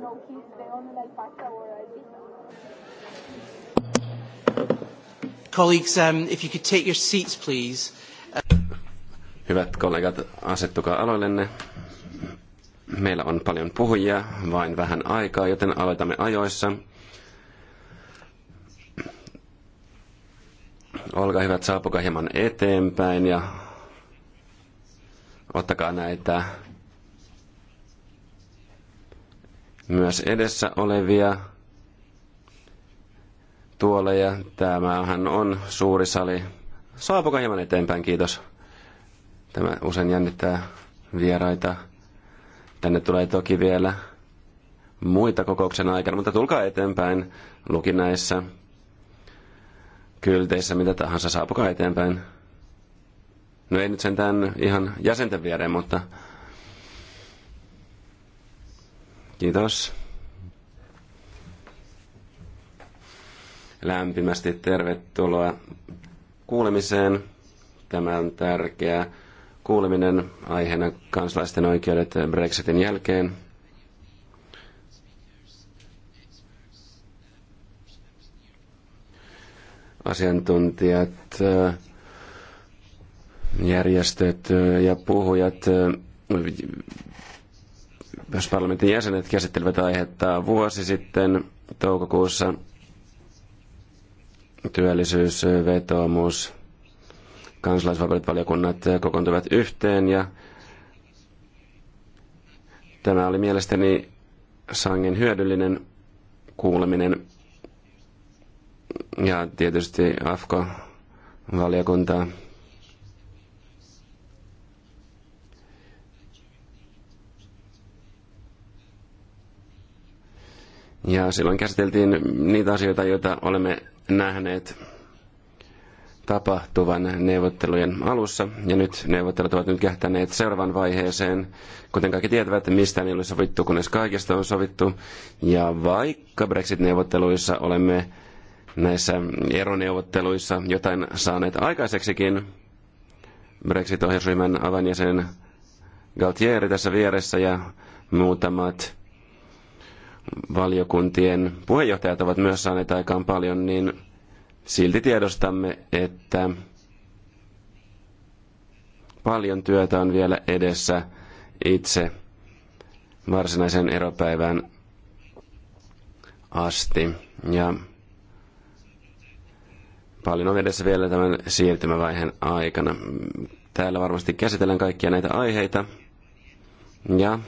no kids, they only like pasta or pizza. Colleagues, um, if you could take your seats, please. Hyvät kollegat, asettukaa aloillenne. Meillä on paljon puhujia, vain vähän aikaa, joten aloitamme ajoissa. Olkaa hyvät, saapukaa hieman eteenpäin ja ottakaa näitä myös edessä olevia tuoleja. Tämähän on suuri sali. Saapukaa hieman eteenpäin, kiitos. Tämä usein jännittää vieraita. Tänne tulee toki vielä muita kokouksen aikana, mutta tulkaa eteenpäin lukinäissä, kylteissä, mitä tahansa, saapukaa eteenpäin. No ei nyt sentään ihan jäsenten viereen, mutta Kiitos. Lämpimästi tervetuloa kuulemiseen. Tämä on tärkeä kuuleminen aiheena kansalaisten oikeudet Brexitin jälkeen. Asiantuntijat, järjestöt ja puhujat myös parlamentin jäsenet käsittelivät aihetta vuosi sitten toukokuussa työllisyysvetoomus. Kansalaisvapaudet valiokunnat kokoontuivat yhteen ja tämä oli mielestäni sangen hyödyllinen kuuleminen. Ja tietysti AFKO-valiokunta Ja silloin käsiteltiin niitä asioita, joita olemme nähneet tapahtuvan neuvottelujen alussa. Ja nyt neuvottelut ovat nyt kähtäneet seuraavan vaiheeseen. Kuten kaikki tietävät, mistään ei ole sovittu, kunnes kaikesta on sovittu. Ja vaikka Brexit-neuvotteluissa olemme näissä eroneuvotteluissa jotain saaneet aikaiseksikin, Brexit-ohjausryhmän avainjäsen Galtieri tässä vieressä ja muutamat valiokuntien puheenjohtajat ovat myös saaneet aikaan paljon, niin silti tiedostamme, että paljon työtä on vielä edessä itse varsinaisen eropäivän asti. Ja paljon on edessä vielä tämän siirtymävaiheen aikana. Täällä varmasti käsitellään kaikkia näitä aiheita. Ja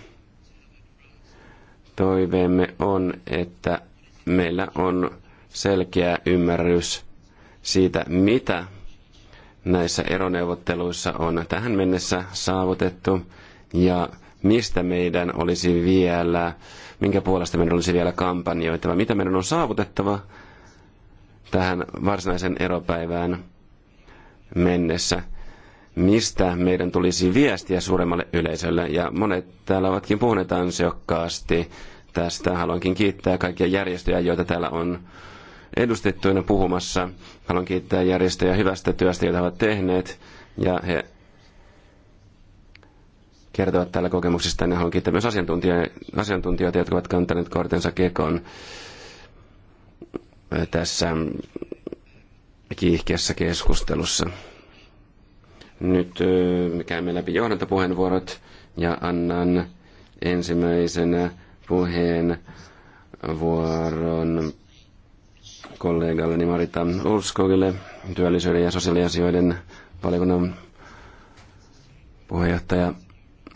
toiveemme on, että meillä on selkeä ymmärrys siitä, mitä näissä eroneuvotteluissa on tähän mennessä saavutettu ja mistä meidän olisi vielä, minkä puolesta meidän olisi vielä kampanjoitava, mitä meidän on saavutettava tähän varsinaisen eropäivään mennessä mistä meidän tulisi viestiä suuremmalle yleisölle. Ja monet täällä ovatkin puhuneet ansiokkaasti tästä. Haluankin kiittää kaikkia järjestöjä, joita täällä on edustettuina puhumassa. Haluan kiittää järjestöjä hyvästä työstä, jota he ovat tehneet. Ja he kertovat täällä kokemuksista. Ja haluan kiittää myös asiantuntijoita, jotka ovat kantaneet kortensa kekon tässä kiihkeässä keskustelussa. Nyt me käymme läpi johdantopuheenvuorot ja annan ensimmäisenä puheenvuoron kollegalleni Marita Ulskogille, työllisyyden ja sosiaaliasioiden valiokunnan puheenjohtaja.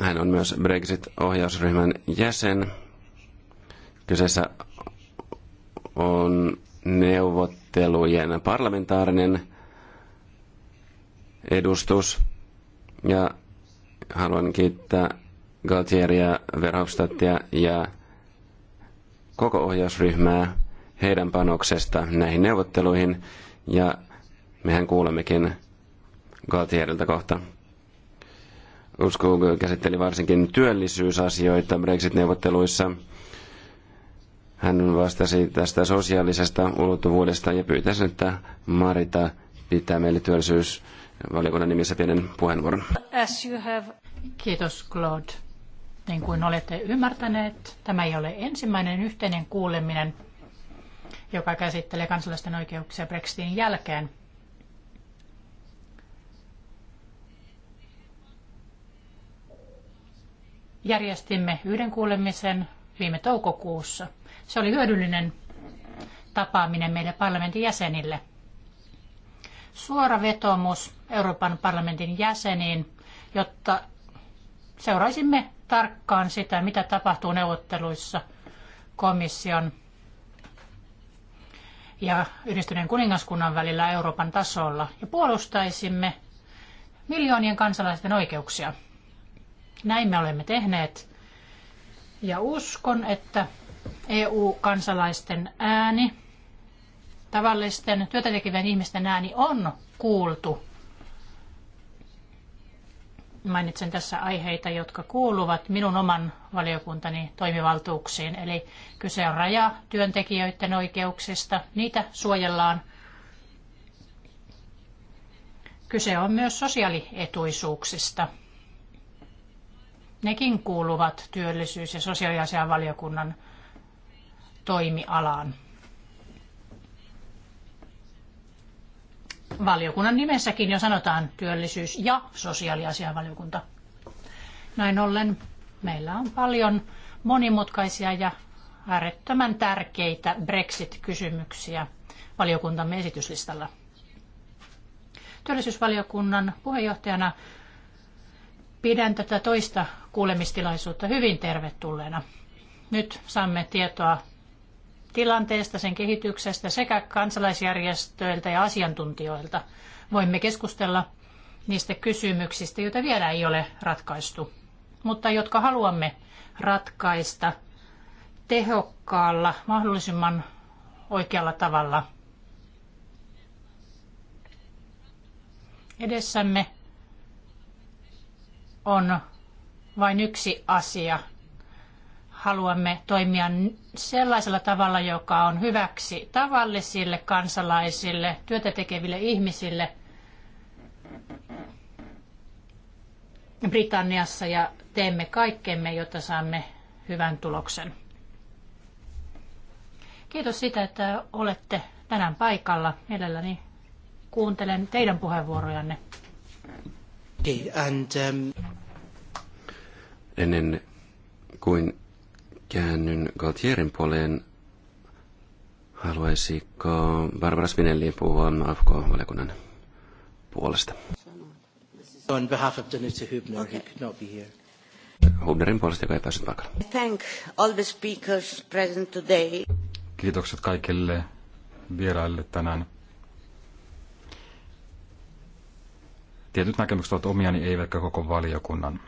Hän on myös Brexit-ohjausryhmän jäsen. Kyseessä on neuvottelujen parlamentaarinen edustus. Ja haluan kiittää Galtieria, Verhofstadtia ja koko ohjausryhmää heidän panoksesta näihin neuvotteluihin. Ja mehän kuulemmekin Galtierilta kohta. Uskoo käsitteli varsinkin työllisyysasioita Brexit-neuvotteluissa. Hän vastasi tästä sosiaalisesta ulottuvuudesta ja pyytäisi, että Marita pitää meille työllisyys valiokunnan nimissä pienen puheenvuoron. Kiitos Claude. Niin kuin olette ymmärtäneet, tämä ei ole ensimmäinen yhteinen kuuleminen, joka käsittelee kansalaisten oikeuksia Brexitin jälkeen. Järjestimme yhden kuulemisen viime toukokuussa. Se oli hyödyllinen tapaaminen meille parlamentin jäsenille – suora vetomus Euroopan parlamentin jäseniin, jotta seuraisimme tarkkaan sitä, mitä tapahtuu neuvotteluissa komission ja yhdistyneen kuningaskunnan välillä Euroopan tasolla ja puolustaisimme miljoonien kansalaisten oikeuksia. Näin me olemme tehneet ja uskon, että EU-kansalaisten ääni tavallisten työtä tekevien ihmisten ääni on kuultu. Mainitsen tässä aiheita, jotka kuuluvat minun oman valiokuntani toimivaltuuksiin. Eli kyse on raja työntekijöiden oikeuksista. Niitä suojellaan. Kyse on myös sosiaalietuisuuksista. Nekin kuuluvat työllisyys- ja sosiaaliasian valiokunnan toimialaan. valiokunnan nimessäkin jo sanotaan työllisyys- ja sosiaaliasianvaliokunta. Näin ollen meillä on paljon monimutkaisia ja äärettömän tärkeitä Brexit-kysymyksiä valiokuntamme esityslistalla. Työllisyysvaliokunnan puheenjohtajana pidän tätä toista kuulemistilaisuutta hyvin tervetulleena. Nyt saamme tietoa tilanteesta, sen kehityksestä sekä kansalaisjärjestöiltä ja asiantuntijoilta. Voimme keskustella niistä kysymyksistä, joita vielä ei ole ratkaistu, mutta jotka haluamme ratkaista tehokkaalla, mahdollisimman oikealla tavalla. Edessämme on vain yksi asia, haluamme toimia sellaisella tavalla, joka on hyväksi tavallisille kansalaisille, työtä tekeville ihmisille Britanniassa ja teemme kaikkemme, jotta saamme hyvän tuloksen. Kiitos siitä, että olette tänään paikalla. Mielelläni kuuntelen teidän puheenvuorojanne. And, um... Ennen kuin käännyn Galtierin puoleen. Haluaisiko Barbara Spinelli puhua AFK-valiokunnan puolesta? On behalf of Danuta Hubner, okay. he could not be here. Hubnerin puolesta, joka ei päässyt paikalle. Thank all the speakers present today. Kiitokset kaikille vieraille tänään. Tietyt näkemykset ovat omiani, eivätkä koko valiokunnan.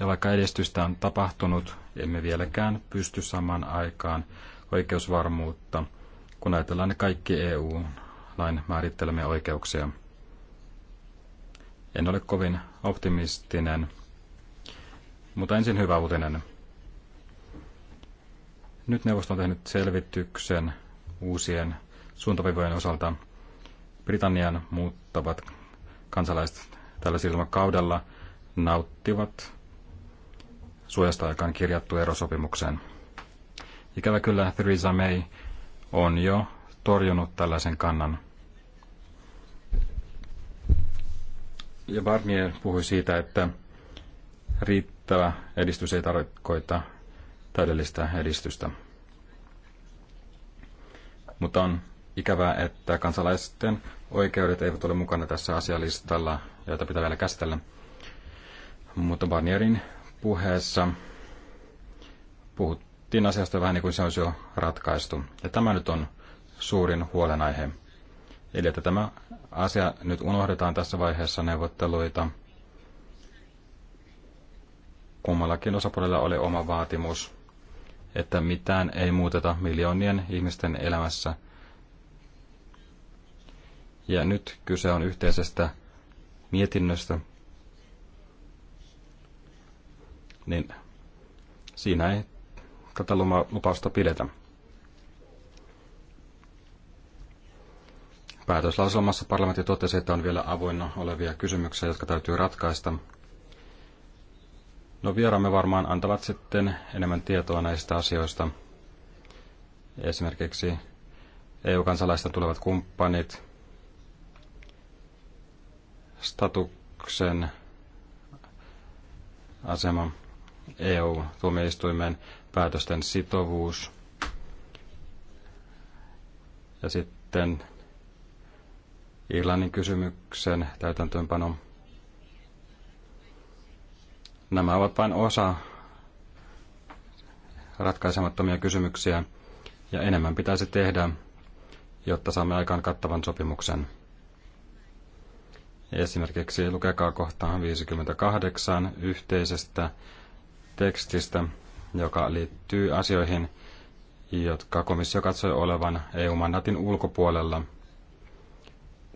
Ja vaikka edistystä on tapahtunut, emme vieläkään pysty samaan aikaan oikeusvarmuutta, kun ajatellaan ne kaikki EU-lain määrittelemiä oikeuksia. En ole kovin optimistinen, mutta ensin hyvä uutinen. Nyt neuvosto on tehnyt selvityksen uusien suuntavivojen osalta. Britannian muuttavat kansalaiset tällä silmäkaudella nauttivat suojasta aikaan kirjattu erosopimukseen. Ikävä kyllä Theresa May on jo torjunut tällaisen kannan. Ja Barnier puhui siitä, että riittävä edistys ei tarkoita täydellistä edistystä. Mutta on ikävää, että kansalaisten oikeudet eivät ole mukana tässä asialistalla, joita pitää vielä käsitellä. Mutta Barnierin puheessa puhuttiin asiasta vähän niin kuin se olisi jo ratkaistu. Ja tämä nyt on suurin huolenaihe. Eli että tämä asia nyt unohdetaan tässä vaiheessa neuvotteluita. Kummallakin osapuolella oli oma vaatimus, että mitään ei muuteta miljoonien ihmisten elämässä. Ja nyt kyse on yhteisestä mietinnöstä, niin siinä ei tätä lupausta pidetä. Päätöslauselmassa parlamentti totesi, että on vielä avoinna olevia kysymyksiä, jotka täytyy ratkaista. No vieraamme varmaan antavat sitten enemmän tietoa näistä asioista. Esimerkiksi EU-kansalaista tulevat kumppanit, statuksen asema EU-tuomioistuimen päätösten sitovuus. Ja sitten Irlannin kysymyksen täytäntöönpano. Nämä ovat vain osa ratkaisemattomia kysymyksiä, ja enemmän pitäisi tehdä, jotta saamme aikaan kattavan sopimuksen. Esimerkiksi lukekaa kohtaan 58 yhteisestä tekstistä, joka liittyy asioihin, jotka komissio katsoi olevan EU-mandaatin ulkopuolella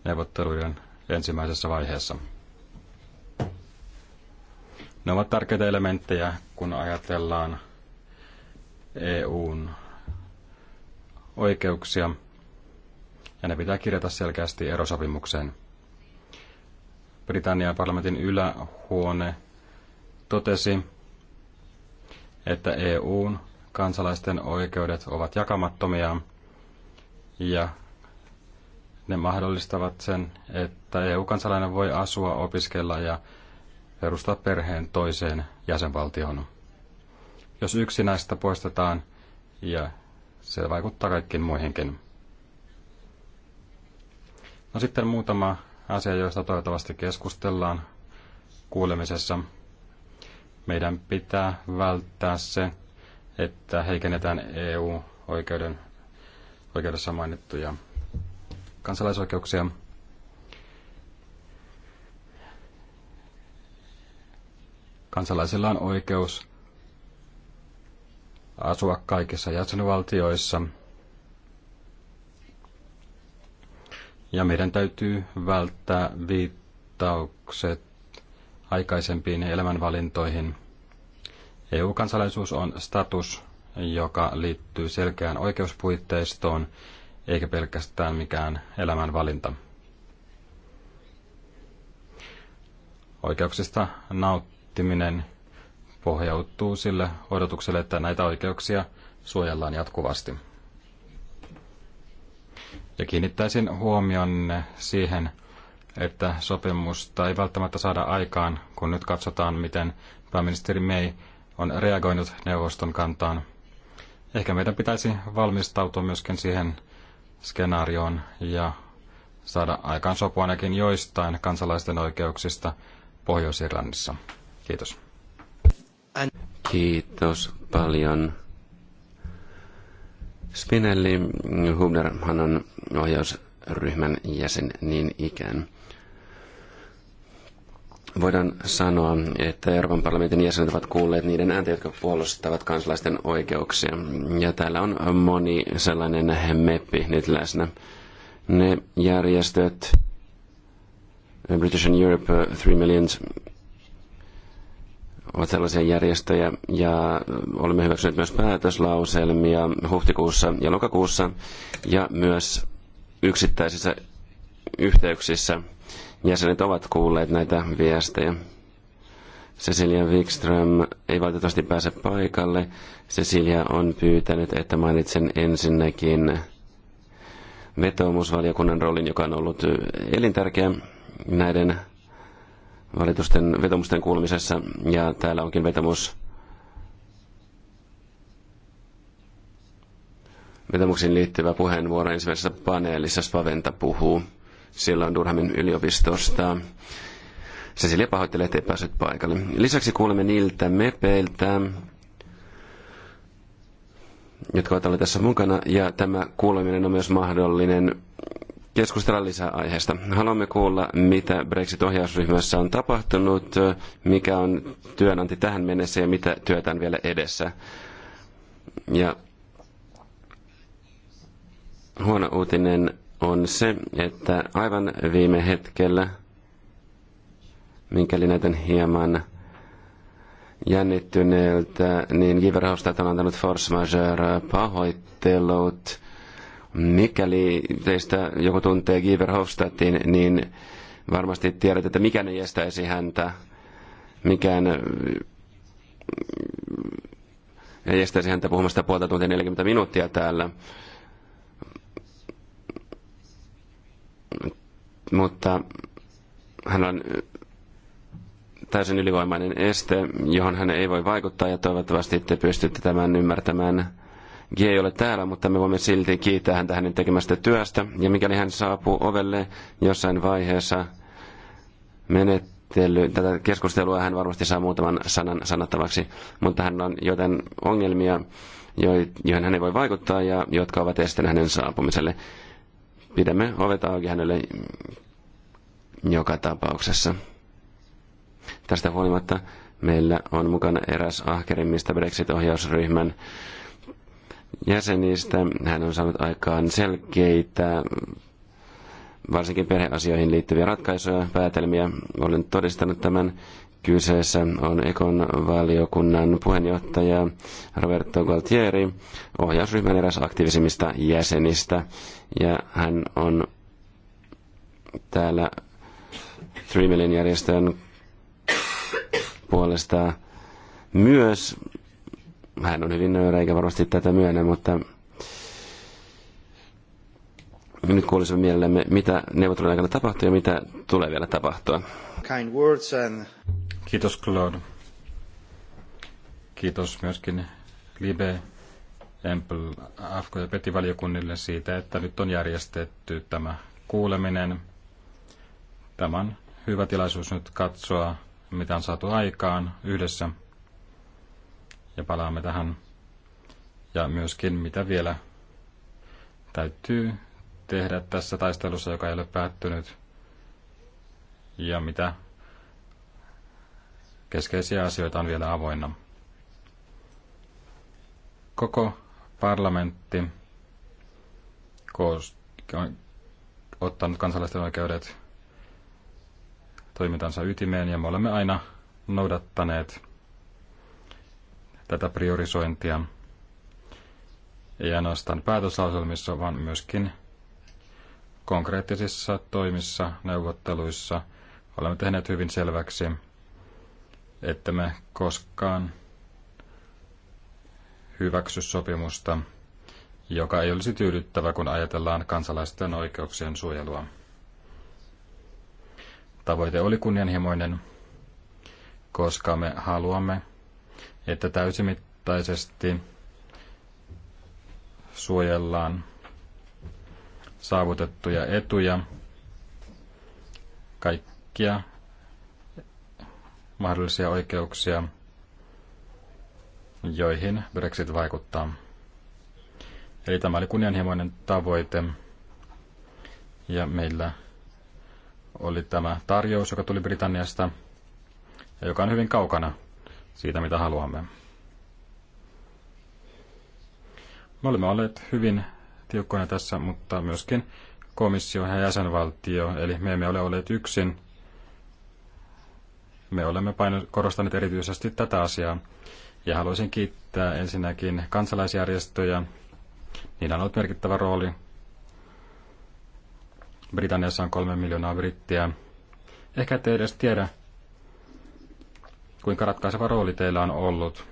neuvotteluiden ensimmäisessä vaiheessa. Ne ovat tärkeitä elementtejä, kun ajatellaan EUn oikeuksia, ja ne pitää kirjata selkeästi erosopimukseen. Britannian parlamentin ylähuone totesi, että EUn kansalaisten oikeudet ovat jakamattomia ja ne mahdollistavat sen, että EU-kansalainen voi asua, opiskella ja perustaa perheen toiseen jäsenvaltioon. Jos yksi näistä poistetaan, ja se vaikuttaa kaikkiin muihinkin. No sitten muutama asia, joista toivottavasti keskustellaan kuulemisessa. Meidän pitää välttää se, että heikennetään EU-oikeuden oikeudessa mainittuja kansalaisoikeuksia. Kansalaisilla on oikeus asua kaikissa jäsenvaltioissa. Ja meidän täytyy välttää viittaukset aikaisempiin elämänvalintoihin. EU-kansalaisuus on status, joka liittyy selkeään oikeuspuitteistoon, eikä pelkästään mikään elämänvalinta. Oikeuksista nauttiminen pohjautuu sille odotukselle, että näitä oikeuksia suojellaan jatkuvasti. Ja kiinnittäisin huomionne siihen, että sopimusta ei välttämättä saada aikaan, kun nyt katsotaan, miten pääministeri May on reagoinut neuvoston kantaan. Ehkä meidän pitäisi valmistautua myöskin siihen skenaarioon ja saada aikaan sopua ainakin joistain kansalaisten oikeuksista Pohjois-Irlannissa. Kiitos. Kiitos paljon. Spinelli Hubner, hän on ohjausryhmän jäsen niin ikään voidaan sanoa, että Euroopan parlamentin jäsenet ovat kuulleet niiden ääntä, jotka puolustavat kansalaisten oikeuksia. Ja täällä on moni sellainen meppi nyt läsnä. Ne järjestöt, British and Europe 3 Millions, ovat sellaisia järjestöjä, ja olemme hyväksyneet myös päätöslauselmia huhtikuussa ja lokakuussa, ja myös yksittäisissä yhteyksissä – jäsenet ovat kuulleet näitä viestejä. Cecilia Wikström ei valitettavasti pääse paikalle. Cecilia on pyytänyt, että mainitsen ensinnäkin vetoomusvaliokunnan roolin, joka on ollut elintärkeä näiden valitusten vetomusten kuulumisessa. Ja täällä onkin vetomus vetomuksiin liittyvä puheenvuoro ensimmäisessä paneelissa Spaventa puhuu silloin Durhamin yliopistosta. Cecilia pahoittelee, ettei päässyt paikalle. Lisäksi kuulemme niiltä mepeiltä, jotka ovat olleet tässä mukana, ja tämä kuuleminen on myös mahdollinen keskustella lisää aiheesta. Haluamme kuulla, mitä Brexit-ohjausryhmässä on tapahtunut, mikä on työnanti tähän mennessä ja mitä työtä on vielä edessä. Ja huono uutinen on se, että aivan viime hetkellä, minkäli näytän hieman jännittyneeltä, niin Giverhofstadt on antanut force majeure pahoittelut. Mikäli teistä joku tuntee Giverhofstadtin, niin varmasti tiedät, että mikään ei estäisi häntä, mikään ei estäisi häntä puhumasta puolta tuntia 40 minuuttia täällä. mutta hän on täysin ylivoimainen este, johon hän ei voi vaikuttaa ja toivottavasti te pystytte tämän ymmärtämään. G ei ole täällä, mutta me voimme silti kiittää häntä hänen tekemästä työstä. Ja mikäli hän saapuu ovelle jossain vaiheessa menettely, tätä keskustelua, hän varmasti saa muutaman sanan sanattavaksi. Mutta hän on joten ongelmia, joihin hän ei voi vaikuttaa ja jotka ovat esteen hänen saapumiselle. Pidämme ovet auki hänelle joka tapauksessa. Tästä huolimatta meillä on mukana eräs ahkerimmista Brexit-ohjausryhmän jäsenistä. Hän on saanut aikaan selkeitä, varsinkin perheasioihin liittyviä ratkaisuja, päätelmiä. Olen todistanut tämän Kyseessä on Ekon valiokunnan puheenjohtaja Roberto Gualtieri, ohjausryhmän eräs aktiivisimmista jäsenistä, ja hän on täällä Three Million järjestön puolesta myös. Hän on hyvin nöyrä, eikä varmasti tätä myönnä, mutta nyt kuulisimme mielellämme, mitä neuvottelujen aikana tapahtui ja mitä tulee vielä tapahtua. Kind words and... Kiitos Claude. Kiitos myöskin Libe, Empel, Afko ja Peti-valiokunnille siitä, että nyt on järjestetty tämä kuuleminen. Tämä on hyvä tilaisuus nyt katsoa, mitä on saatu aikaan yhdessä. Ja palaamme tähän. Ja myöskin, mitä vielä täytyy tehdä tässä taistelussa, joka ei ole päättynyt. Ja mitä Keskeisiä asioita on vielä avoinna. Koko parlamentti on ottanut kansalaisten oikeudet toimintansa ytimeen ja me olemme aina noudattaneet tätä priorisointia ei ainoastaan päätöslauselmissa, vaan myöskin konkreettisissa toimissa, neuvotteluissa olemme tehneet hyvin selväksi, että me koskaan hyväksy sopimusta, joka ei olisi tyydyttävä, kun ajatellaan kansalaisten oikeuksien suojelua. Tavoite oli kunnianhimoinen, koska me haluamme, että täysimittaisesti suojellaan saavutettuja etuja, kaikkia mahdollisia oikeuksia, joihin Brexit vaikuttaa. Eli tämä oli kunnianhimoinen tavoite ja meillä oli tämä tarjous, joka tuli Britanniasta ja joka on hyvin kaukana siitä, mitä haluamme. Me olemme olleet hyvin tiukkoina tässä, mutta myöskin komissio ja jäsenvaltio, eli me emme ole olleet yksin me olemme paino- korostaneet erityisesti tätä asiaa ja haluaisin kiittää ensinnäkin kansalaisjärjestöjä. Niillä on ollut merkittävä rooli. Britanniassa on kolme miljoonaa brittiä. Ehkä ette edes tiedä, kuinka ratkaiseva rooli teillä on ollut.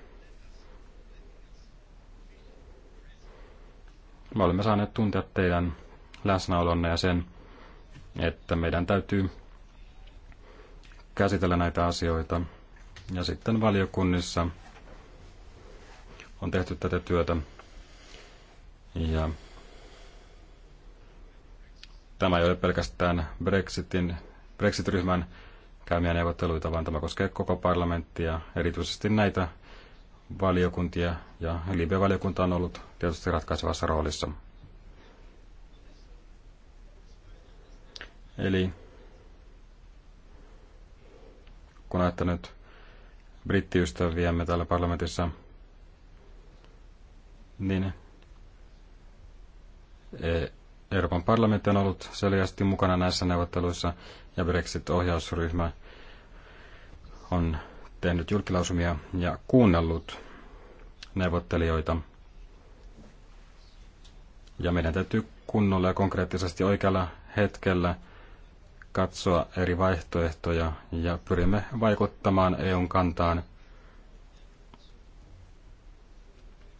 Me olemme saaneet tuntea teidän läsnäolonne ja sen, että meidän täytyy käsitellä näitä asioita. Ja sitten valiokunnissa on tehty tätä työtä. Ja tämä ei ole pelkästään Brexitin, Brexit-ryhmän käymiä neuvotteluita, vaan tämä koskee koko parlamenttia, erityisesti näitä valiokuntia, ja Libe-valiokunta on ollut tietysti ratkaisevassa roolissa. Eli kun ajattelet brittiystäviämme täällä parlamentissa, niin e, Euroopan parlamentti on ollut selvästi mukana näissä neuvotteluissa ja Brexit-ohjausryhmä on tehnyt julkilausumia ja kuunnellut neuvottelijoita. Ja meidän täytyy kunnolla ja konkreettisesti oikealla hetkellä – katsoa eri vaihtoehtoja ja pyrimme vaikuttamaan EUn kantaan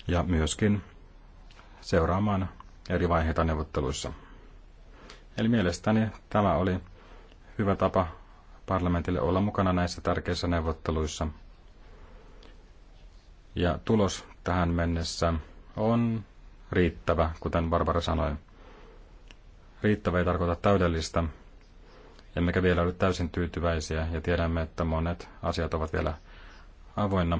ja myöskin seuraamaan eri vaiheita neuvotteluissa. Eli mielestäni tämä oli hyvä tapa parlamentille olla mukana näissä tärkeissä neuvotteluissa. Ja tulos tähän mennessä on riittävä, kuten Barbara sanoi. Riittävä ei tarkoita täydellistä, emmekä vielä ole täysin tyytyväisiä ja tiedämme, että monet asiat ovat vielä avoinna.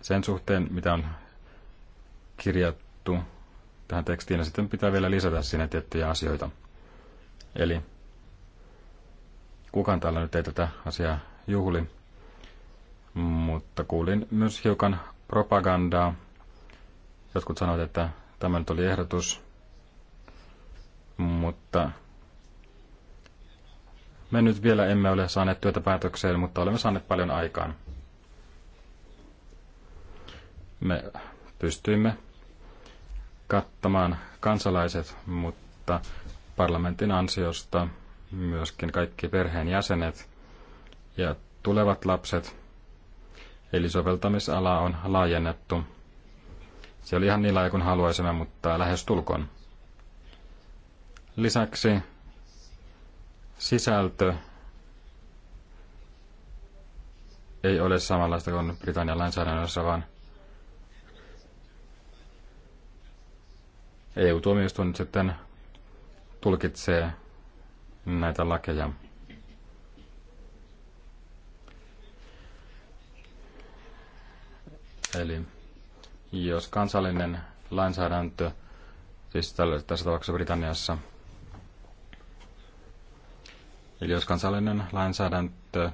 Sen suhteen, mitä on kirjattu tähän tekstiin, ja sitten pitää vielä lisätä sinne tiettyjä asioita. Eli kukaan täällä nyt ei tätä asiaa juhli, mutta kuulin myös hiukan propagandaa. Jotkut sanoivat, että tämä nyt oli ehdotus, mutta me nyt vielä emme ole saaneet työtä päätökseen, mutta olemme saaneet paljon aikaan. Me pystyimme kattamaan kansalaiset, mutta parlamentin ansiosta myöskin kaikki perheen jäsenet ja tulevat lapset. Eli soveltamisala on laajennettu. Se oli ihan niin laaja kuin haluaisimme, mutta lähes tulkoon. Lisäksi sisältö ei ole samanlaista kuin Britannian lainsäädännössä, vaan EU-tuomioistuin sitten tulkitsee näitä lakeja. Eli jos kansallinen lainsäädäntö, siis tässä tapauksessa Britanniassa, Eli jos kansallinen lainsäädäntö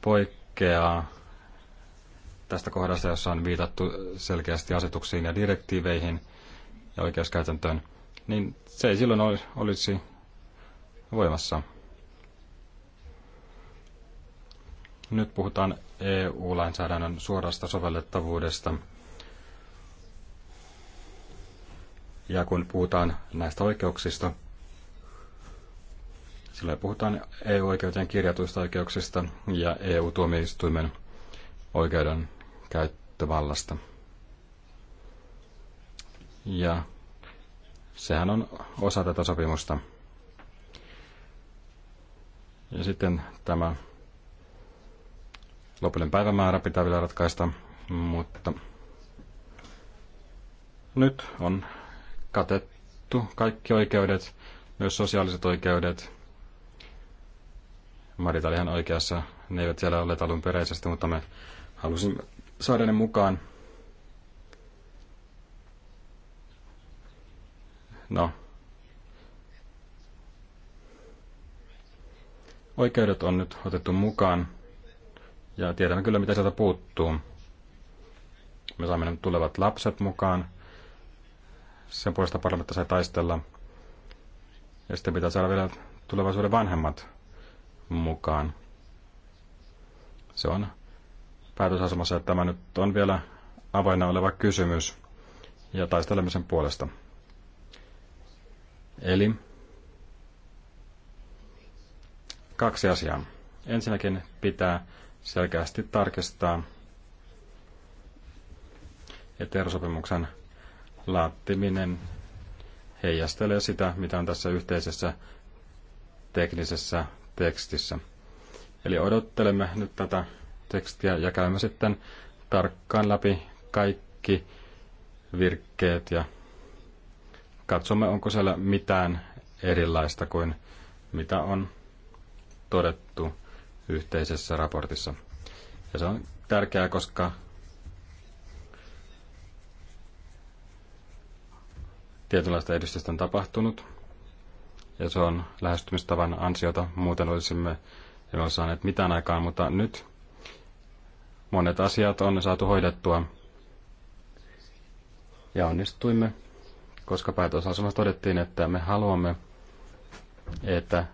poikkeaa tästä kohdasta, jossa on viitattu selkeästi asetuksiin ja direktiiveihin ja oikeuskäytäntöön, niin se ei silloin olisi voimassa. Nyt puhutaan EU-lainsäädännön suorasta sovellettavuudesta. Ja kun puhutaan näistä oikeuksista, sillä puhutaan EU-oikeuteen kirjatuista oikeuksista ja EU-tuomioistuimen oikeuden käyttövallasta. Ja sehän on osa tätä sopimusta. Ja sitten tämä lopullinen päivämäärä pitää vielä ratkaista, mutta nyt on katettu kaikki oikeudet, myös sosiaaliset oikeudet, Marita oli ihan oikeassa. Ne eivät siellä ole alun peräisesti, mutta me halusimme saada ne mukaan. No. Oikeudet on nyt otettu mukaan. Ja tiedämme kyllä, mitä sieltä puuttuu. Me saamme nyt tulevat lapset mukaan. Sen puolesta parlamentti sai taistella. Ja sitten pitää saada vielä tulevaisuuden vanhemmat mukaan. Se on päätösasemassa, että tämä nyt on vielä avaina oleva kysymys ja taistelemisen sen puolesta. Eli kaksi asiaa. Ensinnäkin pitää selkeästi tarkistaa että erosopimuksen laattiminen heijastelee sitä, mitä on tässä yhteisessä teknisessä tekstissä. Eli odottelemme nyt tätä tekstiä ja käymme sitten tarkkaan läpi kaikki virkkeet ja katsomme, onko siellä mitään erilaista kuin mitä on todettu yhteisessä raportissa. Ja se on tärkeää, koska tietynlaista edistystä on tapahtunut, ja se on lähestymistavan ansiota. Muuten olisimme emme ole saaneet mitään aikaa, mutta nyt monet asiat on saatu hoidettua ja onnistuimme, koska päätösasemassa todettiin, että me haluamme, että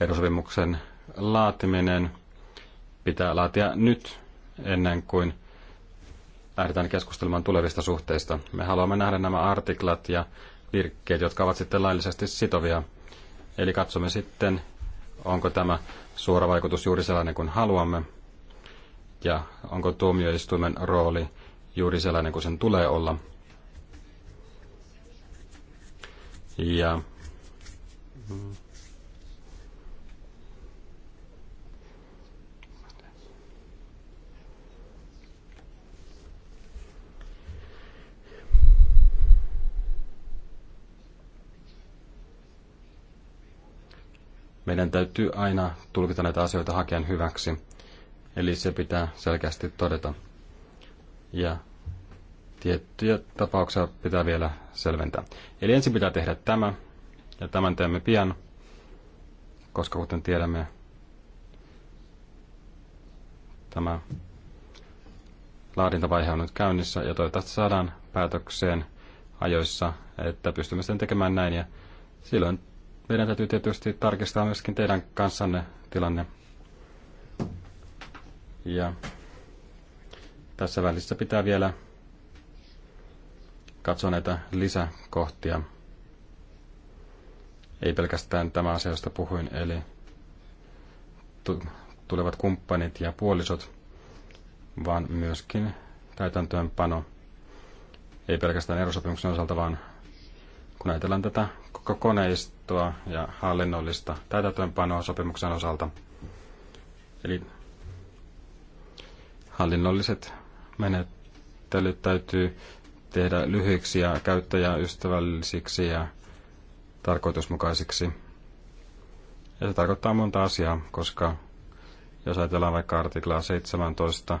erosopimuksen laatiminen pitää laatia nyt ennen kuin lähdetään keskustelemaan tulevista suhteista. Me haluamme nähdä nämä artiklat ja virkkeet, jotka ovat sitten laillisesti sitovia. Eli katsomme sitten, onko tämä suora vaikutus juuri sellainen kuin haluamme, ja onko tuomioistuimen rooli juuri sellainen kuin sen tulee olla. Ja Meidän täytyy aina tulkita näitä asioita hakijan hyväksi. Eli se pitää selkeästi todeta. Ja tiettyjä tapauksia pitää vielä selventää. Eli ensin pitää tehdä tämä, ja tämän teemme pian, koska kuten tiedämme, tämä laadintavaihe on nyt käynnissä, ja toivottavasti saadaan päätökseen ajoissa, että pystymme sen tekemään näin, ja silloin meidän täytyy tietysti tarkistaa myöskin teidän kanssanne tilanne. Ja tässä välissä pitää vielä katsoa näitä lisäkohtia. Ei pelkästään tämä asia, josta puhuin, eli tulevat kumppanit ja puolisot, vaan myöskin täytäntöönpano. Ei pelkästään erosopimuksen osalta, vaan kun ajatellaan tätä koko koneista, hallintoa ja hallinnollista täytäntöönpanoa sopimuksen osalta. Eli hallinnolliset menettelyt täytyy tehdä lyhyiksi ja käyttäjäystävällisiksi ja tarkoitusmukaisiksi. Ja se tarkoittaa monta asiaa, koska jos ajatellaan vaikka artiklaa 17c,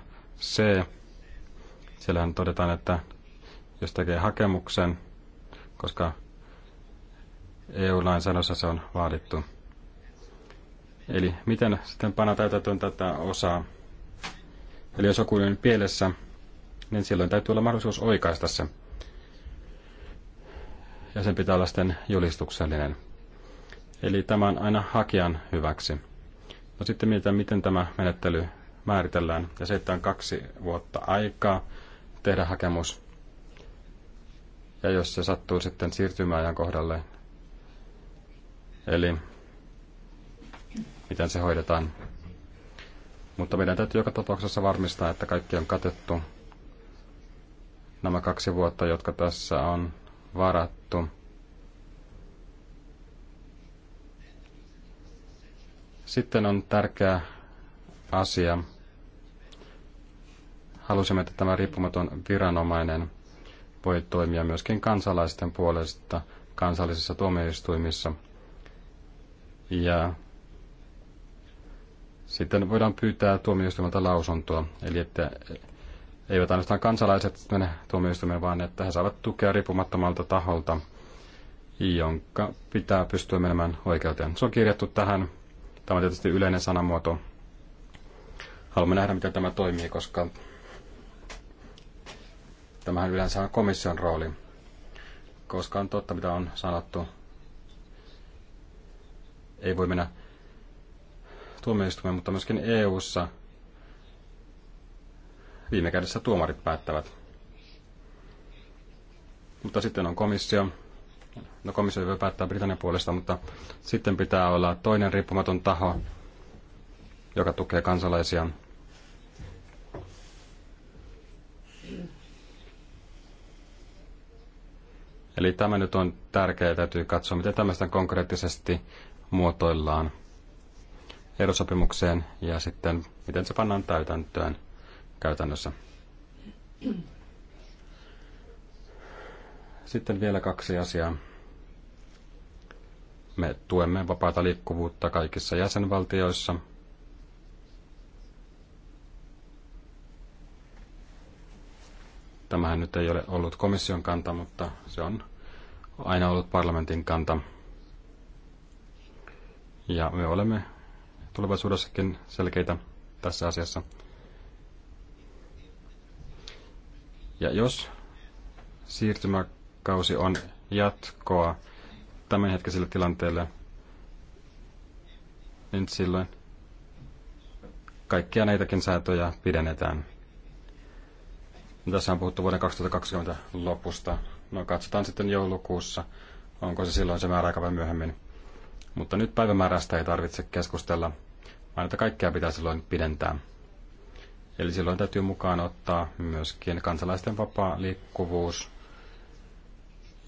siellähän todetaan, että jos tekee hakemuksen, koska EU-lainsäädännössä se on vaadittu. Eli miten sitten panna täytäntöön tätä osaa? Eli jos joku on pielessä, niin silloin täytyy olla mahdollisuus oikaista se. Ja sen pitää olla sitten julistuksellinen. Eli tämä on aina hakijan hyväksi. No sitten mietitään, miten tämä menettely määritellään. Ja se, että on kaksi vuotta aikaa tehdä hakemus. Ja jos se sattuu sitten ajan kohdalle, Eli miten se hoidetaan. Mutta meidän täytyy joka tapauksessa varmistaa, että kaikki on katettu. Nämä kaksi vuotta, jotka tässä on varattu. Sitten on tärkeä asia. Halusimme, että tämä riippumaton viranomainen voi toimia myöskin kansalaisten puolesta kansallisissa tuomioistuimissa – ja sitten voidaan pyytää tuomioistuimelta lausuntoa, eli että eivät ainoastaan kansalaiset mene tuomioistuimeen, vaan että he saavat tukea riippumattomalta taholta, jonka pitää pystyä menemään oikeuteen. Se on kirjattu tähän. Tämä on tietysti yleinen sanamuoto. Haluamme nähdä, miten tämä toimii, koska tämähän yleensä on komission rooli. Koska on totta, mitä on sanottu, ei voi mennä tuomioistuimeen, mutta myöskin EU:ssa viime kädessä tuomarit päättävät. Mutta sitten on komissio. No komissio voi päättää Britannian puolesta, mutta sitten pitää olla toinen riippumaton taho, joka tukee kansalaisia. Eli tämä nyt on tärkeää, täytyy katsoa, miten tämmöistä konkreettisesti muotoillaan erosopimukseen ja sitten miten se pannaan täytäntöön käytännössä. Sitten vielä kaksi asiaa. Me tuemme vapaata liikkuvuutta kaikissa jäsenvaltioissa. Tämähän nyt ei ole ollut komission kanta, mutta se on aina ollut parlamentin kanta. Ja me olemme tulevaisuudessakin selkeitä tässä asiassa. Ja jos siirtymäkausi on jatkoa tämänhetkiselle tilanteelle, niin silloin kaikkia näitäkin säätöjä pidennetään. Tässä on puhuttu vuoden 2020 lopusta. No katsotaan sitten joulukuussa, onko se silloin se määräaika vai myöhemmin. Mutta nyt päivämäärästä ei tarvitse keskustella, vaan että kaikkea pitää silloin pidentää. Eli silloin täytyy mukaan ottaa myöskin kansalaisten vapaa liikkuvuus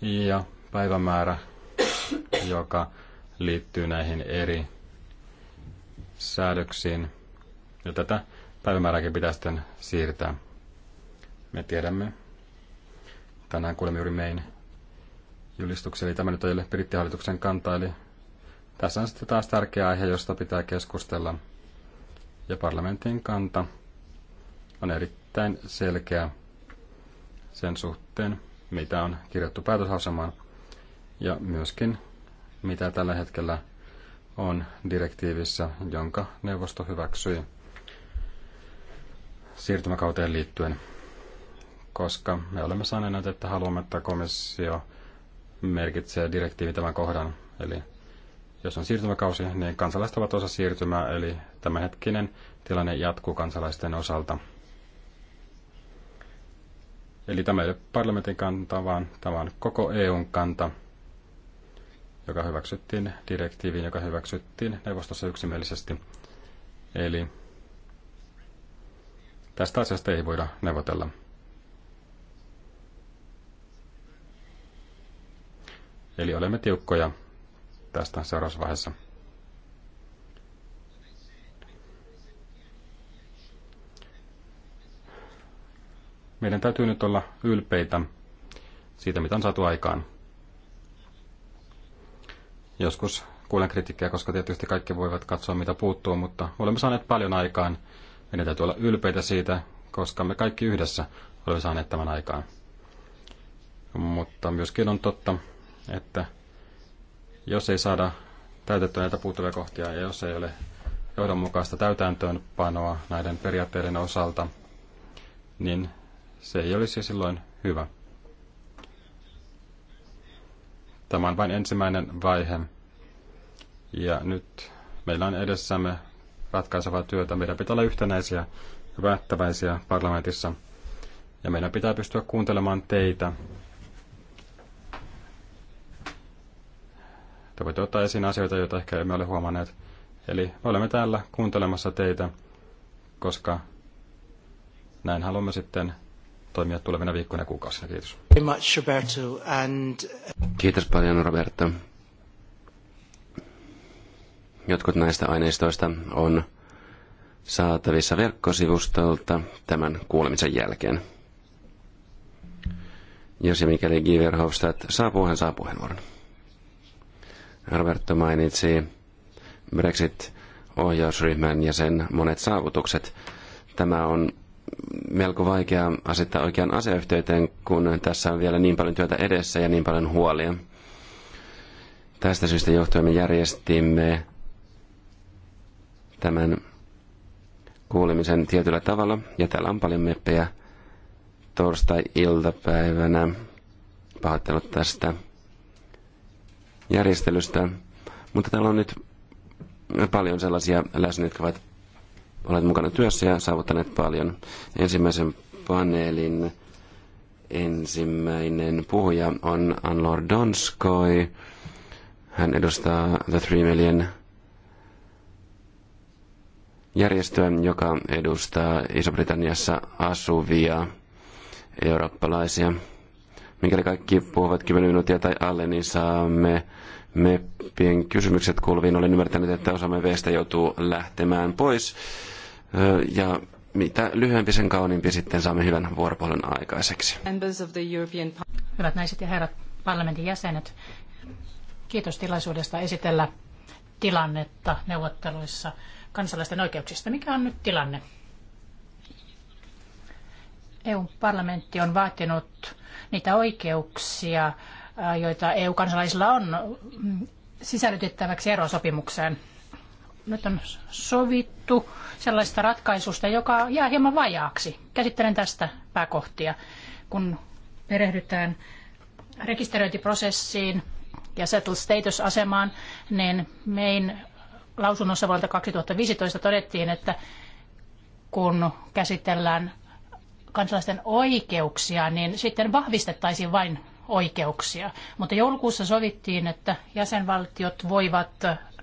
ja päivämäärä, joka liittyy näihin eri säädöksiin. Ja tätä päivämäärääkin pitää sitten siirtää. Me tiedämme. Tänään kuulemme juuri mein julistuksen, eli tämä nyt on jälleen brittihallituksen kanta, eli tässä on sitten taas tärkeä aihe, josta pitää keskustella. Ja parlamentin kanta on erittäin selkeä sen suhteen, mitä on kirjattu päätösasemaan ja myöskin mitä tällä hetkellä on direktiivissä, jonka neuvosto hyväksyi siirtymäkauteen liittyen, koska me olemme sanoneet, että haluamme, että komissio merkitsee direktiivi tämän kohdan, eli jos on siirtymäkausi, niin kansalaiset ovat osa siirtymää, eli tämänhetkinen tilanne jatkuu kansalaisten osalta. Eli tämä ei ole parlamentin kanta, vaan tämä on koko EUn kanta, joka hyväksyttiin direktiiviin, joka hyväksyttiin neuvostossa yksimielisesti. Eli tästä asiasta ei voida neuvotella. Eli olemme tiukkoja tästä seuraavassa vaiheessa. Meidän täytyy nyt olla ylpeitä siitä, mitä on saatu aikaan. Joskus kuulen kritiikkiä, koska tietysti kaikki voivat katsoa, mitä puuttuu, mutta olemme saaneet paljon aikaan. Meidän täytyy olla ylpeitä siitä, koska me kaikki yhdessä olemme saaneet tämän aikaan. Mutta myöskin on totta, että jos ei saada täytettyä näitä puuttuvia kohtia ja jos ei ole johdonmukaista täytäntöönpanoa näiden periaatteiden osalta, niin se ei olisi silloin hyvä. Tämä on vain ensimmäinen vaihe. Ja nyt meillä on edessämme ratkaisevaa työtä. Meidän pitää olla yhtenäisiä ja päättäväisiä parlamentissa. Ja meidän pitää pystyä kuuntelemaan teitä ehkä voitte ottaa esiin asioita, joita ehkä emme ole huomanneet. Eli me olemme täällä kuuntelemassa teitä, koska näin haluamme sitten toimia tulevina viikkoina ja kuukausina. Kiitos. Uh, Kiitos paljon Roberto. Jotkut näistä aineistoista on saatavissa verkkosivustolta tämän kuulemisen jälkeen. Jos ja mikäli Giverhofstadt saa puheen, saa puheenvuoron. Roberto mainitsi Brexit-ohjausryhmän ja sen monet saavutukset. Tämä on melko vaikea asettaa oikean asiayhteyteen, kun tässä on vielä niin paljon työtä edessä ja niin paljon huolia. Tästä syystä johtuen me järjestimme tämän kuulemisen tietyllä tavalla, ja täällä on paljon meppejä torstai-iltapäivänä. Pahoittelut tästä järjestelystä, mutta täällä on nyt paljon sellaisia läsnä, jotka ovat olleet mukana työssä ja saavuttaneet paljon. Ensimmäisen paneelin ensimmäinen puhuja on Anlor Donskoi. Hän edustaa The Three Million järjestöä, joka edustaa Iso-Britanniassa asuvia eurooppalaisia Mikäli kaikki puhuvat 10 minuuttia tai alle, niin saamme meppien kysymykset kuuluviin. Olen ymmärtänyt, että osa mepeistä joutuu lähtemään pois. Ja mitä lyhyempi sen kauniimpi sitten saamme hyvän vuoropuhelun aikaiseksi. Hyvät naiset ja herrat parlamentin jäsenet, kiitos tilaisuudesta esitellä tilannetta neuvotteluissa kansalaisten oikeuksista. Mikä on nyt tilanne? EU-parlamentti on vaatinut niitä oikeuksia, joita EU-kansalaisilla on sisällytettäväksi erosopimukseen. Nyt on sovittu sellaista ratkaisusta, joka jää hieman vajaaksi. Käsittelen tästä pääkohtia, kun perehdytään rekisteröintiprosessiin ja settled status-asemaan, niin mein lausunnossa vuodelta 2015 todettiin, että kun käsitellään kansalaisten oikeuksia, niin sitten vahvistettaisiin vain oikeuksia. Mutta joulukuussa sovittiin, että jäsenvaltiot voivat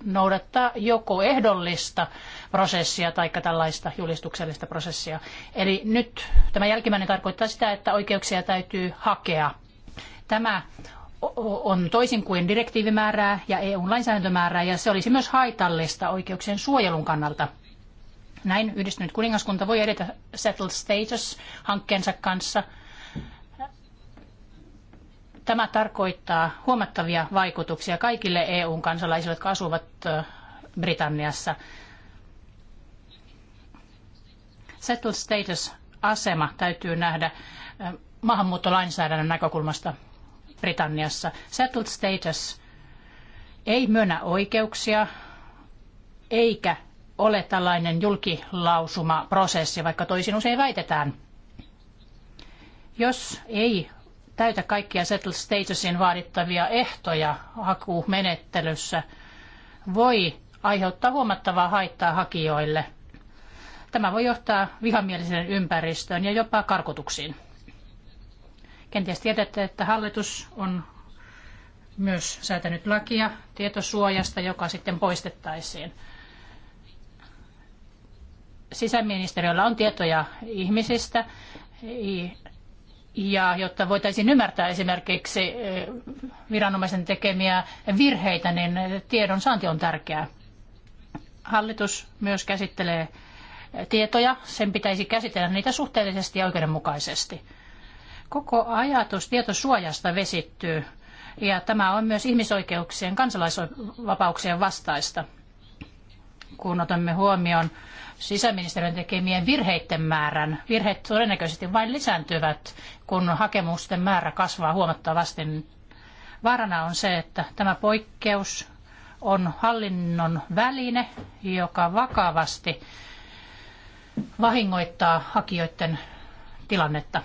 noudattaa joko ehdollista prosessia tai tällaista julistuksellista prosessia. Eli nyt tämä jälkimmäinen tarkoittaa sitä, että oikeuksia täytyy hakea. Tämä on toisin kuin direktiivimäärää ja EUn lainsäädäntömäärää, ja se olisi myös haitallista oikeuksien suojelun kannalta. Näin yhdistynyt kuningaskunta voi edetä Settled Status-hankkeensa kanssa. Tämä tarkoittaa huomattavia vaikutuksia kaikille EUn kansalaisille, jotka asuvat Britanniassa. Settled status-asema täytyy nähdä maahanmuuttolainsäädännön näkökulmasta Britanniassa. Settled status ei myönnä oikeuksia eikä ole tällainen julkilausumaprosessi, vaikka toisin usein väitetään. Jos ei täytä kaikkia settled statusin vaadittavia ehtoja hakumenettelyssä, voi aiheuttaa huomattavaa haittaa hakijoille. Tämä voi johtaa vihamieliseen ympäristöön ja jopa karkotuksiin. Kenties tiedätte, että hallitus on myös säätänyt lakia tietosuojasta, joka sitten poistettaisiin sisäministeriöllä on tietoja ihmisistä, ja jotta voitaisiin ymmärtää esimerkiksi e, viranomaisen tekemiä virheitä, niin tiedon saanti on tärkeää. Hallitus myös käsittelee tietoja, sen pitäisi käsitellä niitä suhteellisesti ja oikeudenmukaisesti. Koko ajatus tietosuojasta vesittyy, ja tämä on myös ihmisoikeuksien kansalaisvapauksien vastaista kun otamme huomioon sisäministeriön tekemien virheiden määrän. Virheet todennäköisesti vain lisääntyvät, kun hakemusten määrä kasvaa huomattavasti. Vaarana on se, että tämä poikkeus on hallinnon väline, joka vakavasti vahingoittaa hakijoiden tilannetta.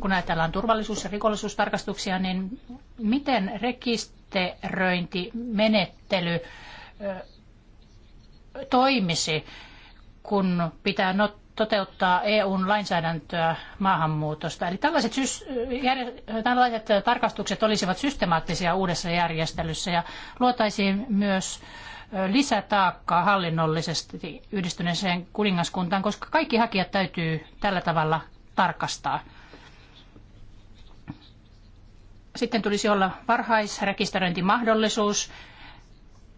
Kun ajatellaan turvallisuus- ja rikollisuustarkastuksia, niin miten rekisteröintimenettely toimisi, kun pitää toteuttaa EUn lainsäädäntöä maahanmuutosta. Eli tällaiset, tällaiset tarkastukset olisivat systemaattisia uudessa järjestelyssä ja luotaisiin myös lisätaakkaa hallinnollisesti yhdistyneeseen kuningaskuntaan, koska kaikki hakijat täytyy tällä tavalla tarkastaa. Sitten tulisi olla varhaisrekisteröintimahdollisuus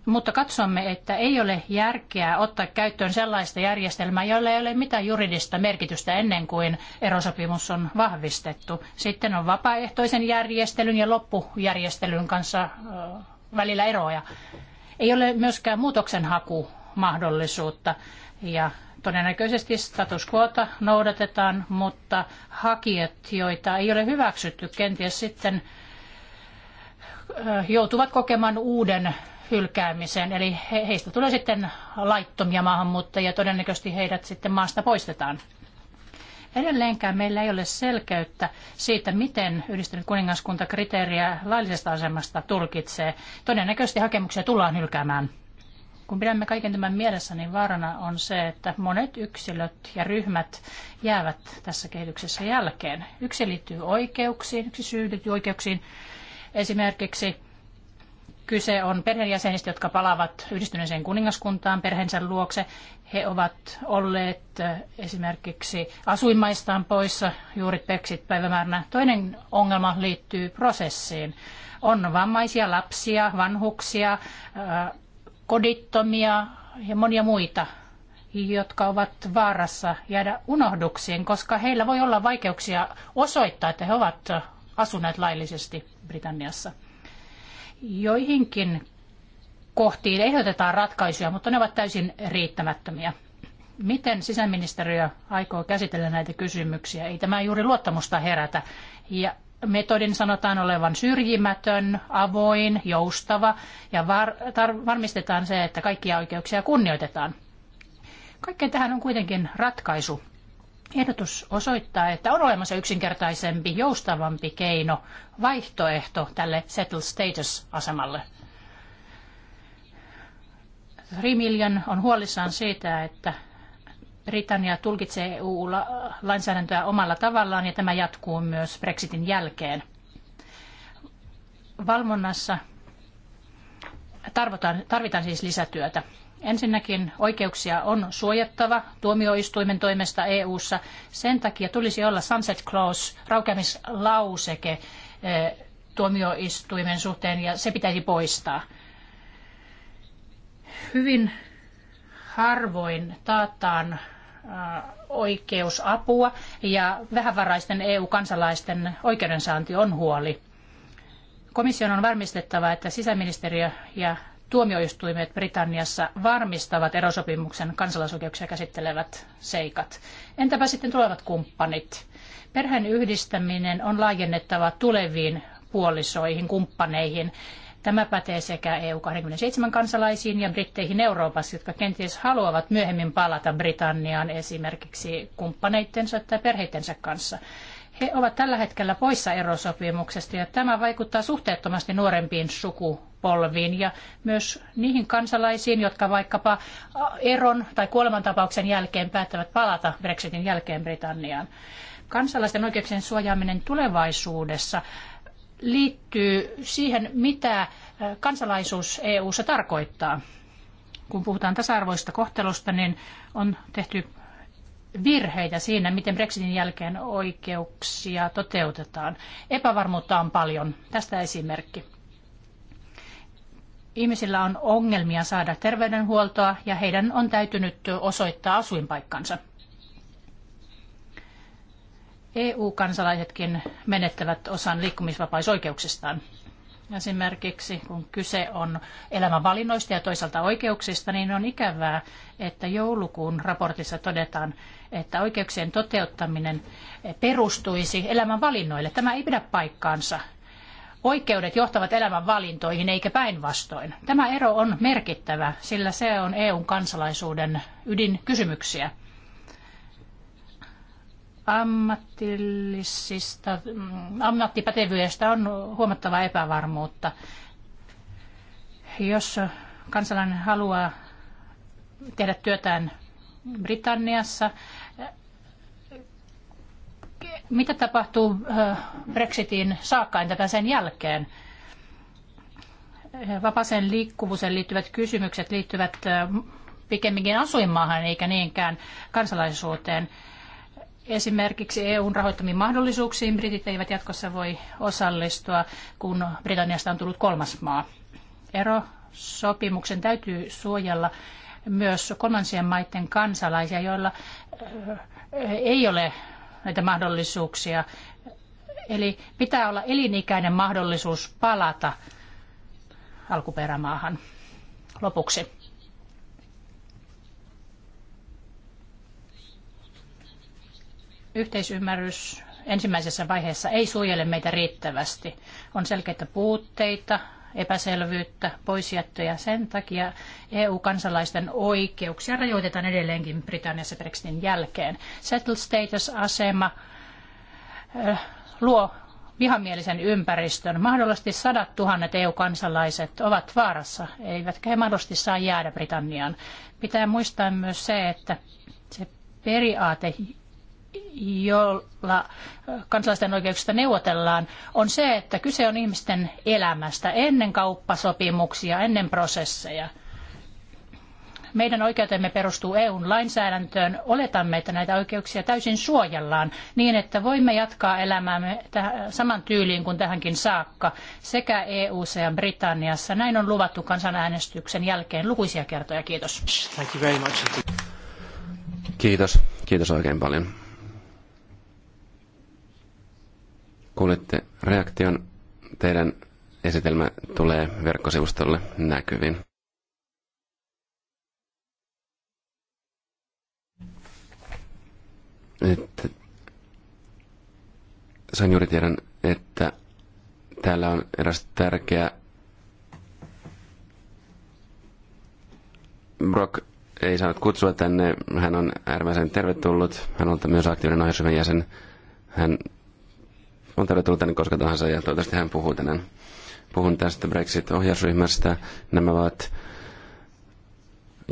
mutta katsomme, että ei ole järkeä ottaa käyttöön sellaista järjestelmää, jolla ei ole mitään juridista merkitystä ennen kuin erosopimus on vahvistettu. Sitten on vapaaehtoisen järjestelyn ja loppujärjestelyn kanssa välillä eroja. Ei ole myöskään muutoksenhakumahdollisuutta ja todennäköisesti status quota noudatetaan, mutta hakijat, joita ei ole hyväksytty, kenties sitten joutuvat kokemaan uuden Hylkäämiseen, Eli heistä tulee sitten laittomia maahanmuuttajia, todennäköisesti heidät sitten maasta poistetaan. Edelleenkään meillä ei ole selkeyttä siitä, miten yhdistynyt kuningaskunta kriteeriä laillisesta asemasta tulkitsee. Todennäköisesti hakemuksia tullaan hylkäämään. Kun pidämme kaiken tämän mielessä, niin vaarana on se, että monet yksilöt ja ryhmät jäävät tässä kehityksessä jälkeen. Yksi liittyy oikeuksiin, yksi syy liittyy oikeuksiin. Esimerkiksi Kyse on perheenjäsenistä, jotka palaavat yhdistyneeseen kuningaskuntaan perheensä luokse. He ovat olleet eh, esimerkiksi asuinmaistaan poissa juuri peksit päivämääränä. Toinen ongelma liittyy prosessiin. On vammaisia lapsia, vanhuksia, eh, kodittomia ja monia muita jotka ovat vaarassa jäädä unohduksiin, koska heillä voi olla vaikeuksia osoittaa, että he ovat asuneet laillisesti Britanniassa joihinkin kohtiin ehdotetaan ratkaisuja, mutta ne ovat täysin riittämättömiä. Miten sisäministeriö aikoo käsitellä näitä kysymyksiä? Ei tämä juuri luottamusta herätä. Ja metodin sanotaan olevan syrjimätön, avoin, joustava ja var- varmistetaan se, että kaikkia oikeuksia kunnioitetaan. Kaikkeen tähän on kuitenkin ratkaisu. Ehdotus osoittaa, että on olemassa yksinkertaisempi, joustavampi keino, vaihtoehto tälle settled status-asemalle. Rimiljan on huolissaan siitä, että Britannia tulkitsee EU-lainsäädäntöä omalla tavallaan ja tämä jatkuu myös Brexitin jälkeen. Valvonnassa tarvitaan, tarvitaan siis lisätyötä. Ensinnäkin oikeuksia on suojattava tuomioistuimen toimesta EU:ssa. Sen takia tulisi olla sunset clause, raukeamislauseke eh, tuomioistuimen suhteen ja se pitäisi poistaa. Hyvin harvoin taataan eh, oikeusapua ja vähävaraisten EU-kansalaisten oikeudensaanti on huoli. Komission on varmistettava, että sisäministeriö ja tuomioistuimet Britanniassa varmistavat erosopimuksen kansalaisoikeuksia käsittelevät seikat. Entäpä sitten tulevat kumppanit? Perheen yhdistäminen on laajennettava tuleviin puolisoihin, kumppaneihin. Tämä pätee sekä EU-27 kansalaisiin ja britteihin Euroopassa, jotka kenties haluavat myöhemmin palata Britanniaan esimerkiksi kumppaneittensa tai perheittensä kanssa. He ovat tällä hetkellä poissa erosopimuksesta ja tämä vaikuttaa suhteettomasti nuorempiin sukupolviin ja myös niihin kansalaisiin, jotka vaikkapa eron tai kuolemantapauksen jälkeen päättävät palata Brexitin jälkeen Britanniaan. Kansalaisten oikeuksien suojaaminen tulevaisuudessa liittyy siihen, mitä kansalaisuus EU-ssa tarkoittaa kun puhutaan tasa-arvoista kohtelusta, niin on tehty virheitä siinä, miten Brexitin jälkeen oikeuksia toteutetaan. Epävarmuutta on paljon. Tästä esimerkki. Ihmisillä on ongelmia saada terveydenhuoltoa ja heidän on täytynyt osoittaa asuinpaikkansa. EU-kansalaisetkin menettävät osan liikkumisvapaisoikeuksistaan esimerkiksi, kun kyse on elämänvalinnoista ja toisaalta oikeuksista, niin on ikävää, että joulukuun raportissa todetaan, että oikeuksien toteuttaminen perustuisi elämänvalinnoille. Tämä ei pidä paikkaansa. Oikeudet johtavat elämänvalintoihin eikä päinvastoin. Tämä ero on merkittävä, sillä se on EUn kansalaisuuden ydinkysymyksiä ammatillisista, mm, ammattipätevyydestä on huomattava epävarmuutta. Jos kansalainen haluaa tehdä työtään Britanniassa, mitä tapahtuu Brexitin saakka, entäpä sen jälkeen? Vapaaseen liikkuvuuteen liittyvät kysymykset liittyvät pikemminkin asuinmaahan eikä niinkään kansalaisuuteen esimerkiksi EUn rahoittamiin mahdollisuuksiin britit eivät jatkossa voi osallistua, kun Britanniasta on tullut kolmas maa. Ero sopimuksen täytyy suojella myös kolmansien maiden kansalaisia, joilla eh, ei ole näitä mahdollisuuksia. Eli pitää olla elinikäinen mahdollisuus palata alkuperämaahan. Lopuksi yhteisymmärrys ensimmäisessä vaiheessa ei suojele meitä riittävästi. On selkeitä puutteita, epäselvyyttä, poisjättöjä. Sen takia EU-kansalaisten oikeuksia rajoitetaan edelleenkin Britanniassa Brexitin jälkeen. Settled status-asema eh, luo vihamielisen ympäristön. Mahdollisesti sadat tuhannet EU-kansalaiset ovat vaarassa, eivätkä he mahdollisesti saa jäädä Britanniaan. Pitää muistaa myös se, että se periaate, jolla kansalaisten oikeuksista neuvotellaan, on se, että kyse on ihmisten elämästä ennen kauppasopimuksia, ennen prosesseja. Meidän oikeutemme perustuu EUn lainsäädäntöön. Oletamme, että näitä oikeuksia täysin suojellaan niin, että voimme jatkaa elämäämme saman tyyliin kuin tähänkin saakka sekä EU:ssa ja Britanniassa. Näin on luvattu kansanäänestyksen jälkeen lukuisia kertoja. Kiitos. Kiitos. Kiitos oikein paljon. Kuulitte reaktion. Teidän esitelmä tulee verkkosivustolle näkyviin. Että sain juuri tiedän, että täällä on eräs tärkeä Brock ei saanut kutsua tänne. Hän on äärimmäisen tervetullut. Hän on myös aktiivinen ohjausryhmän jäsen. Hän on tervetullut tänne koska tahansa ja toivottavasti hän puhuu tänään. Puhun tästä Brexit-ohjausryhmästä. Nämä ovat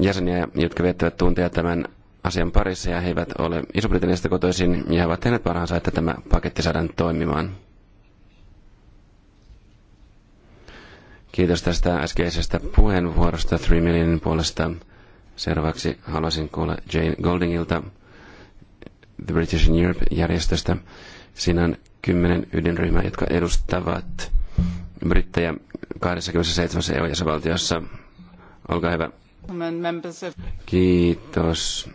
jäseniä, jotka viettävät tunteja tämän asian parissa ja he eivät ole Iso-Britanniasta kotoisin ja he ovat tehneet parhaansa, että tämä paketti saadaan toimimaan. Kiitos tästä äskeisestä puheenvuorosta Three Millionin puolesta. Seuraavaksi haluaisin kuulla Jane Goldingilta The British in Europe-järjestöstä. Siinä on kymmenen ydinryhmää, jotka edustavat brittejä 27 EU-jäsenvaltiossa. Olkaa hyvä. Kiitos.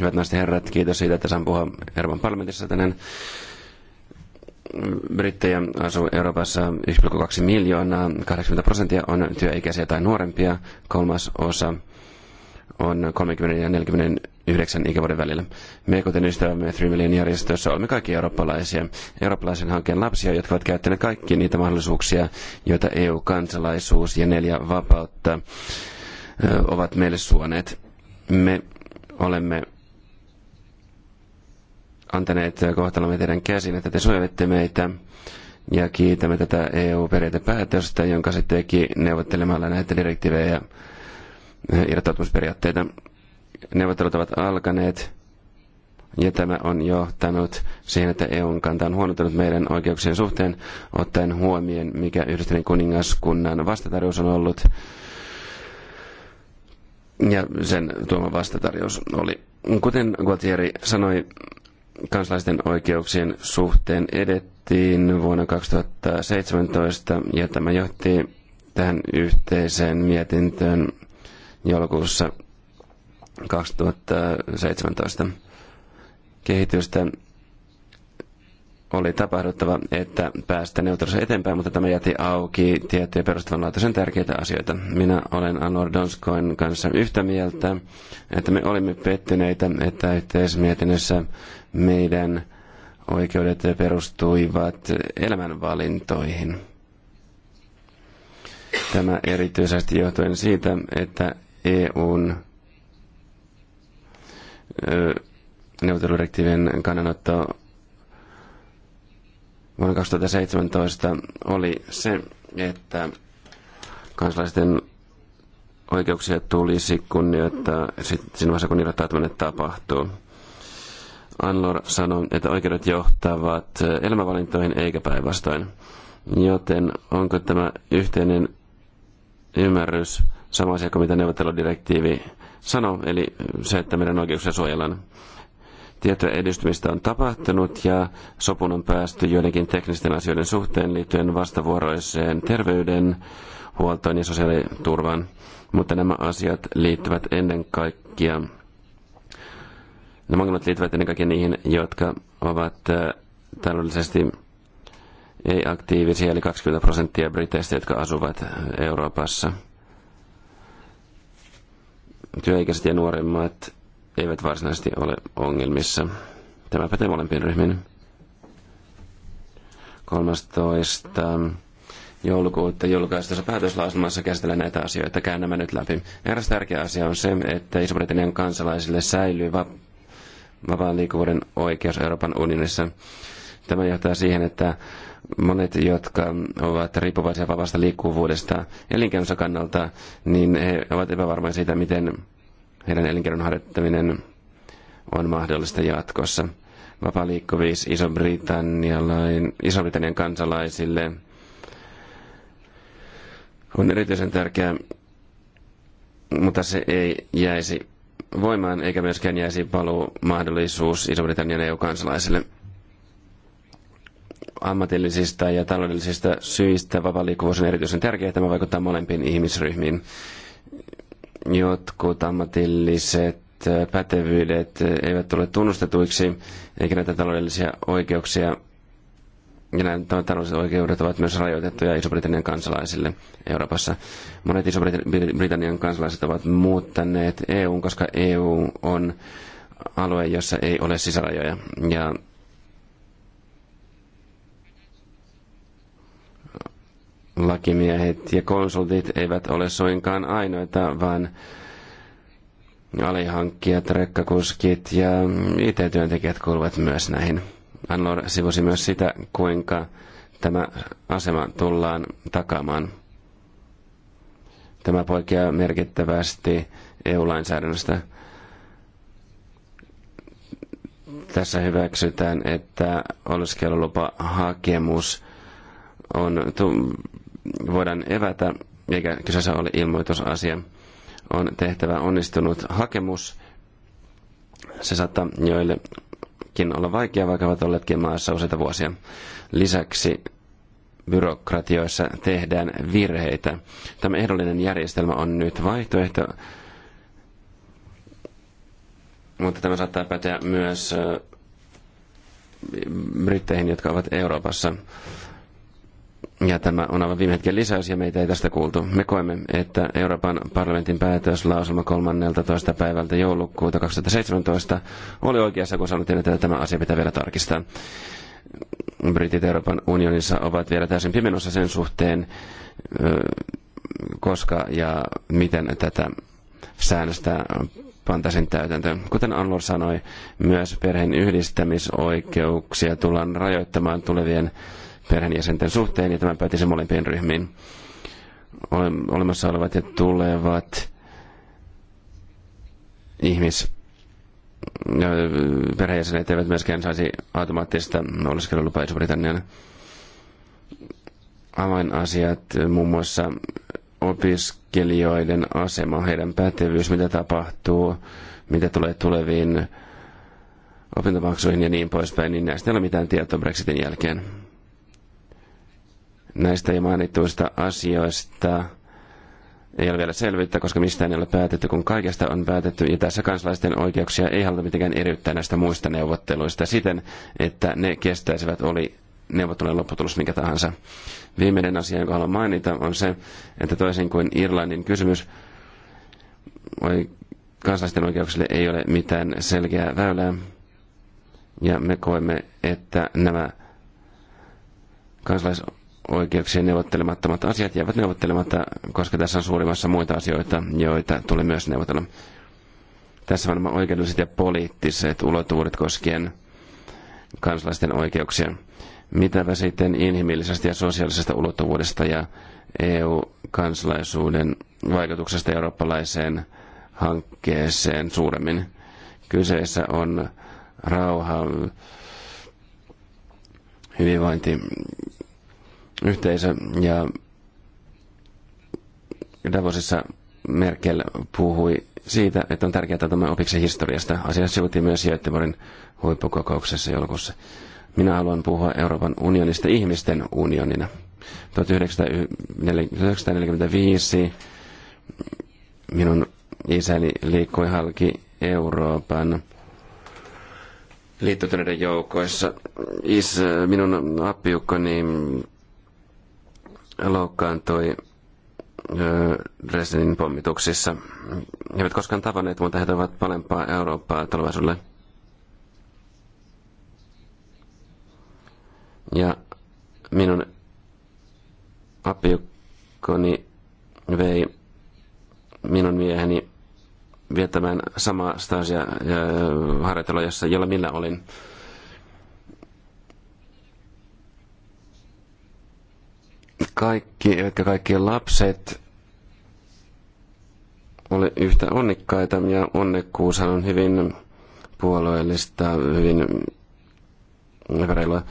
Hyvät naiset ja herrat, kiitos siitä, että saan puhua Euroopan parlamentissa tänään. Brittejä asuu Euroopassa 1,2 miljoonaa, 80 prosenttia on työikäisiä tai nuorempia, kolmas osa on 30 ja 49 ikävuoden välillä. Me, kuten ystävämme 3 Million järjestössä, olemme kaikki eurooppalaisia. Eurooppalaisen hankkeen lapsia, jotka ovat käyttäneet kaikki niitä mahdollisuuksia, joita EU-kansalaisuus ja neljä vapautta ovat meille suoneet. Me olemme antaneet kohtalomme teidän käsin, että te suojelette meitä ja kiitämme tätä EU-periaatepäätöstä, jonka se teki neuvottelemalla näitä direktiivejä Eh, irtautumisperiaatteita. Neuvottelut ovat alkaneet ja tämä on johtanut siihen, että EUn kanta on huonontunut meidän oikeuksien suhteen, ottaen huomioon, mikä yhdistyneen kuningaskunnan vastatarjous on ollut. Ja sen tuoma vastatarjous oli, kuten Gualtieri sanoi, kansalaisten oikeuksien suhteen edettiin vuonna 2017, ja tämä johti tähän yhteiseen mietintöön joulukuussa 2017. Kehitystä oli tapahduttava, että päästä neutraalissa eteenpäin, mutta tämä jäti auki tiettyjä perustavanlaatuisen tärkeitä asioita. Minä olen Anor Donskoin kanssa yhtä mieltä, että me olimme pettyneitä, että yhteismietinnössä meidän oikeudet perustuivat elämänvalintoihin. Tämä erityisesti johtuen siitä, että EUn neuvotteludirektiivien kannanotto vuonna 2017 oli se, että kansalaisten oikeuksia tulisi kunnioittaa siinä vaiheessa, kun irrottautuminen tapahtuu. Anlor sanoi, että oikeudet johtavat elämänvalintoihin eikä päinvastoin. Joten onko tämä yhteinen ymmärrys sama asia kuin mitä neuvotteludirektiivi sanoo, eli se, että meidän oikeuksia suojellaan. Tietoja edistymistä on tapahtunut ja sopun on päästy joidenkin teknisten asioiden suhteen liittyen vastavuoroiseen huoltoon ja sosiaaliturvaan, mutta nämä asiat liittyvät ennen kaikkea Nämä ongelmat liittyvät ennen kaikkea niihin, jotka ovat äh, taloudellisesti ei-aktiivisia, eli 20 prosenttia briteistä, jotka asuvat Euroopassa – työikäiset ja nuoremmat eivät varsinaisesti ole ongelmissa. Tämä pätee molempiin ryhmiin. 13. joulukuuta julkaistussa päätöslauselmassa käsitellään näitä asioita. Käyn nämä nyt läpi. Eräs tärkeä asia on se, että Iso-Britannian kansalaisille säilyy va- vapaan liikkuvuuden oikeus Euroopan unionissa. Tämä johtaa siihen, että monet, jotka ovat riippuvaisia vapaasta liikkuvuudesta elinkeinonsa kannalta, niin he ovat epävarmoja siitä, miten heidän elinkeinon harjoittaminen on mahdollista jatkossa. Vapaa liikkuvuus Iso-Britannian kansalaisille on erityisen tärkeää, mutta se ei jäisi voimaan eikä myöskään jäisi paluu mahdollisuus Iso-Britannian EU-kansalaisille ammatillisista ja taloudellisista syistä vapaa liikkuvuus on erityisen tärkeää. Tämä vaikuttaa molempiin ihmisryhmiin. Jotkut ammatilliset pätevyydet eivät tule tunnustetuiksi, eikä näitä taloudellisia oikeuksia ja nämä taloudelliset oikeudet ovat myös rajoitettuja Iso-Britannian kansalaisille Euroopassa. Monet Iso-Britannian kansalaiset ovat muuttaneet EU, koska EU on alue, jossa ei ole sisärajoja. Ja lakimiehet ja konsultit eivät ole suinkaan ainoita, vaan alihankkijat, rekkakuskit ja IT-työntekijät kuuluvat myös näihin. Anlor sivusi myös sitä, kuinka tämä asema tullaan takaamaan. Tämä poikkeaa merkittävästi EU-lainsäädännöstä. Tässä hyväksytään, että oleskelulupa hakemus on voidaan evätä, eikä kyseessä ole ilmoitusasia. On tehtävä onnistunut hakemus. Se saattaa joillekin olla vaikea, vaikka ovat olleetkin maassa useita vuosia. Lisäksi byrokratioissa tehdään virheitä. Tämä ehdollinen järjestelmä on nyt vaihtoehto, mutta tämä saattaa päteä myös britteihin, jotka ovat Euroopassa. Ja tämä on aivan viime hetken lisäys ja meitä ei tästä kuultu. Me koemme, että Euroopan parlamentin päätöslausuma 13. päivältä joulukuuta 2017 oli oikeassa, kun sanottiin, että tämä asia pitää vielä tarkistaa. Britit Euroopan unionissa ovat vielä täysin pimenossa sen suhteen, koska ja miten tätä säännöstä pantaisin täytäntöön. Kuten Anlor sanoi, myös perheen yhdistämisoikeuksia tullaan rajoittamaan tulevien perheenjäsenten suhteen, ja tämä pätisi molempiin ryhmiin. Olemassa olevat ja tulevat ihmis perheenjäsenet eivät myöskään saisi automaattista oleskelulupaa Iso-Britannian avainasiat, muun muassa opiskelijoiden asema, heidän pätevyys, mitä tapahtuu, mitä tulee tuleviin opintomaksuihin ja niin poispäin, niin näistä ei ole mitään tietoa Brexitin jälkeen. Näistä jo mainituista asioista ei ole vielä selvyyttä, koska mistään ei ole päätetty, kun kaikesta on päätetty. Ja tässä kansalaisten oikeuksia ei haluta mitenkään eriyttää näistä muista neuvotteluista siten, että ne kestäisivät oli neuvottelujen lopputulos mikä tahansa. Viimeinen asia, jonka haluan mainita, on se, että toisin kuin Irlannin kysymys, kansalaisten oikeuksille ei ole mitään selkeää väylää. Ja me koemme, että nämä kansalaisoikeudet oikeuksien neuvottelemattomat asiat jäävät neuvottelematta, koska tässä on suurimmassa muita asioita, joita tulee myös neuvotella. Tässä on oikeudelliset ja poliittiset ulottuvuudet koskien kansalaisten oikeuksia. Mitäpä sitten inhimillisestä ja sosiaalisesta ulottuvuudesta ja EU-kansalaisuuden vaikutuksesta eurooppalaiseen hankkeeseen suuremmin. Kyseessä on rauha, hyvinvointi, yhteisö ja Davosissa Merkel puhui siitä, että on tärkeää tämä opiksi historiasta. Asia sivuttiin myös Göteborgin huippukokouksessa joulukuussa. Minä haluan puhua Euroopan unionista ihmisten unionina. 1945 minun isäni liikkui halki Euroopan liittotyöiden joukoissa. Is, minun appiukkoni loukkaantui Dresdenin pommituksissa. He eivät koskaan tavanneet, mutta he toivat parempaa Eurooppaa tulevaisuudelle. Ja minun appiukkoni vei minun mieheni viettämään samaa stasia ja harjoitella, jossa, jolla minä olin kaikki, eivätkä kaikki lapset ole yhtä onnekkaita, ja onnekkuushan on hyvin puolueellista, hyvin epäreilua.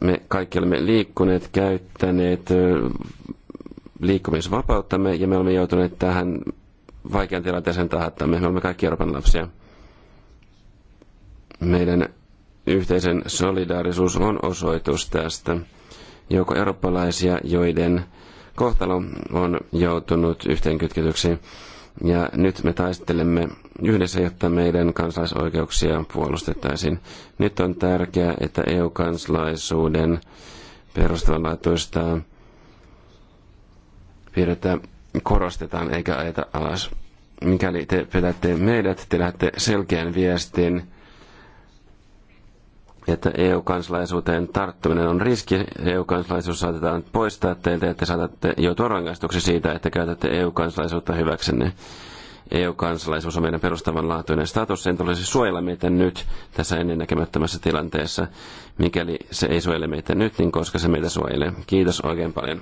Me kaikki olemme liikkuneet, käyttäneet liikkumisvapauttamme, ja me olemme joutuneet tähän vaikean tilanteeseen tahattamme. Me olemme kaikki Euroopan lapsia. Meidän yhteisen solidaarisuus on osoitus tästä joukko eurooppalaisia, joiden kohtalo on joutunut yhteenkytketyksi. Ja nyt me taistelemme yhdessä, jotta meidän kansalaisoikeuksia puolustettaisiin. Nyt on tärkeää, että EU-kansalaisuuden perustavanlaatuista piirrettä korostetaan eikä ajeta alas. Mikäli te petätte meidät, te lähdette selkeän viestin että EU-kansalaisuuteen tarttuminen on riski. EU-kansalaisuus saatetaan poistaa teiltä, että saatatte joutua rangaistuksi siitä, että käytätte EU-kansalaisuutta hyväksenne. EU-kansalaisuus on meidän perustavanlaatuinen status. Sen tulisi suojella meitä nyt tässä ennennäkemättömässä tilanteessa. Mikäli se ei suojele meitä nyt, niin koska se meitä suojelee. Kiitos oikein paljon.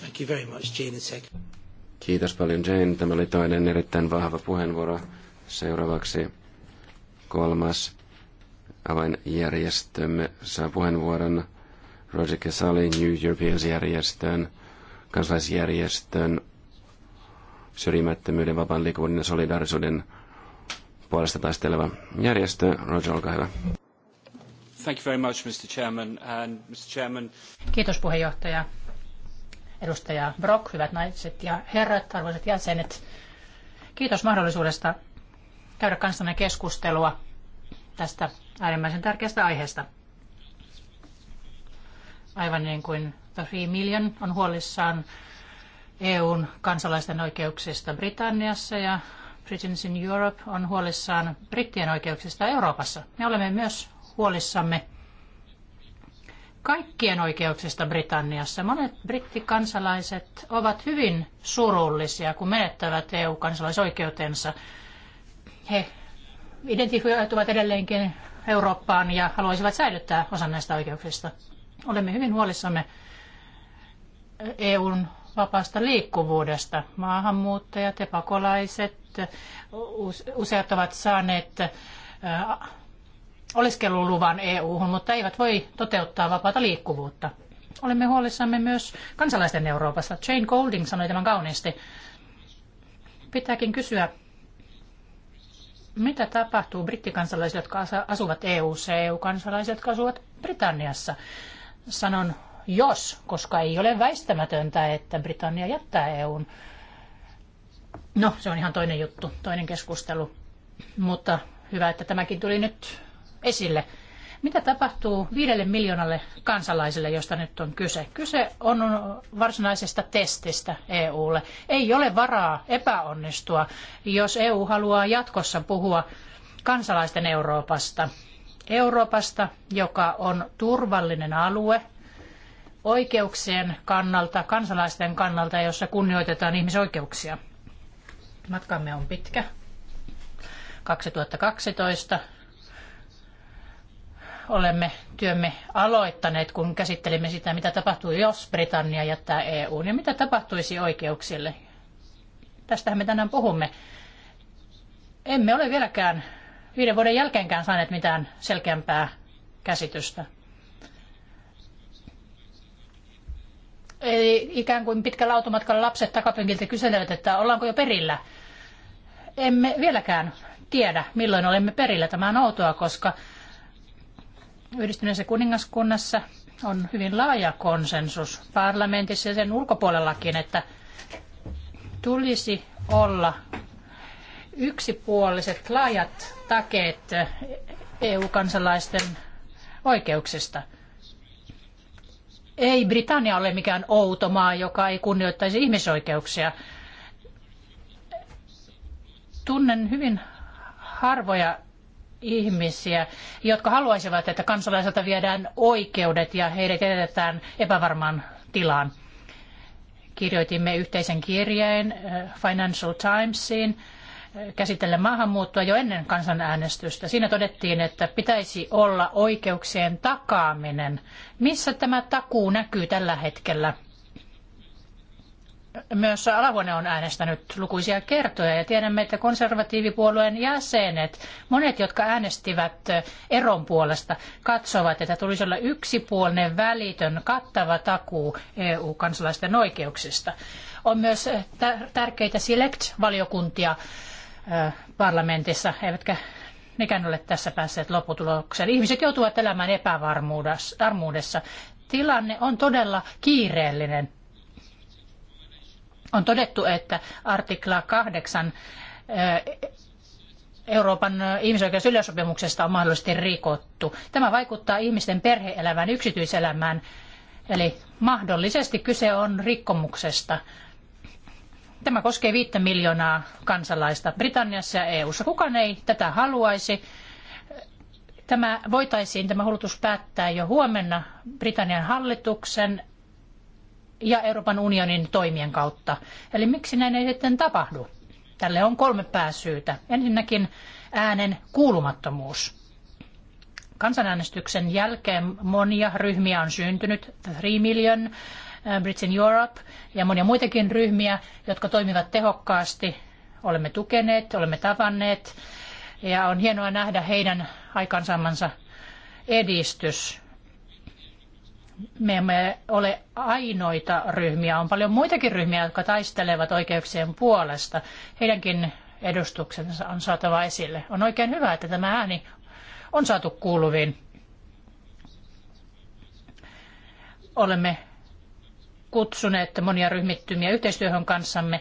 Thank you very much, Gene, Kiitos paljon Jane. Tämä oli toinen erittäin vahva puheenvuoro. Seuraavaksi kolmas avainjärjestömme saa puheenvuoron Roger Casali New Europeans-järjestön, kansalaisjärjestön, syrjimättömyyden, vapaan liikkuvuuden ja solidaarisuuden puolesta taisteleva järjestö. Roger, olkaa hyvä. Thank you very much, Mr. Chairman. And Mr. Chairman... Kiitos puheenjohtaja edustaja Brock, hyvät naiset ja herrat, arvoisat jäsenet. Kiitos mahdollisuudesta käydä kanssanne keskustelua tästä äärimmäisen tärkeästä aiheesta. Aivan niin kuin The Free Million on huolissaan EUn kansalaisten oikeuksista Britanniassa ja Britain's in Europe on huolissaan brittien oikeuksista Euroopassa. Me olemme myös huolissamme kaikkien oikeuksista Britanniassa. Monet brittikansalaiset ovat hyvin surullisia, kun menettävät EU-kansalaisoikeutensa. He identifioituvat edelleenkin Eurooppaan ja haluaisivat säilyttää osan näistä oikeuksista. Olemme hyvin huolissamme EUn vapaasta liikkuvuudesta. Maahanmuuttajat ja pakolaiset, useat ovat saaneet äh, oleskeluluvan EU-hun, mutta eivät voi toteuttaa vapaata liikkuvuutta. Olemme huolissamme myös kansalaisten Euroopasta. Jane Golding sanoi tämän kauniisti. Pitääkin kysyä, mitä tapahtuu brittikansalaisille, jotka asuvat EU-ssa ja EU-kansalaisille, jotka asuvat Britanniassa? Sanon jos, koska ei ole väistämätöntä, että Britannia jättää EUn. No, se on ihan toinen juttu, toinen keskustelu. Mutta hyvä, että tämäkin tuli nyt esille. Mitä tapahtuu viidelle miljoonalle kansalaiselle, josta nyt on kyse? Kyse on varsinaisesta testistä EUlle. Ei ole varaa epäonnistua, jos EU haluaa jatkossa puhua kansalaisten Euroopasta. Euroopasta, joka on turvallinen alue oikeuksien kannalta, kansalaisten kannalta, jossa kunnioitetaan ihmisoikeuksia. Matkamme on pitkä. 2012 olemme työmme aloittaneet, kun käsittelimme sitä, mitä tapahtuu, jos Britannia jättää EUn ja mitä tapahtuisi oikeuksille. Tästähän me tänään puhumme. Emme ole vieläkään viiden vuoden jälkeenkään saaneet mitään selkeämpää käsitystä. Eli ikään kuin pitkällä automatkalla lapset takapenkiltä kyselevät, että ollaanko jo perillä. Emme vieläkään tiedä, milloin olemme perillä. Tämä on outoa, koska Yhdistyneessä kuningaskunnassa on hyvin laaja konsensus parlamentissa ja sen ulkopuolellakin, että tulisi olla yksipuoliset laajat takeet EU-kansalaisten oikeuksista. Ei Britannia ole mikään outo maa, joka ei kunnioittaisi ihmisoikeuksia. Tunnen hyvin harvoja ihmisiä, jotka haluaisivat, että kansalaiselta viedään oikeudet ja heidät jätetään epävarmaan tilaan. Kirjoitimme yhteisen kirjeen eh, Financial Timesiin eh, käsitellä maahanmuuttoa jo ennen kansanäänestystä. Siinä todettiin, että pitäisi olla oikeuksien takaaminen. Missä tämä takuu näkyy tällä hetkellä? myös alahuone on äänestänyt lukuisia kertoja ja tiedämme, että konservatiivipuolueen jäsenet, monet jotka äänestivät eron puolesta, katsovat, että tulisi olla yksipuolinen, välitön, kattava takuu EU-kansalaisten oikeuksista. On myös tärkeitä select-valiokuntia parlamentissa, eivätkä nekään ole tässä päässeet lopputulokseen. Ihmiset joutuvat elämään epävarmuudessa. Tilanne on todella kiireellinen on todettu, että artikla 8 eh, Euroopan ihmisoikeusyleissopimuksesta on mahdollisesti rikottu. Tämä vaikuttaa ihmisten perheelämään, yksityiselämään, eli mahdollisesti kyse on rikkomuksesta. Tämä koskee viittä miljoonaa kansalaista Britanniassa ja EU:ssa. Kukaan ei tätä haluaisi. Tämä voitaisiin tämä hulutus päättää jo huomenna Britannian hallituksen ja Euroopan unionin toimien kautta. Eli miksi näin ei sitten tapahdu? Tälle on kolme pääsyytä. Ensinnäkin äänen kuulumattomuus. Kansanäänestyksen jälkeen monia ryhmiä on syntynyt, The Three Million, äh, Brits in Europe ja monia muitakin ryhmiä, jotka toimivat tehokkaasti. Olemme tukeneet, olemme tavanneet ja on hienoa nähdä heidän aikansamansa edistys me emme ole ainoita ryhmiä. On paljon muitakin ryhmiä, jotka taistelevat oikeuksien puolesta. Heidänkin edustuksensa on saatava esille. On oikein hyvä, että tämä ääni on saatu kuuluviin. Olemme kutsuneet monia ryhmittymiä yhteistyöhön kanssamme.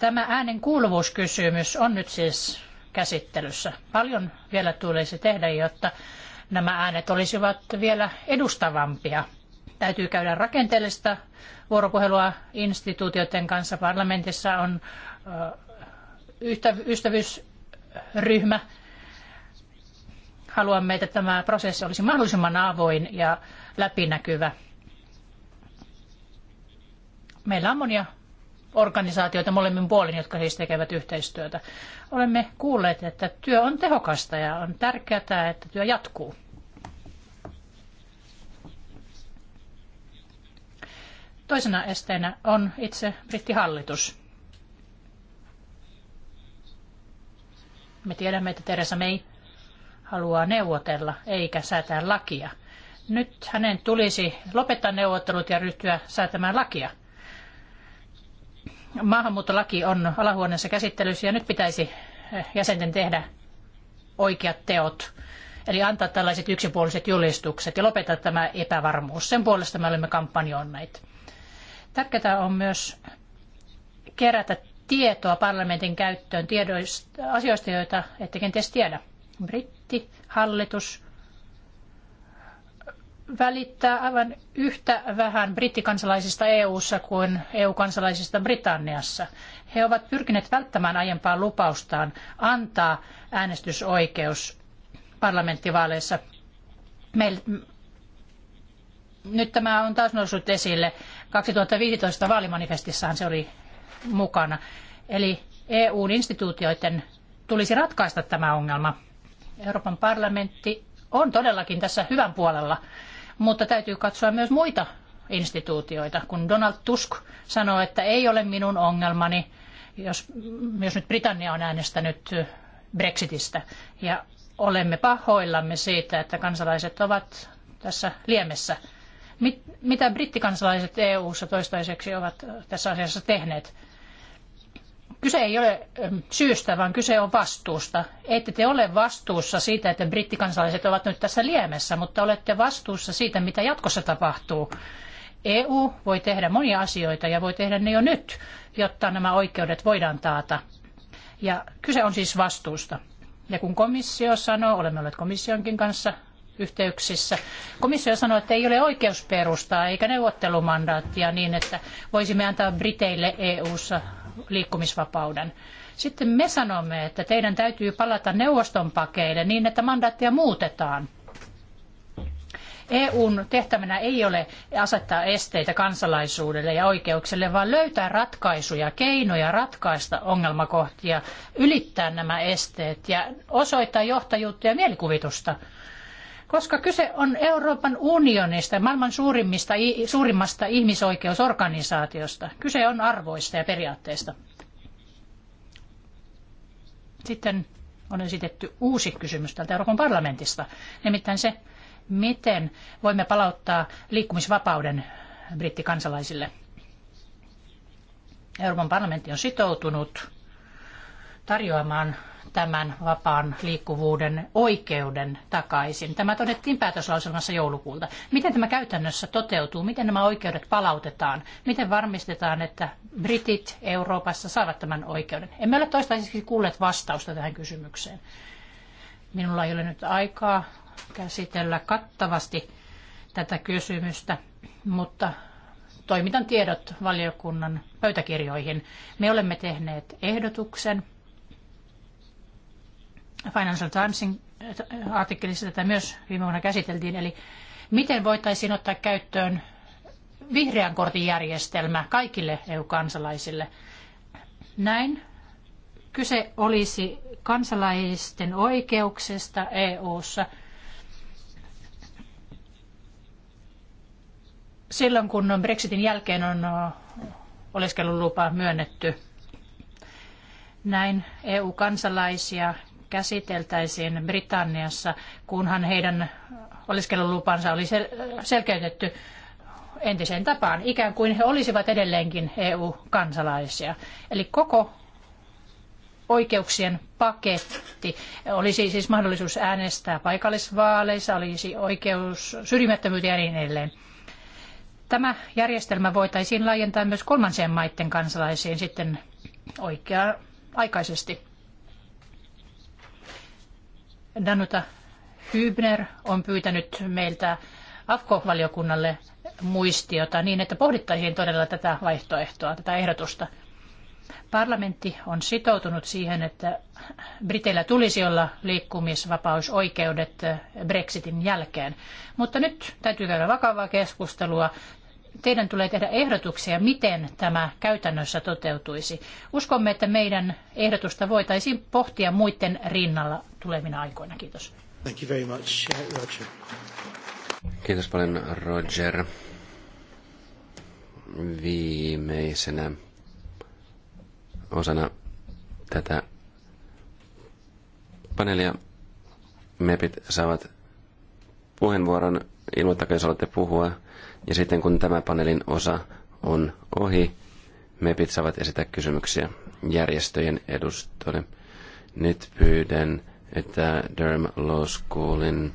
Tämä äänen kuuluvuuskysymys on nyt siis käsittelyssä. Paljon vielä tulisi tehdä, jotta nämä äänet olisivat vielä edustavampia. Täytyy käydä rakenteellista vuoropuhelua instituutioiden kanssa. Parlamentissa on ystävyysryhmä. Haluamme, että tämä prosessi olisi mahdollisimman avoin ja läpinäkyvä. Meillä on monia organisaatioita molemmin puolin, jotka siis tekevät yhteistyötä. Olemme kuulleet, että työ on tehokasta ja on tärkeää, että työ jatkuu. Toisena esteenä on itse brittihallitus. Me tiedämme, että Teresa May haluaa neuvotella eikä säätää lakia. Nyt hänen tulisi lopettaa neuvottelut ja ryhtyä säätämään lakia. Maahanmuuttolaki on alahuoneessa käsittelyssä ja nyt pitäisi eh, jäsenten tehdä oikeat teot. Eli antaa tällaiset yksipuoliset julistukset ja lopettaa tämä epävarmuus. Sen puolesta me olemme kampanjoineet. Tärkeää on myös kerätä tietoa parlamentin käyttöön tiedoista, asioista, joita ette kenties tiedä. Britti, hallitus välittää aivan yhtä vähän brittikansalaisista EU-ssa kuin EU-kansalaisista Britanniassa. He ovat pyrkineet välttämään aiempaa lupaustaan antaa äänestysoikeus parlamenttivaaleissa. Meil... Nyt tämä on taas noussut esille 2015 vaalimanifestissahan se oli mukana. Eli EUn instituutioiden tulisi ratkaista tämä ongelma. Euroopan parlamentti on todellakin tässä hyvän puolella, mutta täytyy katsoa myös muita instituutioita. Kun Donald Tusk sanoo, että ei ole minun ongelmani, jos, myös nyt Britannia on äänestänyt Brexitistä. Ja olemme pahoillamme siitä, että kansalaiset ovat tässä liemessä. Mit, mitä brittikansalaiset EU-ssa toistaiseksi ovat tässä asiassa tehneet? Kyse ei ole ähm, syystä, vaan kyse on vastuusta. Ette te ole vastuussa siitä, että brittikansalaiset ovat nyt tässä liemessä, mutta olette vastuussa siitä, mitä jatkossa tapahtuu. EU voi tehdä monia asioita ja voi tehdä ne jo nyt, jotta nämä oikeudet voidaan taata. Ja kyse on siis vastuusta. Ja kun komissio sanoo, olemme olleet komissionkin kanssa yhteyksissä. Komissio sanoi, että ei ole oikeusperustaa eikä neuvottelumandaattia niin, että voisimme antaa Briteille EU-ssa liikkumisvapauden. Sitten me sanomme, että teidän täytyy palata neuvoston pakeille niin, että mandaattia muutetaan. EUn tehtävänä ei ole asettaa esteitä kansalaisuudelle ja oikeuksille, vaan löytää ratkaisuja, keinoja ratkaista ongelmakohtia, ylittää nämä esteet ja osoittaa johtajuutta ja mielikuvitusta koska kyse on Euroopan unionista, maailman suurimmista, suurimmasta ihmisoikeusorganisaatiosta. Kyse on arvoista ja periaatteista. Sitten on esitetty uusi kysymys täältä Euroopan parlamentista, nimittäin se, miten voimme palauttaa liikkumisvapauden brittikansalaisille. Euroopan parlamentti on sitoutunut tarjoamaan tämän vapaan liikkuvuuden oikeuden takaisin. Tämä todettiin päätöslauselmassa joulukuulta. Miten tämä käytännössä toteutuu? Miten nämä oikeudet palautetaan? Miten varmistetaan, että britit Euroopassa saavat tämän oikeuden? Emme ole toistaiseksi kuulleet vastausta tähän kysymykseen. Minulla ei ole nyt aikaa käsitellä kattavasti tätä kysymystä, mutta toimitan tiedot valiokunnan pöytäkirjoihin. Me olemme tehneet ehdotuksen Financial Timesin äh, artikkelissa tätä myös viime vuonna käsiteltiin, eli miten voitaisiin ottaa käyttöön vihreän kortin järjestelmä kaikille EU-kansalaisille. Näin kyse olisi kansalaisten oikeuksista EU:ssa silloin, kun Brexitin jälkeen on oleskelulupa myönnetty. Näin EU-kansalaisia käsiteltäisiin Britanniassa, kunhan heidän oleskelulupansa oli sel- selkeytetty entiseen tapaan, ikään kuin he olisivat edelleenkin EU-kansalaisia. Eli koko oikeuksien paketti. Olisi siis mahdollisuus äänestää paikallisvaaleissa, olisi oikeus syrjimättömyyteen ja niin edelleen. Tämä järjestelmä voitaisiin laajentaa myös kolmansien maiden kansalaisiin sitten oikea-aikaisesti. Danuta Hybner on pyytänyt meiltä AFKO-valiokunnalle muistiota niin, että pohdittaisiin todella tätä vaihtoehtoa, tätä ehdotusta. Parlamentti on sitoutunut siihen, että Briteillä tulisi olla liikkumisvapausoikeudet Brexitin jälkeen. Mutta nyt täytyy käydä vakavaa keskustelua teidän tulee tehdä ehdotuksia, miten tämä käytännössä toteutuisi. Uskomme, että meidän ehdotusta voitaisiin pohtia muiden rinnalla tulevina aikoina. Kiitos. Thank you very much, Roger. Kiitos paljon, Roger. Viimeisenä osana tätä paneelia MEPit saavat puheenvuoron. Ilmoittakaa, jos haluatte puhua ja sitten kun tämä paneelin osa on ohi, mepit saavat esittää kysymyksiä järjestöjen edustajille. Nyt pyydän, että Durham Law Schoolin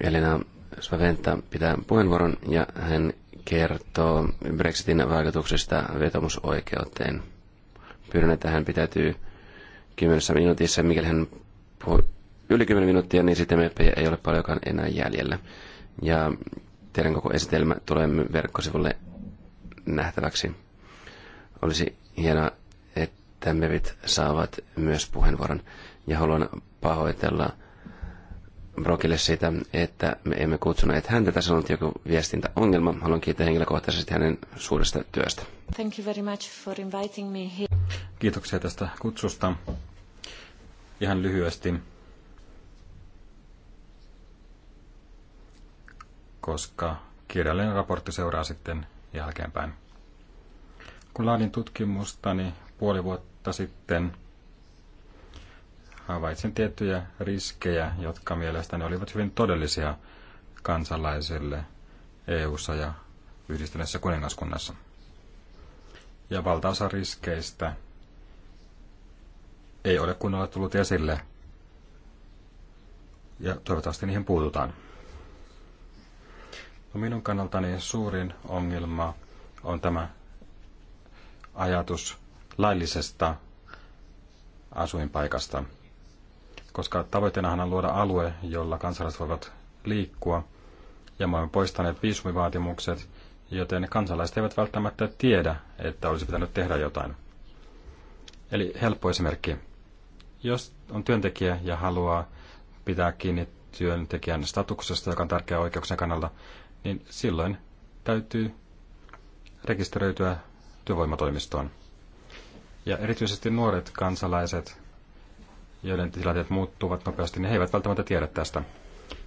Elena Svaventa pitää puheenvuoron ja hän kertoo Brexitin vaikutuksista vetomusoikeuteen. Pyydän, että hän pitäytyy 10 minuutissa. Mikäli hän puhuu yli 10 minuuttia, niin sitten meppejä ei ole paljonkaan enää jäljellä. Ja Teidän koko esitelmä tulee verkkosivulle nähtäväksi. Olisi hienoa, että mevit saavat myös puheenvuoron. Ja haluan pahoitella Brokille siitä, että me emme kutsuneet häntä. Tässä on joku viestintäongelma. Haluan kiittää henkilökohtaisesti hänen suuresta työstä. Thank you very much for inviting me here. Kiitoksia tästä kutsusta. Ihan lyhyesti koska kirjallinen raportti seuraa sitten jälkeenpäin. Kun laadin tutkimustani puoli vuotta sitten, havaitsin tiettyjä riskejä, jotka mielestäni olivat hyvin todellisia kansalaisille EU-ssa ja yhdistyneessä kuningaskunnassa. Ja valtaosa riskeistä ei ole kunnolla tullut esille, ja toivottavasti niihin puututaan. No minun kannaltani suurin ongelma on tämä ajatus laillisesta asuinpaikasta, koska tavoitteenahan on luoda alue, jolla kansalaiset voivat liikkua, ja me olemme poistaneet viisumivaatimukset, joten kansalaiset eivät välttämättä tiedä, että olisi pitänyt tehdä jotain. Eli helppo esimerkki. Jos on työntekijä ja haluaa pitää kiinni työntekijän statuksesta, joka on tärkeä oikeuksien kannalta, niin silloin täytyy rekisteröityä työvoimatoimistoon. Ja erityisesti nuoret kansalaiset, joiden tilanteet muuttuvat nopeasti, niin he eivät välttämättä tiedä tästä.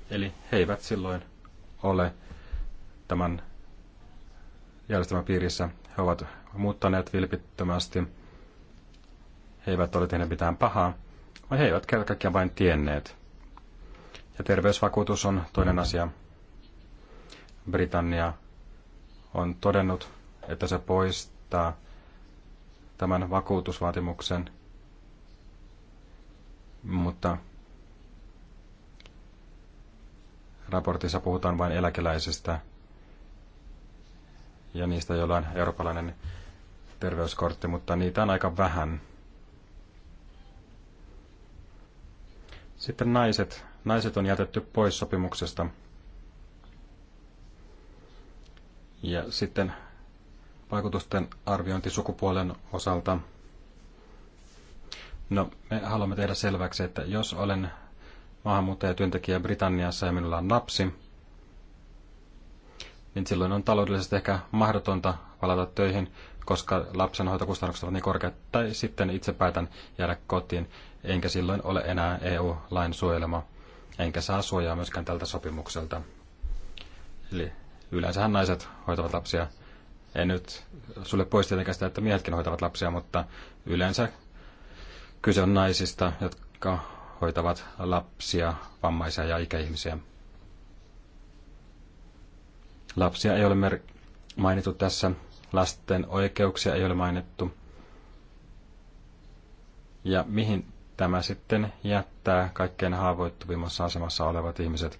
Eli he eivät silloin ole tämän järjestelmän piirissä. He ovat muuttaneet vilpittömästi. He eivät ole tehneet mitään pahaa, vaan he eivät kerta kaikkiaan vain tienneet. Ja terveysvakuutus on toinen asia. Britannia on todennut, että se poistaa tämän vakuutusvaatimuksen, mutta raportissa puhutaan vain eläkeläisistä ja niistä, joilla on eurooppalainen terveyskortti, mutta niitä on aika vähän. Sitten naiset. Naiset on jätetty pois sopimuksesta. Ja sitten vaikutusten arviointi sukupuolen osalta. No, me haluamme tehdä selväksi, että jos olen maahanmuuttajatyöntekijä Britanniassa ja minulla on lapsi, niin silloin on taloudellisesti ehkä mahdotonta palata töihin, koska lapsenhoitokustannukset ovat niin korkeat, tai sitten itse päätän jäädä kotiin, enkä silloin ole enää EU-lain suojelema, enkä saa suojaa myöskään tältä sopimukselta. Eli yleensähän naiset hoitavat lapsia. En nyt sulle pois tietenkään sitä, että miehetkin hoitavat lapsia, mutta yleensä kyse on naisista, jotka hoitavat lapsia, vammaisia ja ikäihmisiä. Lapsia ei ole mer- mainittu tässä, lasten oikeuksia ei ole mainittu. Ja mihin tämä sitten jättää kaikkein haavoittuvimmassa asemassa olevat ihmiset,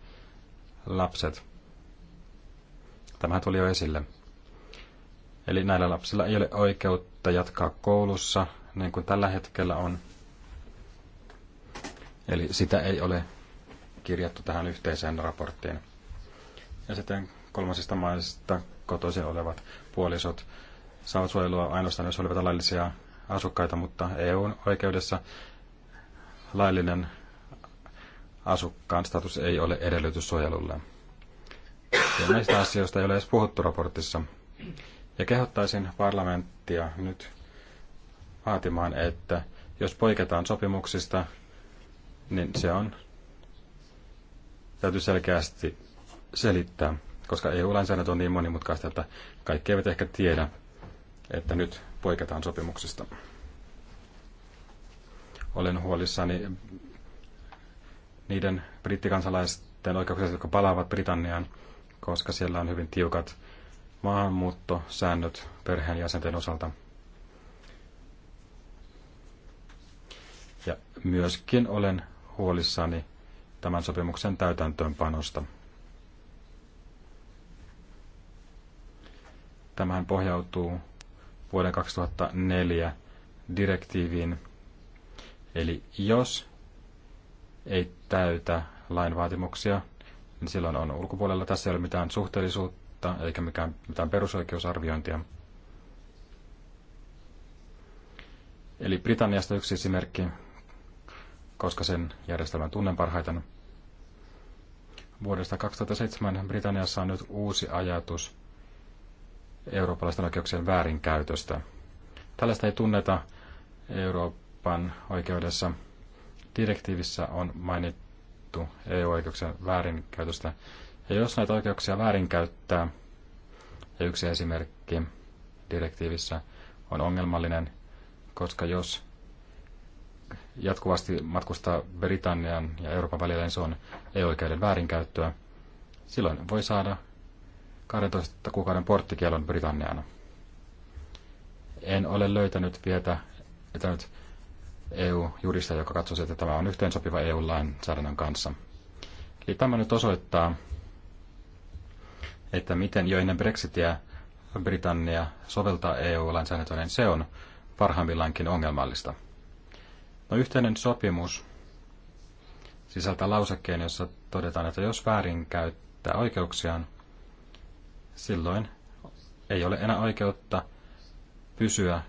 lapset? tämä tuli jo esille. Eli näillä lapsilla ei ole oikeutta jatkaa koulussa, niin kuin tällä hetkellä on. Eli sitä ei ole kirjattu tähän yhteiseen raporttiin. Ja sitten kolmasista maista kotoisin olevat puolisot saavat suojelua ainoastaan, jos olivat laillisia asukkaita, mutta EUn oikeudessa laillinen asukkaan status ei ole edellytys suojelulle. Ja näistä asioista ei ole edes puhuttu raportissa. Ja kehottaisin parlamenttia nyt vaatimaan, että jos poiketaan sopimuksista, niin se on täytyy selkeästi selittää, koska EU-lainsäädäntö on niin monimutkaista, että kaikki eivät ehkä tiedä, että nyt poiketaan sopimuksista. Olen huolissani niiden brittikansalaisten oikeuksista, jotka palaavat Britanniaan, koska siellä on hyvin tiukat maahanmuuttosäännöt perheenjäsenten osalta. Ja myöskin olen huolissani tämän sopimuksen täytäntöönpanosta. Tämähän pohjautuu vuoden 2004 direktiiviin. Eli jos ei täytä lain vaatimuksia, niin silloin on ulkopuolella. Tässä ei ole mitään suhteellisuutta eikä mikään, mitään perusoikeusarviointia. Eli Britanniasta yksi esimerkki, koska sen järjestelmän tunnen parhaiten. Vuodesta 2007 Britanniassa on nyt uusi ajatus eurooppalaisten oikeuksien väärinkäytöstä. Tällaista ei tunneta Euroopan oikeudessa. Direktiivissä on mainittu tuomittu EU-oikeuksien väärinkäytöstä. Ja jos näitä oikeuksia väärinkäyttää, ja yksi esimerkki direktiivissä on ongelmallinen, koska jos jatkuvasti matkustaa Britannian ja Euroopan välillä, niin se on EU-oikeuden väärinkäyttöä. Silloin voi saada 12 kuukauden porttikielon Britanniana. En ole löytänyt vielä, että nyt EU-jurista, joka katsoi, että tämä on yhteensopiva EU-lainsäädännön kanssa. Eli tämä nyt osoittaa, että miten jo ennen Brexitiä Britannia soveltaa EU-lainsäädäntöä, niin se on parhaimmillaankin ongelmallista. No, yhteinen sopimus sisältää lausekkeen, jossa todetaan, että jos väärin käyttää oikeuksiaan, silloin ei ole enää oikeutta pysyä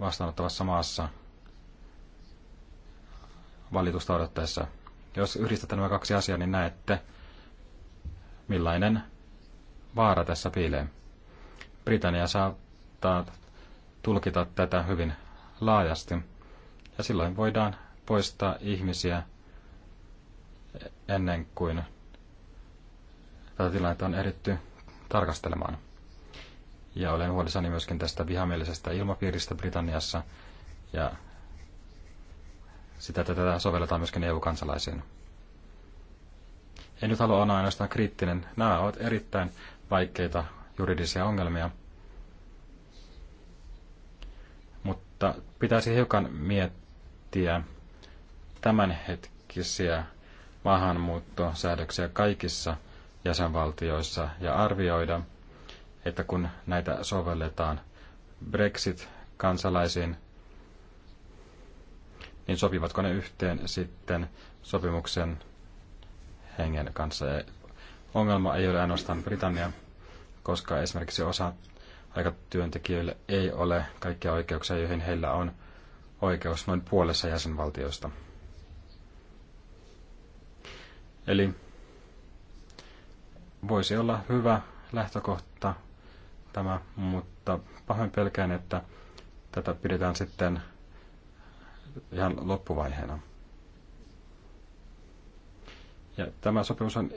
vastaanottavassa maassa valitusta odottaessa. Jos yhdistätte nämä kaksi asiaa, niin näette, millainen vaara tässä piilee. Britannia saattaa tulkita tätä hyvin laajasti, ja silloin voidaan poistaa ihmisiä ennen kuin tätä tilannetta on ehditty tarkastelemaan. Ja olen huolissani myöskin tästä vihamielisestä ilmapiiristä Britanniassa ja sitä tätä sovelletaan myöskin EU-kansalaisiin. En nyt halua olla ainoastaan kriittinen. Nämä ovat erittäin vaikeita juridisia ongelmia. Mutta pitäisi hiukan miettiä tämänhetkisiä maahanmuuttosäädöksiä kaikissa jäsenvaltioissa ja arvioida – että kun näitä sovelletaan Brexit-kansalaisiin, niin sopivatko ne yhteen sitten sopimuksen hengen kanssa. Ja ongelma ei ole ainoastaan Britannia, koska esimerkiksi osa aikatyöntekijöille ei ole kaikkia oikeuksia, joihin heillä on oikeus noin puolessa jäsenvaltioista. Eli voisi olla hyvä lähtökohta tämä, mutta pahoin pelkään, että tätä pidetään sitten ihan loppuvaiheena. Ja tämä sopimus on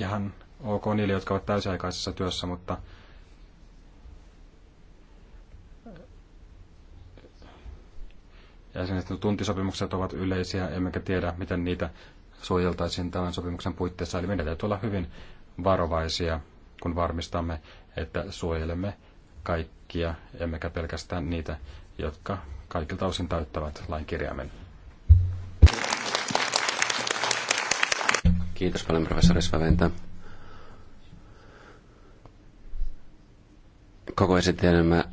ihan ok niille, jotka ovat täysiaikaisessa työssä, mutta ja sen, no, tuntisopimukset ovat yleisiä, emmekä tiedä, miten niitä suojeltaisiin tämän sopimuksen puitteissa. Eli meidän täytyy olla hyvin varovaisia, kun varmistamme, että suojelemme kaikkia, emmekä pelkästään niitä, jotka kaikilta osin täyttävät lain kirjaimen. Kiitos paljon professori Svaventä. Koko esitelmä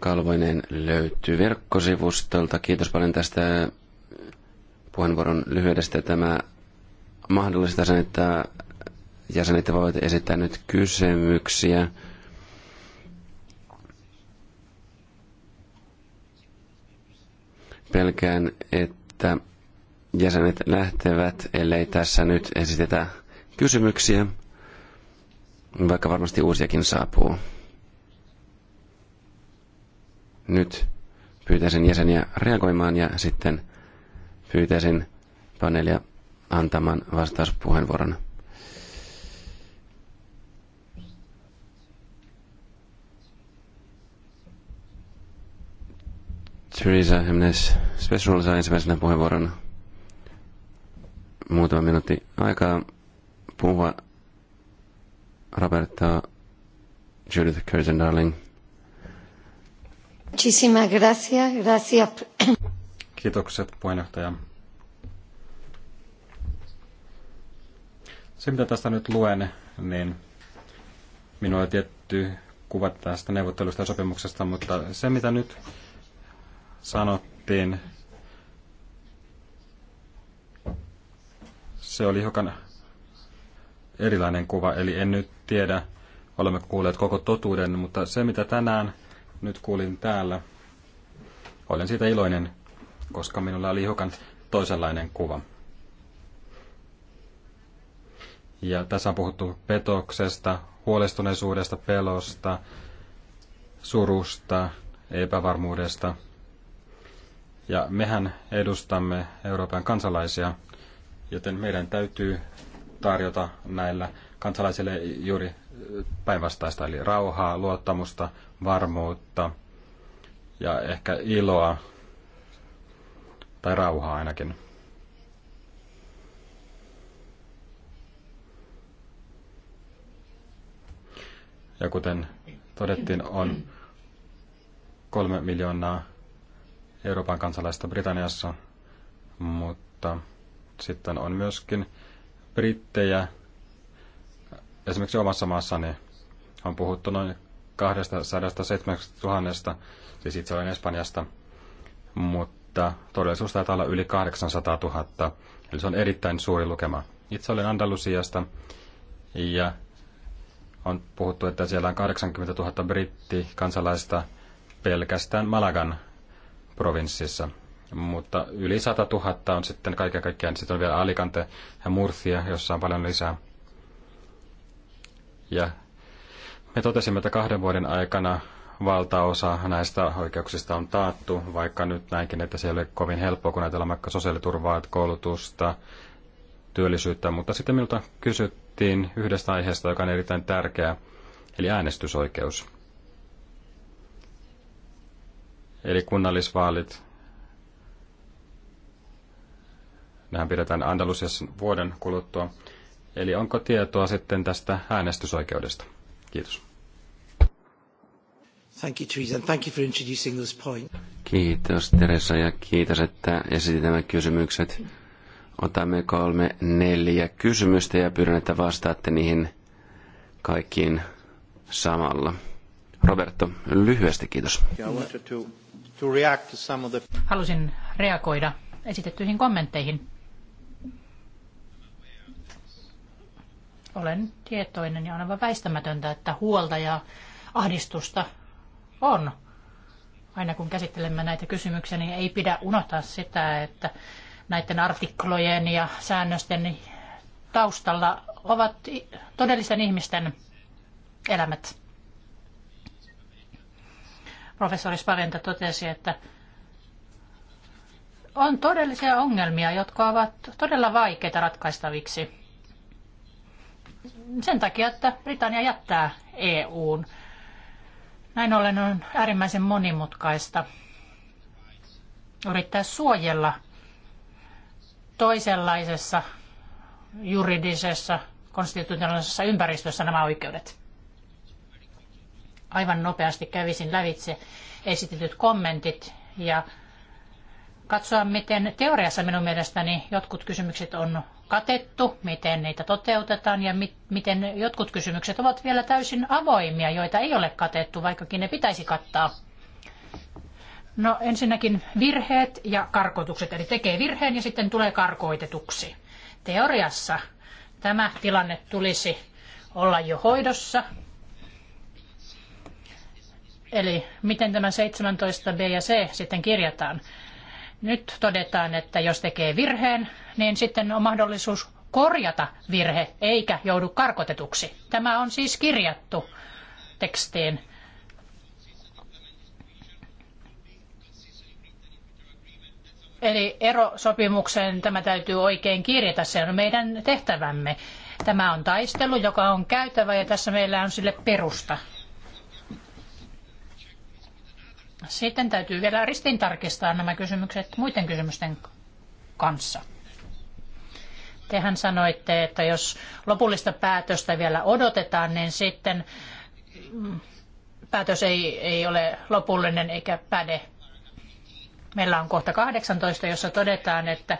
Kalvoinen löytyy verkkosivustolta. Kiitos paljon tästä puheenvuoron lyhyydestä. Tämä mahdollistaa sen, että jäsenet voivat esittää nyt kysymyksiä. Pelkään, että jäsenet lähtevät, ellei tässä nyt esitetä kysymyksiä, vaikka varmasti uusiakin saapuu. Nyt pyytäisin jäseniä reagoimaan ja sitten pyytäisin paneelia antamaan vastauspuheenvuoron. Theresa Hemnes Special saa ensimmäisenä puheenvuoron. Muutama minuutti aikaa puhua Roberta Judith Curzon Darling. Muchísimas gracias, gracias. Kiitokset puheenjohtaja. Se mitä tästä nyt luen, niin minulla on tietty kuvat tästä neuvottelusta ja sopimuksesta, mutta se mitä nyt sanottiin, se oli hiukan erilainen kuva, eli en nyt tiedä, olemme kuulleet koko totuuden, mutta se mitä tänään nyt kuulin täällä, olen siitä iloinen, koska minulla oli hiukan toisenlainen kuva. Ja tässä on puhuttu petoksesta, huolestuneisuudesta, pelosta, surusta, epävarmuudesta – ja mehän edustamme Euroopan kansalaisia, joten meidän täytyy tarjota näillä kansalaisille juuri päinvastaista, eli rauhaa, luottamusta, varmuutta ja ehkä iloa tai rauhaa ainakin. Ja kuten todettiin, on kolme miljoonaa Euroopan kansalaista Britanniassa, mutta sitten on myöskin brittejä. Esimerkiksi omassa maassani on puhuttu noin 270 000, siis itse olen Espanjasta, mutta todellisuus taitaa olla yli 800 000, eli se on erittäin suuri lukema. Itse olen Andalusiasta ja on puhuttu, että siellä on 80 000 kansalaista pelkästään Malagan provinssissa. Mutta yli 100 000 on sitten kaiken kaikkiaan. Sitten on vielä Alicante ja Murcia, jossa on paljon lisää. Ja me totesimme, että kahden vuoden aikana valtaosa näistä oikeuksista on taattu, vaikka nyt näinkin, että se ei ole kovin helppoa, kun ajatellaan vaikka sosiaaliturvaa, koulutusta, työllisyyttä, mutta sitten minulta kysyttiin yhdestä aiheesta, joka on erittäin tärkeä, eli äänestysoikeus eli kunnallisvaalit. Nehän pidetään Andalusiassa vuoden kuluttua. Eli onko tietoa sitten tästä äänestysoikeudesta? Kiitos. Thank you, Teresa, and thank you for introducing this point. Kiitos Teresa ja kiitos, että esitit nämä kysymykset. Otamme kolme, neljä kysymystä ja pyydän, että vastaatte niihin kaikkiin samalla. Roberto, lyhyesti kiitos. Yeah, to react to some of the... Halusin reagoida esitettyihin kommentteihin. Olen tietoinen ja on aivan väistämätöntä, että huolta ja ahdistusta on. Aina kun käsittelemme näitä kysymyksiä, niin ei pidä unohtaa sitä, että näiden artiklojen ja säännösten taustalla ovat todellisten ihmisten elämät professori Spaventa totesi, että on todellisia ongelmia, jotka ovat todella vaikeita ratkaistaviksi. Sen takia, että Britannia jättää EUn. Näin ollen on äärimmäisen monimutkaista yrittää suojella toisenlaisessa juridisessa konstitutionaalisessa ympäristössä nämä oikeudet aivan nopeasti kävisin lävitse esitetyt kommentit ja katsoa, miten teoriassa minun mielestäni jotkut kysymykset on katettu, miten niitä toteutetaan ja mi- miten jotkut kysymykset ovat vielä täysin avoimia, joita ei ole katettu, vaikkakin ne pitäisi kattaa. No ensinnäkin virheet ja karkotukset, eli tekee virheen ja sitten tulee karkoitetuksi. Teoriassa tämä tilanne tulisi olla jo hoidossa, Eli miten tämä 17b ja c sitten kirjataan? Nyt todetaan, että jos tekee virheen, niin sitten on mahdollisuus korjata virhe eikä joudu karkotetuksi. Tämä on siis kirjattu tekstiin. Eli erosopimukseen tämä täytyy oikein kirjata, se on meidän tehtävämme. Tämä on taistelu, joka on käytävä ja tässä meillä on sille perusta. Sitten täytyy vielä ristiin tarkistaa nämä kysymykset muiden kysymysten kanssa. Tehän sanoitte, että jos lopullista päätöstä vielä odotetaan, niin sitten mm, päätös ei, ei ole lopullinen eikä päde. Meillä on kohta 18, jossa todetaan, että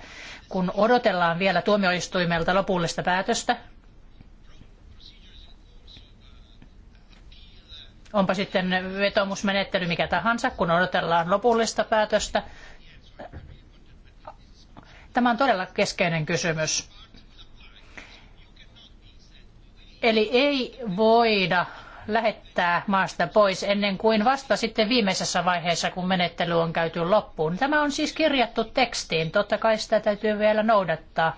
kun odotellaan vielä tuomioistuimelta lopullista päätöstä, Onpa sitten vetomusmenettely mikä tahansa, kun odotellaan lopullista päätöstä. Tämä on todella keskeinen kysymys. Eli ei voida lähettää maasta pois ennen kuin vasta sitten viimeisessä vaiheessa, kun menettely on käyty loppuun. Tämä on siis kirjattu tekstiin. Totta kai sitä täytyy vielä noudattaa.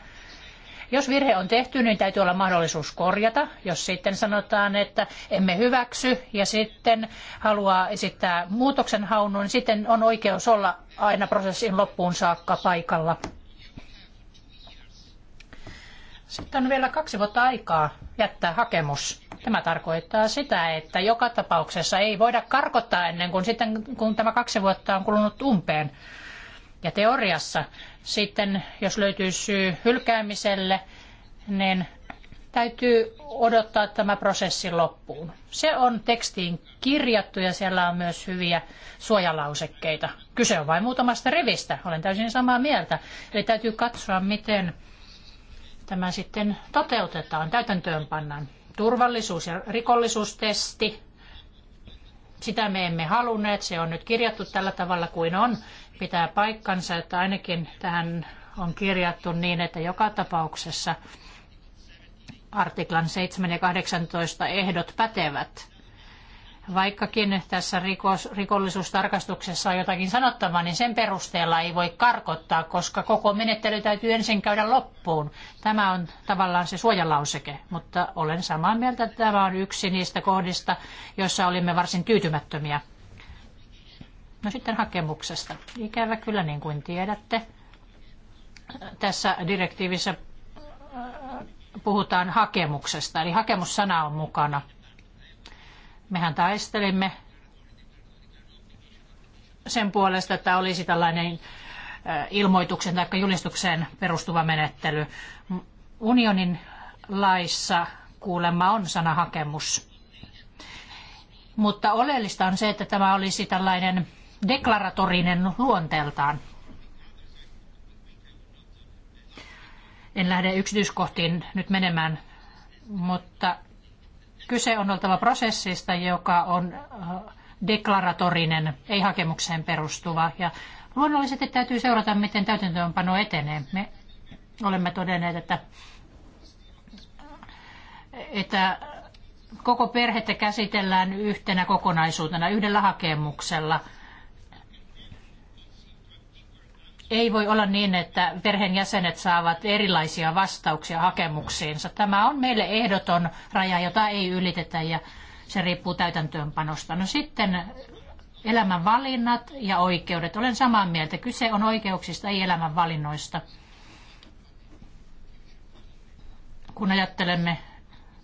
Jos virhe on tehty, niin täytyy olla mahdollisuus korjata. Jos sitten sanotaan, että emme hyväksy ja sitten haluaa esittää muutoksen haun, niin sitten on oikeus olla aina prosessin loppuun saakka paikalla. Sitten on vielä kaksi vuotta aikaa jättää hakemus. Tämä tarkoittaa sitä, että joka tapauksessa ei voida karkottaa ennen kuin sitten, kun tämä kaksi vuotta on kulunut umpeen. Ja teoriassa sitten jos löytyy syy hylkäämiselle, niin täytyy odottaa tämä prosessi loppuun. Se on tekstiin kirjattu ja siellä on myös hyviä suojalausekkeita. Kyse on vain muutamasta rivistä, olen täysin samaa mieltä. Eli täytyy katsoa, miten tämä sitten toteutetaan, täytäntöönpannaan. Turvallisuus- ja rikollisuustesti sitä me emme halunneet, se on nyt kirjattu tällä tavalla kuin on. Pitää paikkansa, että ainakin tähän on kirjattu niin, että joka tapauksessa artiklan 7 ja 18 ehdot pätevät. Vaikkakin tässä rikos, rikollisuustarkastuksessa on jotakin sanottavaa, niin sen perusteella ei voi karkottaa, koska koko menettely täytyy ensin käydä loppuun. Tämä on tavallaan se suojalauseke, mutta olen samaa mieltä, että tämä on yksi niistä kohdista, joissa olimme varsin tyytymättömiä. No sitten hakemuksesta. Ikävä kyllä, niin kuin tiedätte, tässä direktiivissä äh, puhutaan hakemuksesta, eli hakemussana on mukana – Mehän taistelimme sen puolesta, että olisi tällainen äh, ilmoituksen tai julistukseen perustuva menettely. Unionin laissa kuulemma on sanahakemus. Mutta oleellista on se, että tämä olisi tällainen deklaratorinen luonteeltaan. En lähde yksityiskohtiin nyt menemään, mutta Kyse on oltava prosessista, joka on äh, deklaratorinen, ei hakemukseen perustuva. Ja luonnollisesti täytyy seurata, miten täytäntöönpano etenee. Me olemme todenneet, että, että koko perhettä käsitellään yhtenä kokonaisuutena, yhdellä hakemuksella – Ei voi olla niin, että perheenjäsenet saavat erilaisia vastauksia hakemuksiinsa. Tämä on meille ehdoton raja, jota ei ylitetä ja se riippuu täytäntöönpanosta. No sitten elämän valinnat ja oikeudet. Olen samaa mieltä. Kyse on oikeuksista, ei elämän valinnoista. Kun ajattelemme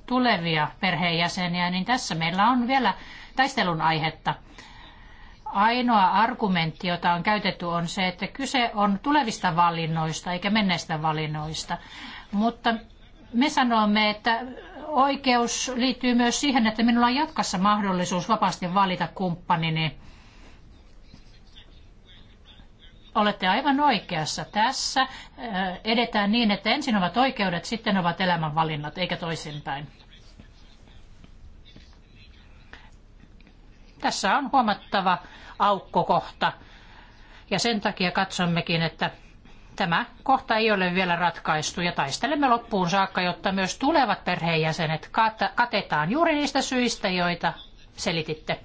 tulevia perheenjäseniä, niin tässä meillä on vielä taistelun aihetta ainoa argumentti, jota on käytetty, on se, että kyse on tulevista valinnoista eikä menneistä valinnoista. Mutta me sanomme, että oikeus liittyy myös siihen, että minulla on jatkossa mahdollisuus vapaasti valita kumppanini. Olette aivan oikeassa tässä. Eh, edetään niin, että ensin ovat oikeudet, sitten ovat elämänvalinnat eikä toisinpäin. Tässä on huomattava aukkokohta. Ja sen takia katsommekin, että tämä kohta ei ole vielä ratkaistu ja taistelemme loppuun saakka, jotta myös tulevat perheenjäsenet katetaan juuri niistä syistä, joita selititte.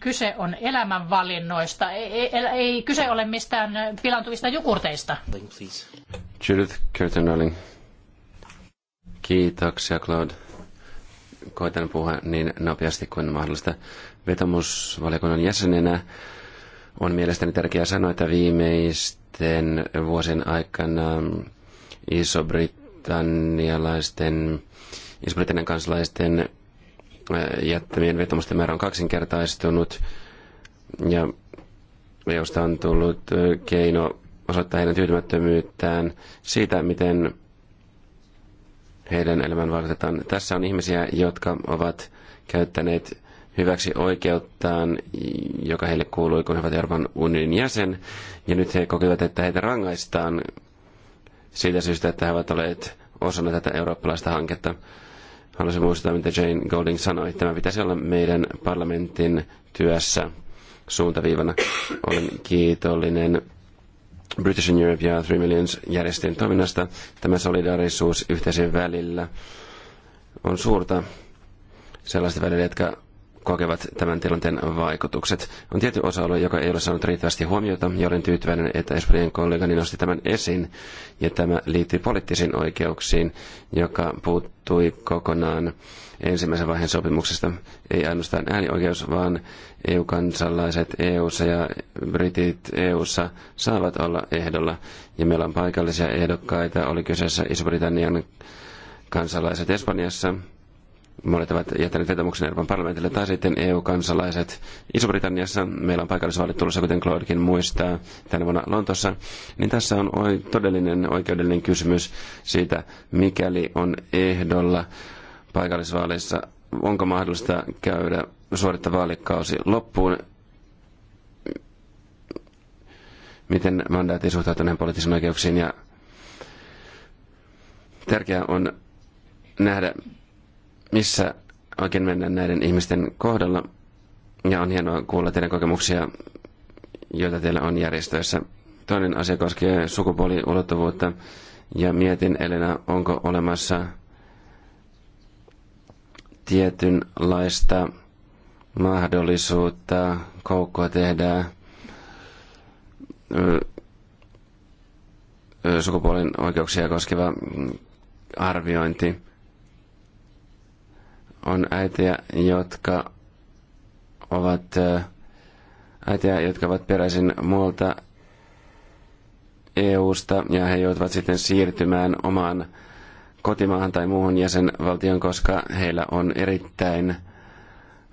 Kyse on elämänvalinnoista, ei, ei, ei kyse ole mistään pilantuvista jukurteista. Judith Kiitoksia, Claude koitan puhua niin nopeasti kuin mahdollista. Vetomusvaliokunnan jäsenenä on mielestäni tärkeää sanoa, että viimeisten vuosien aikana iso-britannialaisten, iso-britannian kansalaisten äh, jättämien vetomusten määrä on kaksinkertaistunut ja josta on tullut äh, keino osoittaa heidän tyytymättömyyttään siitä, miten heidän elämän vaikutetaan. Tässä on ihmisiä, jotka ovat käyttäneet hyväksi oikeuttaan, joka heille kuului, kun he ovat Euroopan unionin jäsen. Ja nyt he kokevat, että heitä rangaistaan siitä syystä, että he ovat olleet osana tätä eurooppalaista hanketta. Haluaisin muistaa, mitä Jane Golding sanoi. Tämä pitäisi olla meidän parlamentin työssä suuntaviivana. Olen kiitollinen British in Europe ja Three Millions järjestöjen toiminnasta. Tämä solidaarisuus yhteisen välillä on suurta sellaisten välillä, jotka kokevat tämän tilanteen vaikutukset. On tietty osa-alue, joka ei ole saanut riittävästi huomiota, ja olen tyytyväinen, että Espanjan kollegani nosti tämän esiin, ja tämä liittyy poliittisiin oikeuksiin, joka puuttui kokonaan ensimmäisen vaiheen sopimuksesta. Ei ainoastaan äänioikeus, vaan EU-kansalaiset EU-ssa ja britit EU-ssa saavat olla ehdolla, ja meillä on paikallisia ehdokkaita, oli kyseessä Iso-Britannian kansalaiset Espanjassa, monet ovat jättäneet vetämuksen Euroopan parlamentille, tai sitten EU-kansalaiset. Iso-Britanniassa meillä on paikallisvaalit tulossa, kuten Claudekin muistaa, tänä vuonna Lontossa. Niin tässä on todellinen oikeudellinen kysymys siitä, mikäli on ehdolla paikallisvaaleissa, onko mahdollista käydä suorittaa vaalikausi loppuun, miten mandaatti suhtautuu näihin poliittisiin oikeuksiin. Ja tärkeää on nähdä missä oikein mennään näiden ihmisten kohdalla. Ja on hienoa kuulla teidän kokemuksia, joita teillä on järjestöissä. Toinen asia koskee sukupuoliulottuvuutta. Ja mietin, Elena, onko olemassa tietynlaista mahdollisuutta koukkoa tehdä sukupuolen oikeuksia koskeva arviointi on äitejä, jotka ovat äitejä, jotka ovat peräisin muualta EUsta ja he joutuvat sitten siirtymään omaan kotimaahan tai muuhun jäsenvaltioon, koska heillä on erittäin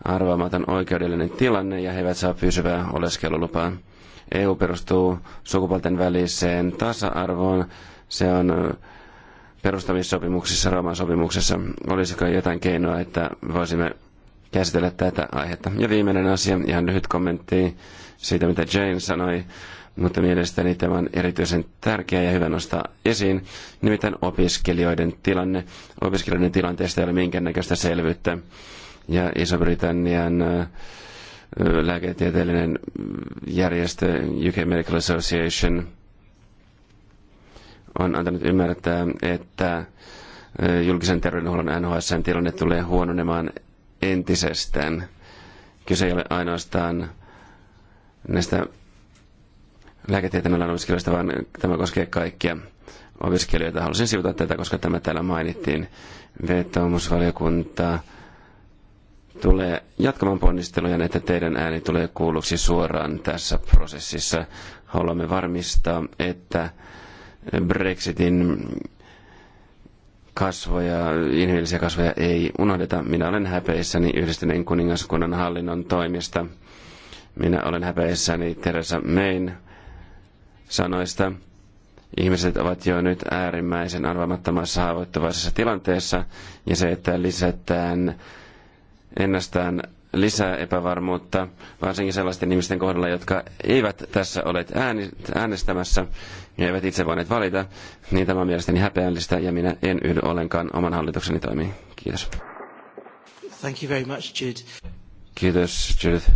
arvaamaton oikeudellinen tilanne ja he eivät saa pysyvää oleskelulupaa. EU perustuu sukupuolten väliseen tasa-arvoon. Se on perustamissopimuksissa, Rooman sopimuksessa, olisiko jotain keinoa, että voisimme käsitellä tätä aihetta. Ja viimeinen asia, ihan lyhyt kommentti siitä, mitä Jane sanoi, mutta mielestäni tämä on erityisen tärkeä ja hyvä nostaa esiin, nimittäin opiskelijoiden tilanne. Opiskelijoiden tilanteesta ei ole minkäännäköistä selvyyttä. Ja Iso-Britannian lääketieteellinen järjestö UK Medical Association – on antanut ymmärtää, että julkisen terveydenhuollon NHSn tilanne tulee huononemaan entisestään. Kyse ei ole ainoastaan näistä lääketieteen opiskelijoista, vaan tämä koskee kaikkia opiskelijoita. Haluaisin sivuta tätä, koska tämä täällä mainittiin. Vetoomusvaliokunta tulee jatkamaan ponnisteluja, että teidän ääni tulee kuulluksi suoraan tässä prosessissa. Haluamme varmistaa, että Brexitin kasvoja, inhimillisiä kasvoja ei unohdeta. Minä olen häpeissäni yhdistyneen kuningaskunnan hallinnon toimista. Minä olen häpeissäni Teresa Mayn sanoista. Ihmiset ovat jo nyt äärimmäisen arvaamattomassa haavoittuvaisessa tilanteessa, ja se, että lisätään ennastaan lisää epävarmuutta, varsinkin sellaisten ihmisten kohdalla, jotka eivät tässä ole äänestämässä ja eivät itse voineet valita, niin tämä on mielestäni häpeällistä ja minä en yhdy ollenkaan oman hallitukseni toimiin. Kiitos. Thank you very much, Jude. Kiitos, Judith.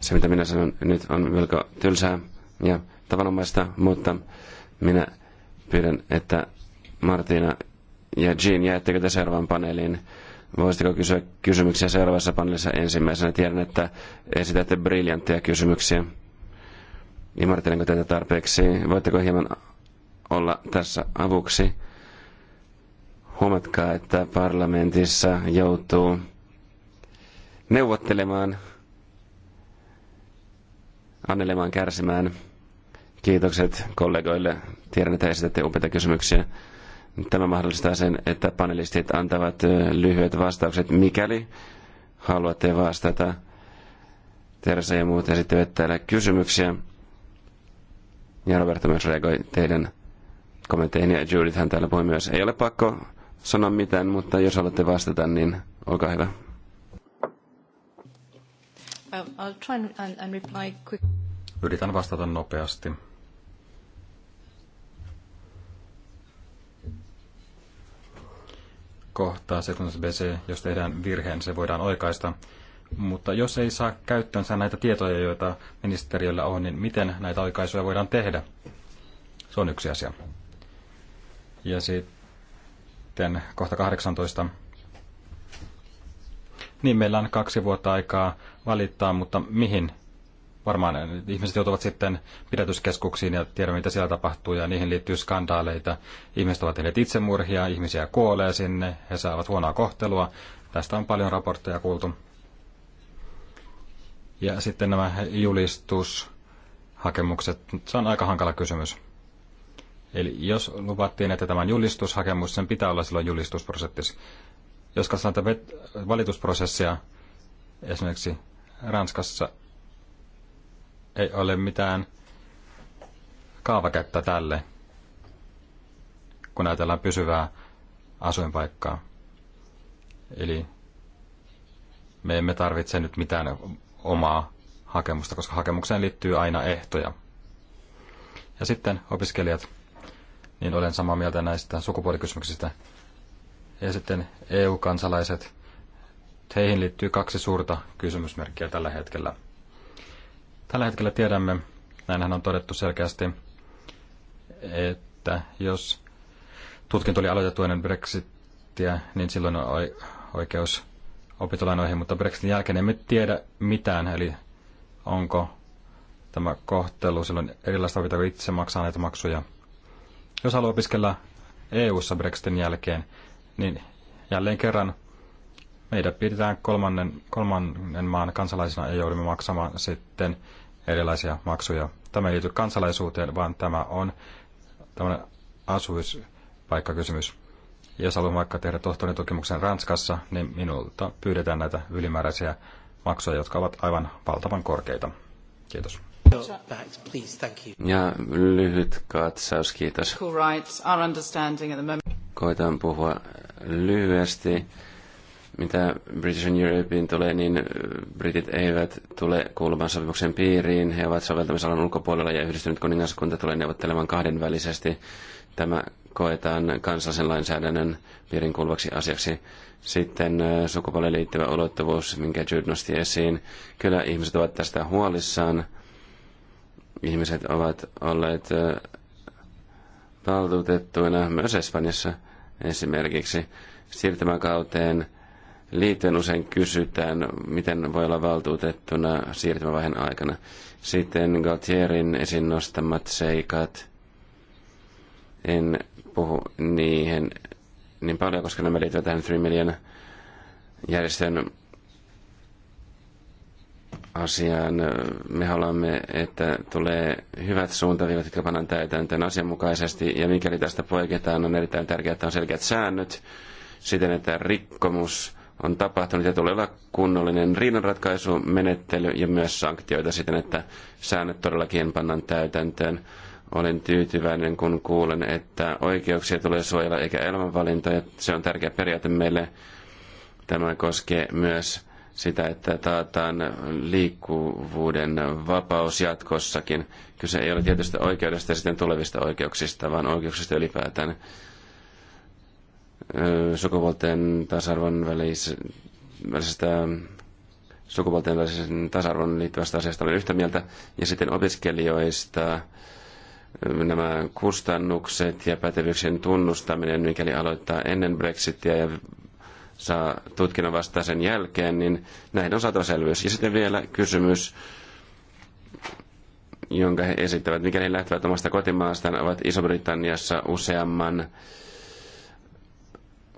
Se, mitä minä sanon nyt, on melko tylsää ja tavanomaista, mutta minä pyydän, että Martina ja Jean jäättekö te seuraavaan paneeliin Voisitko kysyä kysymyksiä seuraavassa panelissa ensimmäisenä? Tiedän, että esitätte briljantteja kysymyksiä. Ymmärtelenko teitä tarpeeksi? Voitteko hieman olla tässä avuksi? Huomatkaa, että parlamentissa joutuu neuvottelemaan, annelemaan, kärsimään. Kiitokset kollegoille. Tiedän, että esitätte upeita kysymyksiä. Tämä mahdollistaa sen, että panelistit antavat lyhyet vastaukset, mikäli haluatte vastata. Teresa ja muut esittävät täällä kysymyksiä. Ja Roberto myös reagoi teidän kommentteihin ja Judith hän täällä puhui myös. Ei ole pakko sanoa mitään, mutta jos haluatte vastata, niin olkaa hyvä. Yritän vastata nopeasti. kohtaa 17bc, jos tehdään virheen, se voidaan oikaista. Mutta jos ei saa käyttöönsä näitä tietoja, joita ministeriöllä on, niin miten näitä oikaisuja voidaan tehdä? Se on yksi asia. Ja sitten kohta 18. Niin meillä on kaksi vuotta aikaa valittaa, mutta mihin varmaan ihmiset joutuvat sitten pidätyskeskuksiin ja tiedämme, mitä siellä tapahtuu, ja niihin liittyy skandaaleita. Ihmiset ovat tehneet itsemurhia, ihmisiä kuolee sinne, he saavat huonoa kohtelua. Tästä on paljon raportteja kuultu. Ja sitten nämä julistushakemukset, se on aika hankala kysymys. Eli jos luvattiin, että tämän julistushakemus, sen pitää olla silloin julistusprosessissa. Jos katsotaan tätä valitusprosessia, esimerkiksi Ranskassa ei ole mitään kaavakättä tälle, kun ajatellaan pysyvää asuinpaikkaa. Eli me emme tarvitse nyt mitään omaa hakemusta, koska hakemukseen liittyy aina ehtoja. Ja sitten opiskelijat, niin olen samaa mieltä näistä sukupuolikysymyksistä. Ja sitten EU-kansalaiset, heihin liittyy kaksi suurta kysymysmerkkiä tällä hetkellä – Tällä hetkellä tiedämme, näinhän on todettu selkeästi, että jos tutkinto oli aloitettu ennen Brexittiä, niin silloin on oikeus opintolainoihin, mutta Brexitin jälkeen emme tiedä mitään, eli onko tämä kohtelu silloin erilaista, pitääkö itse maksaa näitä maksuja. Jos haluaa opiskella EU-ssa Brexitin jälkeen, niin jälleen kerran meidät pidetään kolmannen, kolmannen maan kansalaisina ja joudumme maksamaan sitten erilaisia maksuja. Tämä ei liity kansalaisuuteen, vaan tämä on tämmöinen asuispaikkakysymys. Jos haluan vaikka tehdä tohtorin tutkimuksen Ranskassa, niin minulta pyydetään näitä ylimääräisiä maksuja, jotka ovat aivan valtavan korkeita. Kiitos. Ja lyhyt katsaus, kiitos. Koitan puhua lyhyesti. Mitä British and Europein tulee, niin äh, britit eivät tule kuulumaan sopimuksen piiriin. He ovat soveltamisalan ulkopuolella ja yhdistynyt kuningaskunta tulee neuvottelemaan kahdenvälisesti. Tämä koetaan kansallisen lainsäädännön piirin kuuluvaksi asiaksi. Sitten äh, sukupuoleen liittyvä ulottuvuus, minkä Jude nosti esiin. Kyllä ihmiset ovat tästä huolissaan. Ihmiset ovat olleet äh, valtuutettuina myös Espanjassa esimerkiksi siirtymäkauteen – liittyen usein kysytään, miten voi olla valtuutettuna siirtymävaiheen aikana. Sitten Galtierin esiin nostamat seikat. En puhu niihin niin paljon, koska nämä liittyvät tähän 3 million järjestön asiaan. Me haluamme, että tulee hyvät suuntaviivat, jotka pannaan täytäntöön asianmukaisesti, ja mikäli tästä poiketaan, on erittäin tärkeää, että on selkeät säännöt siten, että rikkomus on tapahtunut ja tulee olla kunnollinen riidanratkaisumenettely ja myös sanktioita siten, että säännöt todellakin pannaan täytäntöön. Olen tyytyväinen, kun kuulen, että oikeuksia tulee suojella eikä elämänvalintoja. Se on tärkeä periaate meille. Tämä koskee myös sitä, että taataan liikkuvuuden vapaus jatkossakin. Kyse ei ole tietystä oikeudesta ja sitten tulevista oikeuksista, vaan oikeuksista ylipäätään sukupuolten tasa-arvon välis, välisestä sukupuolten välisen tasa-arvon liittyvästä asiasta olen yhtä mieltä. Ja sitten opiskelijoista nämä kustannukset ja pätevyyksien tunnustaminen, mikäli aloittaa ennen Brexitia ja saa tutkinnon vasta sen jälkeen, niin näihin on saatava selvyys. Ja sitten vielä kysymys, jonka he esittävät, mikäli he lähtevät omasta kotimaastaan, ovat Iso-Britanniassa useamman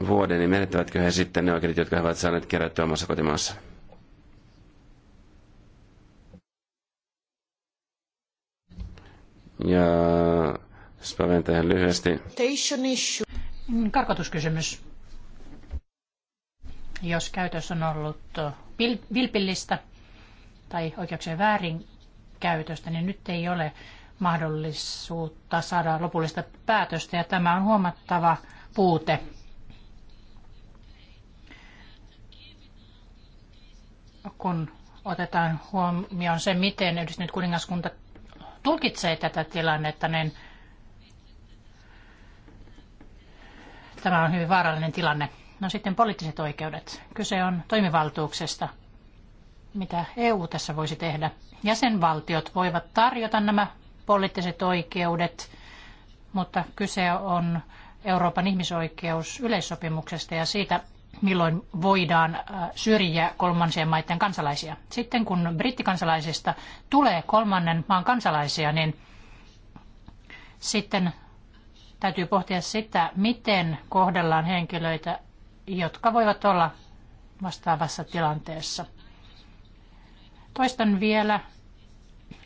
vuoden, niin menettävätkö he sitten ne oikeudet, jotka he ovat saaneet kerättyä omassa kotimaassa? Ja Spaven tähän lyhyesti. Karkotuskysymys. Jos käytös on ollut vilpillistä tai oikeuksien väärinkäytöstä, niin nyt ei ole mahdollisuutta saada lopullista päätöstä ja tämä on huomattava puute kun otetaan huomioon se, miten yhdistynyt kuningaskunta tulkitsee tätä tilannetta, niin tämä on hyvin vaarallinen tilanne. No sitten poliittiset oikeudet. Kyse on toimivaltuuksesta. Mitä EU tässä voisi tehdä? Jäsenvaltiot voivat tarjota nämä poliittiset oikeudet, mutta kyse on Euroopan ihmisoikeusyleissopimuksesta ja siitä, milloin voidaan äh, syrjiä kolmansien maiden kansalaisia. Sitten kun brittikansalaisista tulee kolmannen maan kansalaisia, niin sitten täytyy pohtia sitä, miten kohdellaan henkilöitä, jotka voivat olla vastaavassa tilanteessa. Toistan vielä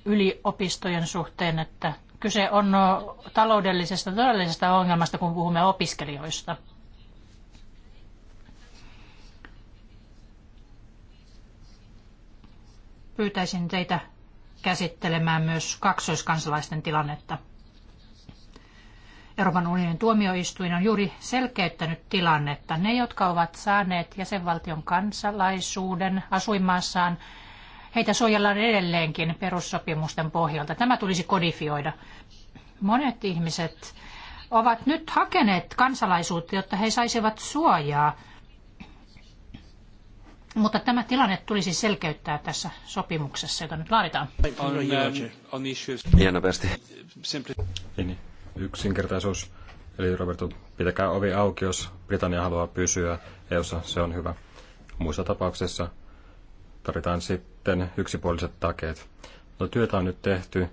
yliopistojen suhteen, että kyse on no, taloudellisesta todellisesta ongelmasta, kun puhumme opiskelijoista – pyytäisin teitä käsittelemään myös kaksoiskansalaisten tilannetta. Euroopan unionin tuomioistuin on juuri selkeyttänyt tilannetta. Ne, jotka ovat saaneet jäsenvaltion kansalaisuuden asuinmaassaan, heitä suojellaan edelleenkin perussopimusten pohjalta. Tämä tulisi kodifioida. Monet ihmiset ovat nyt hakeneet kansalaisuutta, jotta he saisivat suojaa mutta tämä tilanne tulisi selkeyttää tässä sopimuksessa, jota nyt laaditaan. On, on ähm, ähm, Ihan niin, nopeasti. Niin, yksinkertaisuus. Eli Roberto, pitäkää ovi auki, jos Britannia haluaa pysyä EUssa, se on hyvä. Muissa tapauksissa tarvitaan sitten yksipuoliset takeet. No työtä on nyt tehty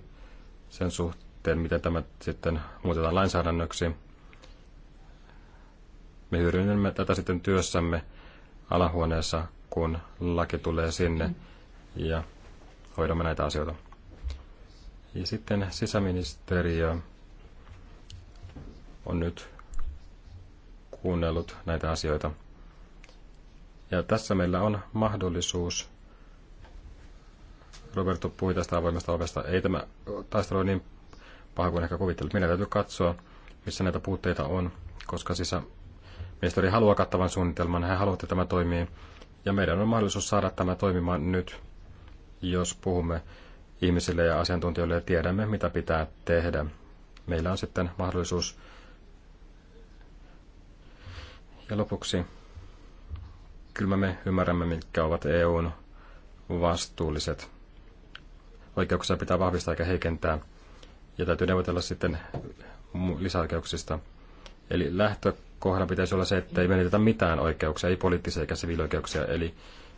sen suhteen, miten tämä sitten muutetaan lainsäädännöksi. Me hyödynnämme tätä sitten työssämme alahuoneessa kun laki tulee sinne ja hoidamme näitä asioita. Ja sitten sisäministeriö on nyt kuunnellut näitä asioita. Ja tässä meillä on mahdollisuus. Roberto puhui tästä avoimesta ovesta. Ei tämä taistelu ole niin paha kuin ehkä kuvittelut. Minä täytyy katsoa, missä näitä puutteita on, koska sisäministeri haluaa kattavan suunnitelman. Hän haluaa, että tämä toimii ja meidän on mahdollisuus saada tämä toimimaan nyt, jos puhumme ihmisille ja asiantuntijoille ja tiedämme, mitä pitää tehdä. Meillä on sitten mahdollisuus. Ja lopuksi, kyllä me ymmärrämme, mitkä ovat EUn vastuulliset. Oikeuksia pitää vahvistaa eikä heikentää. Ja täytyy neuvotella sitten lisäoikeuksista. Eli lähtökohdan pitäisi olla se, että ei menetetä mitään oikeuksia, ei poliittisia eikä siviilioikeuksia. Eli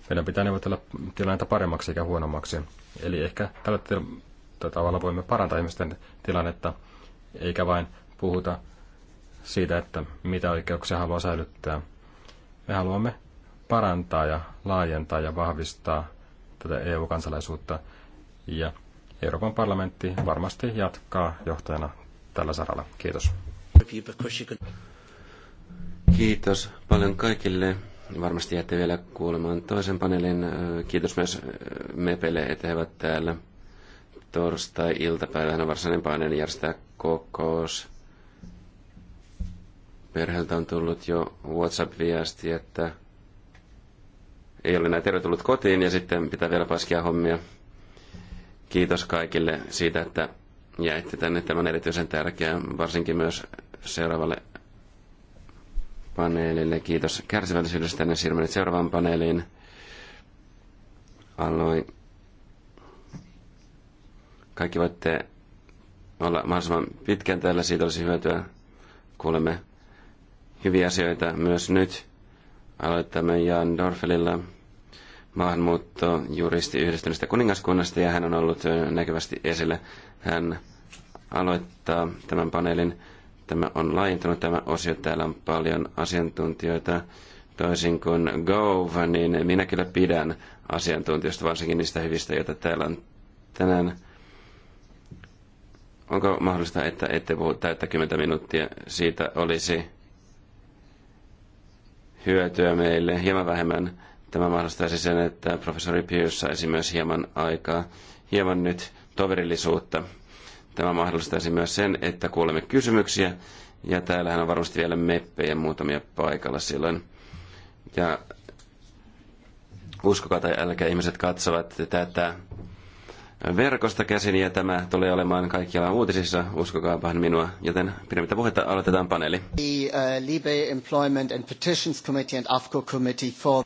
meidän pitää neuvotella tilannetta paremmaksi eikä huonommaksi. Eli ehkä tällä tavalla voimme parantaa ihmisten tilannetta, eikä vain puhuta siitä, että mitä oikeuksia haluaa säilyttää. Me haluamme parantaa ja laajentaa ja vahvistaa tätä EU-kansalaisuutta. Ja Euroopan parlamentti varmasti jatkaa johtajana tällä saralla. Kiitos. Kiitos paljon kaikille. Varmasti jäätte vielä kuulemaan toisen paneelin. Kiitos myös Mepele, että he ovat täällä torstai-iltapäivänä varsinainen paneeli järjestää kokous. Perheeltä on tullut jo WhatsApp-viesti, että ei ole näin tervetullut kotiin ja sitten pitää vielä paskia hommia. Kiitos kaikille siitä, että jäitte tänne. tämän erityisen tärkeän varsinkin myös seuraavalle paneelille. Kiitos kärsivällisyydestä. Ne niin siirrymme seuraavaan paneeliin. Aloin. Kaikki voitte olla mahdollisimman pitkään täällä. Siitä olisi hyötyä. Kuulemme hyviä asioita myös nyt. Aloitamme Jan Dorfelilla maahanmuutto juristi yhdistyneestä kuningaskunnasta ja hän on ollut näkyvästi esillä. Hän aloittaa tämän paneelin Tämä on laajentunut tämä osio. Täällä on paljon asiantuntijoita. Toisin kuin Gove, niin minä kyllä pidän asiantuntijoista, varsinkin niistä hyvistä, joita täällä on tänään. Onko mahdollista, että ette puhu täyttä kymmentä minuuttia? Siitä olisi hyötyä meille hieman vähemmän. Tämä mahdollistaisi sen, että professori Pius saisi myös hieman aikaa, hieman nyt toverillisuutta Tämä mahdollistaisi myös sen, että kuulemme kysymyksiä, ja täällähän on varmasti vielä meppejä muutamia paikalla silloin. Ja uskokaa tai älkää, ihmiset katsovat tätä verkosta käsin, ja tämä tulee olemaan kaikkialla uutisissa, uskokaa minua, joten pidemmittä puhetta aloitetaan paneeli. Uh, Employment and Petitions Committee and AFCO Committee for...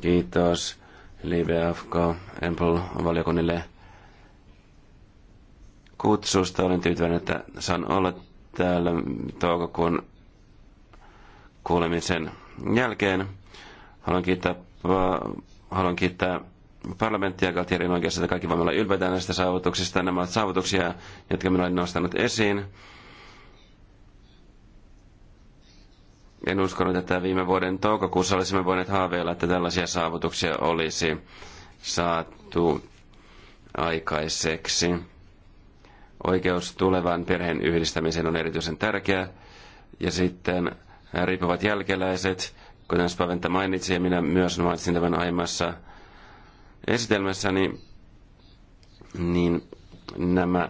Kiitos Libe AFCO Empl-valiokunnille kutsusta. Olen tyytyväinen, että saan olla täällä toukokuun kuulemisen jälkeen. Haluan kiittää, äh, haluan kiittää parlamenttia Galtierin oikeassa, että kaikki voimme olla ylpeitä näistä saavutuksista. Nämä ovat saavutuksia, jotka minä olen nostanut esiin. En uskonut, että viime vuoden toukokuussa olisimme voineet haaveilla, että tällaisia saavutuksia olisi saatu aikaiseksi. Oikeus tulevan perheen yhdistämiseen on erityisen tärkeä. Ja sitten äh, riippuvat jälkeläiset, kuten Spaventa mainitsi ja minä myös mainitsin tämän aiemmassa esitelmässäni, niin nämä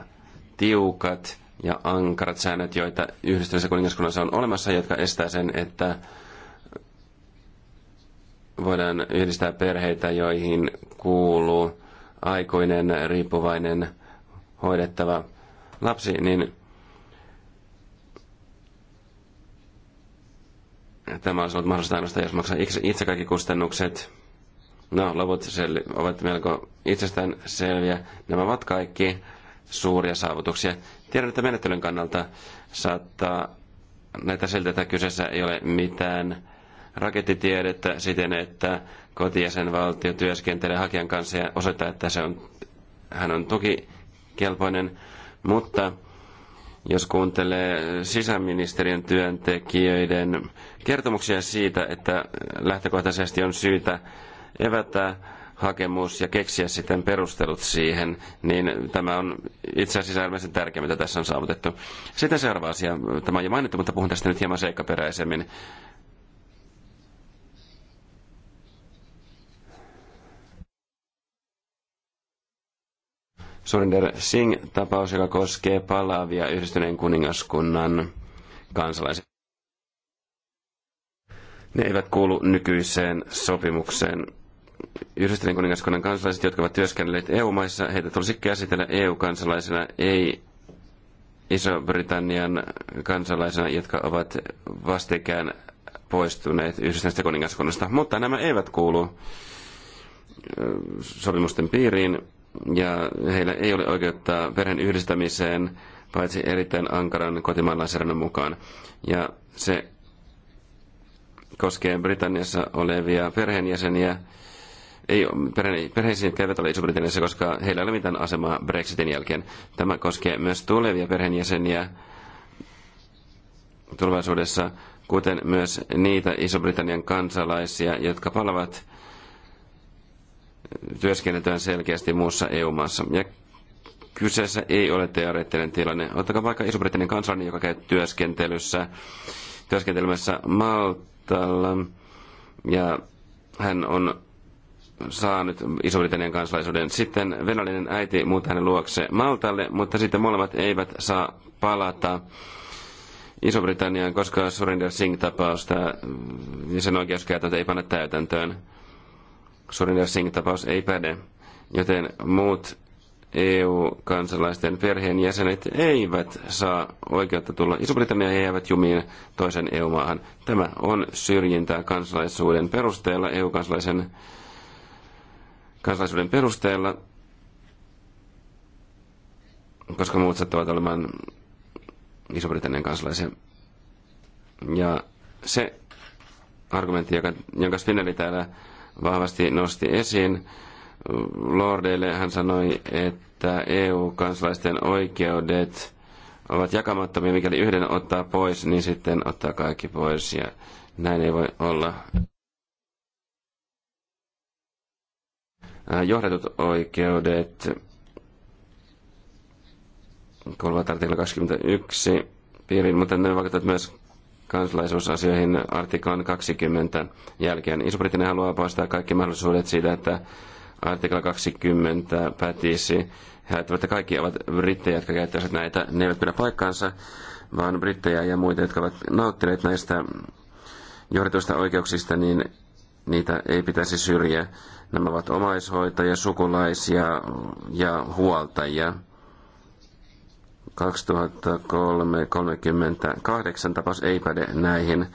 tiukat ja ankarat säännöt, joita yhdistyneessä kuningaskunnassa on olemassa, jotka estää sen, että voidaan yhdistää perheitä, joihin kuuluu aikuinen, riippuvainen, hoidettava – lapsi, niin tämä olisi ollut mahdollista ainoastaan, jos maksaa itse kaikki kustannukset. No, loput sel- ovat melko itsestään selviä. Nämä ovat kaikki suuria saavutuksia. Tiedän, että menettelyn kannalta saattaa näitä siltä, että kyseessä ei ole mitään rakettitiedettä siten, että kotijäsenvaltio työskentelee hakijan kanssa ja osoittaa, että se on, hän on tukikelpoinen. Mutta jos kuuntelee sisäministeriön työntekijöiden kertomuksia siitä, että lähtökohtaisesti on syytä evätä hakemus ja keksiä sitten perustelut siihen, niin tämä on itse asiassa äärimmäisen tärkeä, mitä tässä on saavutettu. Sitten seuraava asia, tämä on jo mainittu, mutta puhun tästä nyt hieman seikkaperäisemmin. Surinder Singh-tapaus, joka koskee palaavia yhdistyneen kuningaskunnan kansalaisia. Ne eivät kuulu nykyiseen sopimukseen. Yhdistyneen kuningaskunnan kansalaiset, jotka ovat työskennelleet EU-maissa, heitä tulisi käsitellä EU-kansalaisena, ei Iso-Britannian kansalaisena, jotka ovat vastikään poistuneet yhdistyneestä kuningaskunnasta. Mutta nämä eivät kuulu sopimusten piiriin ja heillä ei ole oikeutta perheen yhdistämiseen paitsi erittäin ankaran kotimaan mukaan. Ja se koskee Britanniassa olevia perheenjäseniä, ei, perhe, perheisiin, käyvät ole Iso-Britanniassa, koska heillä ei ole mitään asemaa Brexitin jälkeen. Tämä koskee myös tulevia perheenjäseniä tulevaisuudessa, kuten myös niitä Iso-Britannian kansalaisia, jotka palavat työskennetään selkeästi muussa EU-maassa. Ja kyseessä ei ole teoreettinen tilanne. Ottakaa vaikka Iso-Britannian kansalainen, joka käy työskentelyssä, työskentelemässä Maltalla, ja hän on saanut Iso-Britannian kansalaisuuden. Sitten venäläinen äiti muuttaa hänen luokse Maltalle, mutta sitten molemmat eivät saa palata Iso-Britanniaan, koska Surinder Singh-tapausta ja niin sen oikeuskäytäntö ei panna täytäntöön. Sorin ja tapaus ei päde, joten muut EU-kansalaisten perheen jäsenet eivät saa oikeutta tulla Iso-Britanniaan ja jäävät jumiin toisen EU-maahan. Tämä on syrjintää kansalaisuuden perusteella, EU-kansalaisen kansalaisuuden perusteella, koska muut saattavat olemaan Iso-Britannian kansalaisia. Ja se argumentti, joka, jonka Spinelli täällä vahvasti nosti esiin. Lordeille hän sanoi, että EU-kansalaisten oikeudet ovat jakamattomia. Mikäli yhden ottaa pois, niin sitten ottaa kaikki pois. Ja näin ei voi olla. Äh, johdetut oikeudet kolmat artikla 21 piiriin, mutta ne vaikuttavat myös kansalaisuusasioihin artiklan 20 jälkeen. Iso-Britannia haluaa poistaa kaikki mahdollisuudet siitä, että artikla 20 pätisi. He ajattelevat, että kaikki ovat brittejä, jotka käyttävät näitä. Ne eivät pidä paikkaansa, vaan brittejä ja muita, jotka ovat nauttineet näistä johdetuista oikeuksista, niin niitä ei pitäisi syrjiä. Nämä ovat omaishoitajia, sukulaisia ja huoltajia. 2038 tapaus ei päde näihin.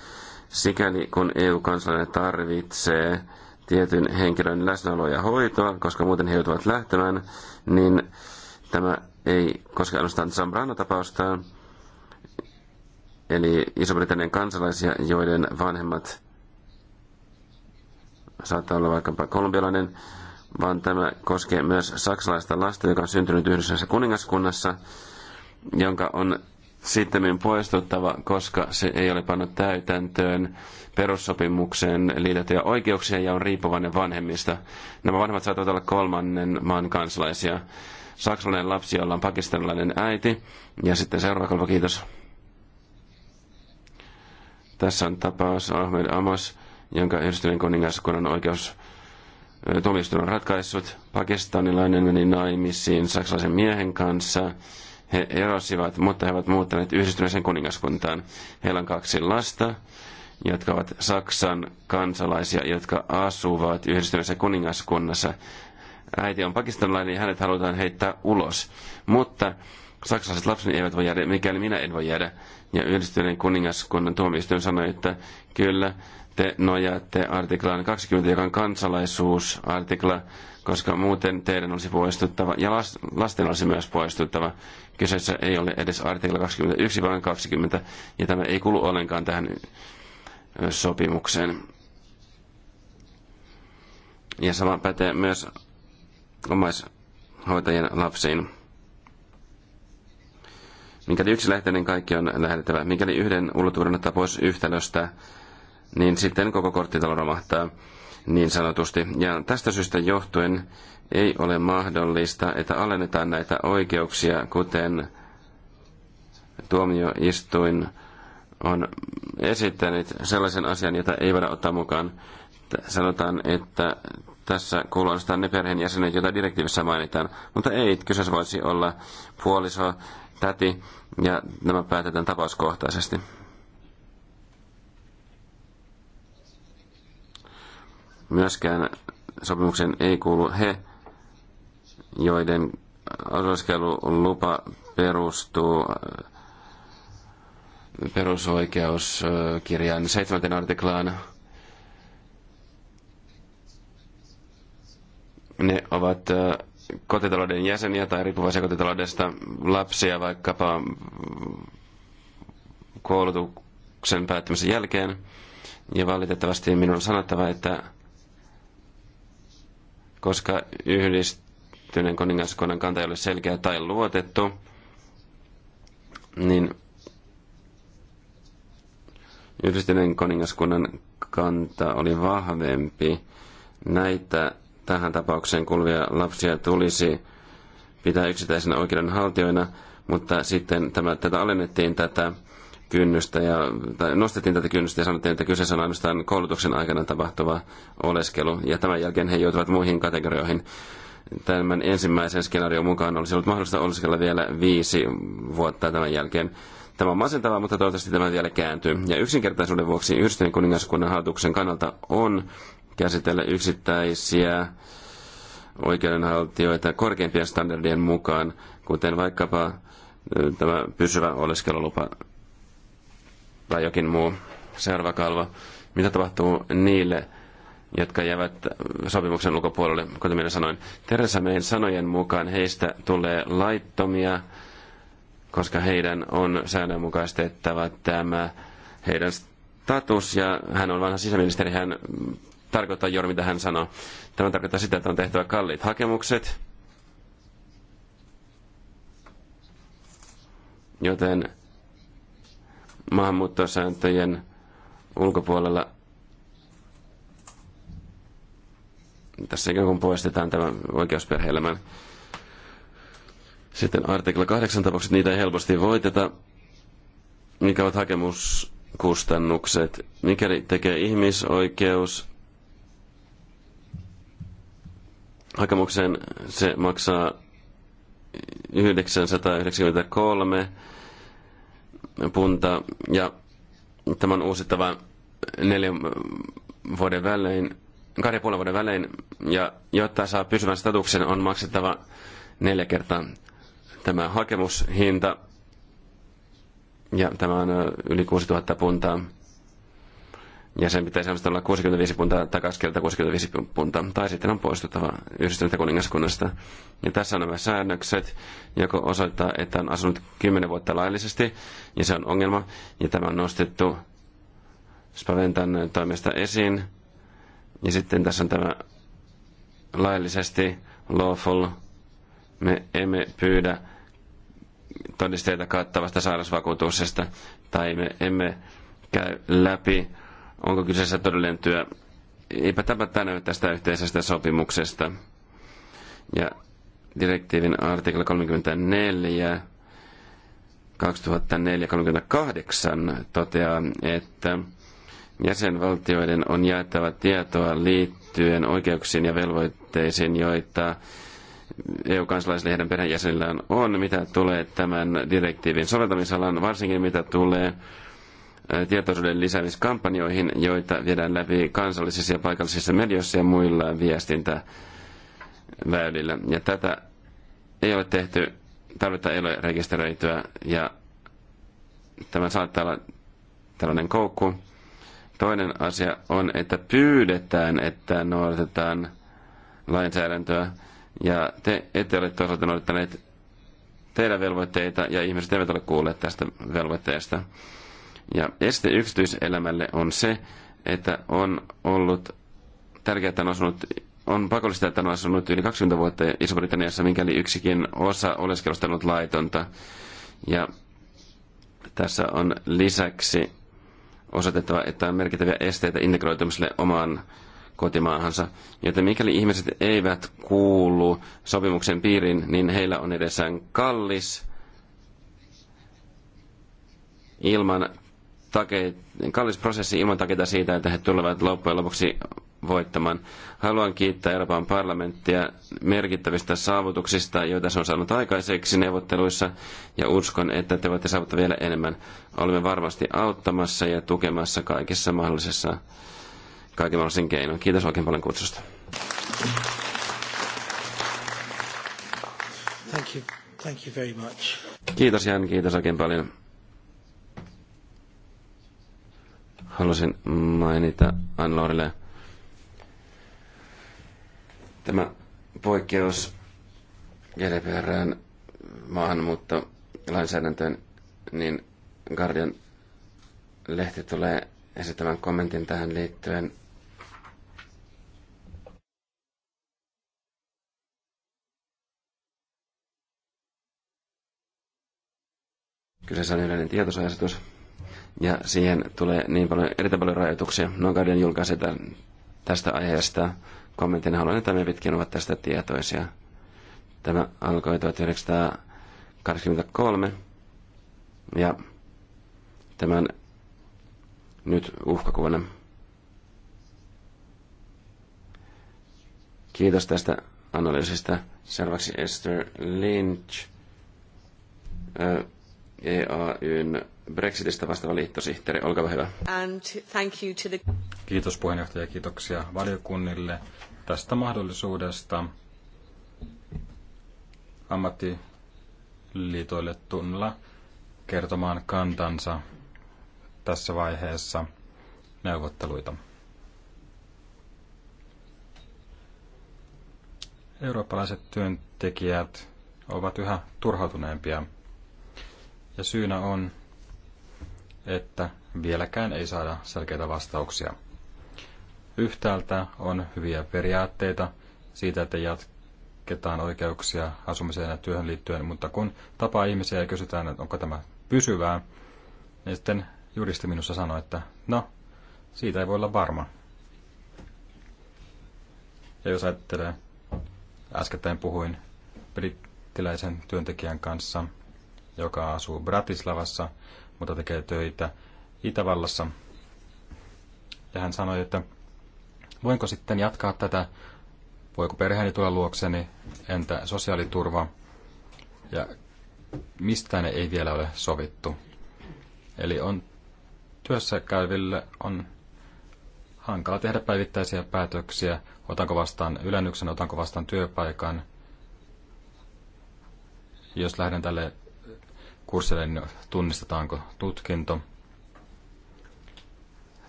Sikäli kun EU-kansalainen tarvitsee tietyn henkilön läsnäoloa ja hoitoa, koska muuten he joutuvat lähtemään, niin tämä ei koske ainoastaan Zambrano-tapausta, eli Iso-Britannian kansalaisia, joiden vanhemmat saattaa olla vaikkapa kolumbialainen, vaan tämä koskee myös saksalaista lasta, joka on syntynyt yhdessä kuningaskunnassa, jonka on sitten poistuttava, koska se ei ole pannut täytäntöön perussopimukseen liitettyjä oikeuksia ja on riippuvainen vanhemmista. Nämä vanhemmat saattavat olla kolmannen maan kansalaisia. Saksalainen lapsi, jolla on pakistanilainen äiti. Ja sitten seuraava kolme, kiitos. Tässä on tapaus Ahmed Amos, jonka yhdistyneen kuningaskunnan oikeus tuomioistuin on ratkaissut. Pakistanilainen meni naimisiin saksalaisen miehen kanssa he erosivat, mutta he ovat muuttaneet yhdistyneeseen kuningaskuntaan. Heillä on kaksi lasta, jotka ovat Saksan kansalaisia, jotka asuvat yhdistyneessä kuningaskunnassa. Äiti on pakistanilainen ja hänet halutaan heittää ulos. Mutta saksalaiset lapseni eivät voi jäädä, mikäli minä en voi jäädä. Ja yhdistyneen kuningaskunnan tuomioistuin sanoi, että kyllä, te nojaatte artiklaan 20, joka on kansalaisuusartikla, koska muuten teidän olisi poistuttava, ja las, lasten olisi myös poistuttava. Kyseessä ei ole edes artikla 21, vaan 20, ja tämä ei kulu ollenkaan tähän sopimukseen. Ja sama pätee myös omaishoitajien lapsiin. Mikäli yksi lähtee, niin kaikki on lähdettävä. Mikäli yhden ulottuvuuden ottaa pois yhtälöstä, niin sitten koko korttitalo romahtaa niin sanotusti. Ja tästä syystä johtuen ei ole mahdollista, että alennetaan näitä oikeuksia, kuten tuomioistuin on esittänyt sellaisen asian, jota ei voida ottaa mukaan. Sanotaan, että tässä kuulostaa ne perheenjäsenet, joita direktiivissä mainitaan, mutta ei, kyseessä voisi olla puoliso, täti, ja nämä päätetään tapauskohtaisesti. Myöskään sopimuksen ei kuulu he, joiden oleskelulupa perustuu perusoikeuskirjan 7. artiklaan. Ne ovat kotitalouden jäseniä tai riippuvaisia kotitaloudesta lapsia vaikkapa koulutuksen päättymisen jälkeen. Ja valitettavasti minun on sanottava, että koska yhdistyneen kuningaskunnan kanta ei ole selkeä tai luotettu, niin yhdistyneen kuningaskunnan kanta oli vahvempi. Näitä tähän tapaukseen kuuluvia lapsia tulisi pitää yksittäisenä oikeudenhaltijoina, mutta sitten tämä, tätä alennettiin tätä kynnystä ja, tai nostettiin tätä kynnystä ja sanottiin, että kyseessä on ainoastaan koulutuksen aikana tapahtuva oleskelu ja tämän jälkeen he joutuvat muihin kategorioihin. Tämän ensimmäisen skenaarion mukaan olisi ollut mahdollista oleskella vielä viisi vuotta tämän jälkeen. Tämä on masentavaa, mutta toivottavasti tämä vielä kääntyy. Ja yksinkertaisuuden vuoksi yhdistyneen kuningaskunnan hallituksen kannalta on käsitellä yksittäisiä oikeudenhaltijoita korkeimpien standardien mukaan, kuten vaikkapa tämä pysyvä oleskelulupa tai jokin muu seuraava kalvo. Mitä tapahtuu niille, jotka jäävät sopimuksen ulkopuolelle, kuten minä sanoin. Teresa Mayn sanojen mukaan heistä tulee laittomia, koska heidän on säännönmukaistettava tämä heidän status, ja hän on vanha sisäministeri, hän tarkoittaa juuri mitä hän sanoo. Tämä tarkoittaa sitä, että on tehtävä kalliit hakemukset, joten maahanmuuttosääntöjen ulkopuolella tässä ikään kuin poistetaan tämä oikeus Sitten artikla 8 tapaukset, niitä ei helposti voiteta. Mikä ovat hakemuskustannukset? Mikäli tekee ihmisoikeus hakemukseen, se maksaa 993 punta ja tämä on uusittava neljän vuoden välein, kahden puolen vuoden välein ja jotta saa pysyvän statuksen on maksettava neljä kertaa tämä hakemushinta ja tämä on yli 6000 puntaa ja sen pitäisi olla 65 puntaa takaskelta 65 puntaa, tai sitten on poistuttava yhdistyneestä kuningaskunnasta. Ja tässä on nämä säännökset, joko osoittaa, että on asunut 10 vuotta laillisesti, ja se on ongelma, ja tämä on nostettu Spaventan toimesta esiin, ja sitten tässä on tämä laillisesti, lawful, me emme pyydä todisteita kattavasta sairausvakuutuksesta, tai me emme käy läpi onko kyseessä todellinen työ. Eipä tämä tänään tästä yhteisestä sopimuksesta. Ja direktiivin artikla 34 2004-38 toteaa, että jäsenvaltioiden on jaettava tietoa liittyen oikeuksiin ja velvoitteisiin, joita EU-kansalaisilla ja heidän perheenjäsenillään on, mitä tulee tämän direktiivin soveltamisalan, varsinkin mitä tulee tietoisuuden lisäämiskampanjoihin, joita viedään läpi kansallisissa ja paikallisissa medioissa ja muilla viestintäväylillä. Ja tätä ei ole tehty, tarvetta ei ole rekisteröityä ja tämä saattaa olla tällainen koukku. Toinen asia on, että pyydetään, että noudatetaan lainsäädäntöä ja te ette ole toisaalta noudattaneet teidän velvoitteita ja ihmiset eivät ole kuulleet tästä velvoitteesta. Ja este yksityiselämälle on se, että on ollut tärkeää, että on asunut on pakollista, että on asunut yli 20 vuotta Iso-Britanniassa, mikäli yksikin osa oleskelusta on ollut laitonta. Ja tässä on lisäksi osoitettava, että on merkittäviä esteitä integroitumiselle omaan kotimaahansa. Joten mikäli ihmiset eivät kuulu sopimuksen piiriin, niin heillä on edessään kallis ilman take, kallis prosessi ilman takeita siitä, että he tulevat loppujen lopuksi voittamaan. Haluan kiittää Euroopan parlamenttia merkittävistä saavutuksista, joita se on saanut aikaiseksi neuvotteluissa, ja uskon, että te voitte saavuttaa vielä enemmän. Olemme varmasti auttamassa ja tukemassa kaikissa mahdollisissa kaiken mahdollisen keinoin. Kiitos oikein paljon kutsusta. Thank you. Thank you very much. Kiitos Jan, kiitos oikein paljon. halusin mainita Anlorille. Tämä poikkeus GDPRään maahanmuutto lainsäädäntöön, niin Guardian lehti tulee esittämään kommentin tähän liittyen. Kyseessä on yleinen tietosuojasetus, ja siihen tulee niin paljon, erittäin paljon rajoituksia. No Guardian julkaisi tästä aiheesta kommentin. Haluan, että me pitkin ovat tästä tietoisia. Tämä alkoi 1983 ja tämän nyt uhkakuvana. Kiitos tästä analyysistä. Seuraavaksi Esther Lynch, EAYn Brexitistä vastaava liittosihteeri. Olkaa hyvä. And thank you to the... Kiitos puheenjohtaja ja kiitoksia valiokunnille tästä mahdollisuudesta ammattiliitoille tunnilla kertomaan kantansa tässä vaiheessa neuvotteluita. Eurooppalaiset työntekijät ovat yhä turhautuneempia ja syynä on, että vieläkään ei saada selkeitä vastauksia. Yhtäältä on hyviä periaatteita siitä, että jatketaan oikeuksia asumiseen ja työhön liittyen, mutta kun tapaa ihmisiä ja kysytään, että onko tämä pysyvää, niin sitten juristi minussa sanoi, että no, siitä ei voi olla varma. Ja jos ajattelee, äskettäin puhuin brittiläisen työntekijän kanssa, joka asuu Bratislavassa, mutta tekee töitä Itävallassa. Ja hän sanoi, että voinko sitten jatkaa tätä, voiko perheeni tulla luokseni, entä sosiaaliturva, ja mistä ne ei vielä ole sovittu. Eli on työssä käyville on hankala tehdä päivittäisiä päätöksiä, otanko vastaan ylennyksen, otanko vastaan työpaikan. Jos lähden tälle kurssille, niin tunnistetaanko tutkinto.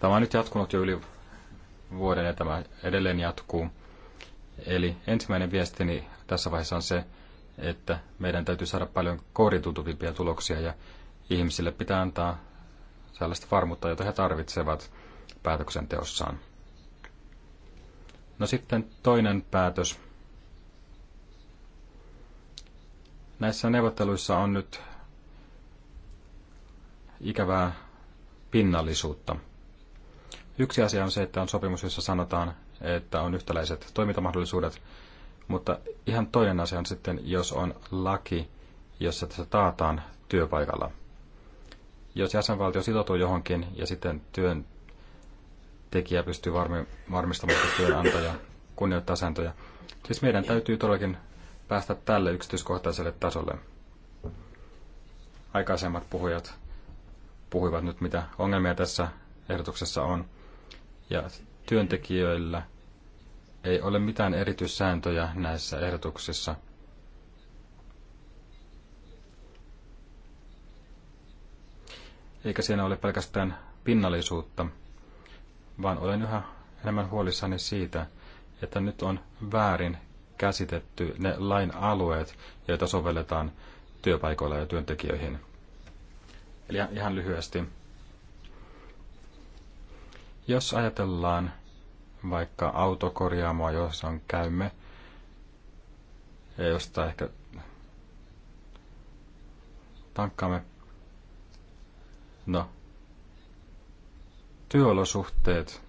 Tämä on nyt jatkunut jo yli vuoden ja tämä edelleen jatkuu. Eli ensimmäinen viestini tässä vaiheessa on se, että meidän täytyy saada paljon kooditutuvimpia tuloksia ja ihmisille pitää antaa sellaista varmuutta, jota he tarvitsevat päätöksenteossaan. No sitten toinen päätös. Näissä neuvotteluissa on nyt ikävää pinnallisuutta. Yksi asia on se, että on sopimus, jossa sanotaan, että on yhtäläiset toimintamahdollisuudet, mutta ihan toinen asia on sitten, jos on laki, jossa tässä taataan työpaikalla. Jos jäsenvaltio sitoutuu johonkin ja sitten työntekijä pystyy varmi, varmistamaan, että työnantaja kunnioittaa sääntöjä. Siis meidän täytyy todellakin päästä tälle yksityiskohtaiselle tasolle. Aikaisemmat puhujat puhuivat nyt, mitä ongelmia tässä ehdotuksessa on. Ja työntekijöillä ei ole mitään erityissääntöjä näissä ehdotuksissa. Eikä siinä ole pelkästään pinnallisuutta, vaan olen yhä enemmän huolissani siitä, että nyt on väärin käsitetty ne lain alueet, joita sovelletaan työpaikoilla ja työntekijöihin – Eli ihan lyhyesti. Jos ajatellaan vaikka autokorjaamoa, jossa on käymme, ja josta ehkä tankkaamme. No, työolosuhteet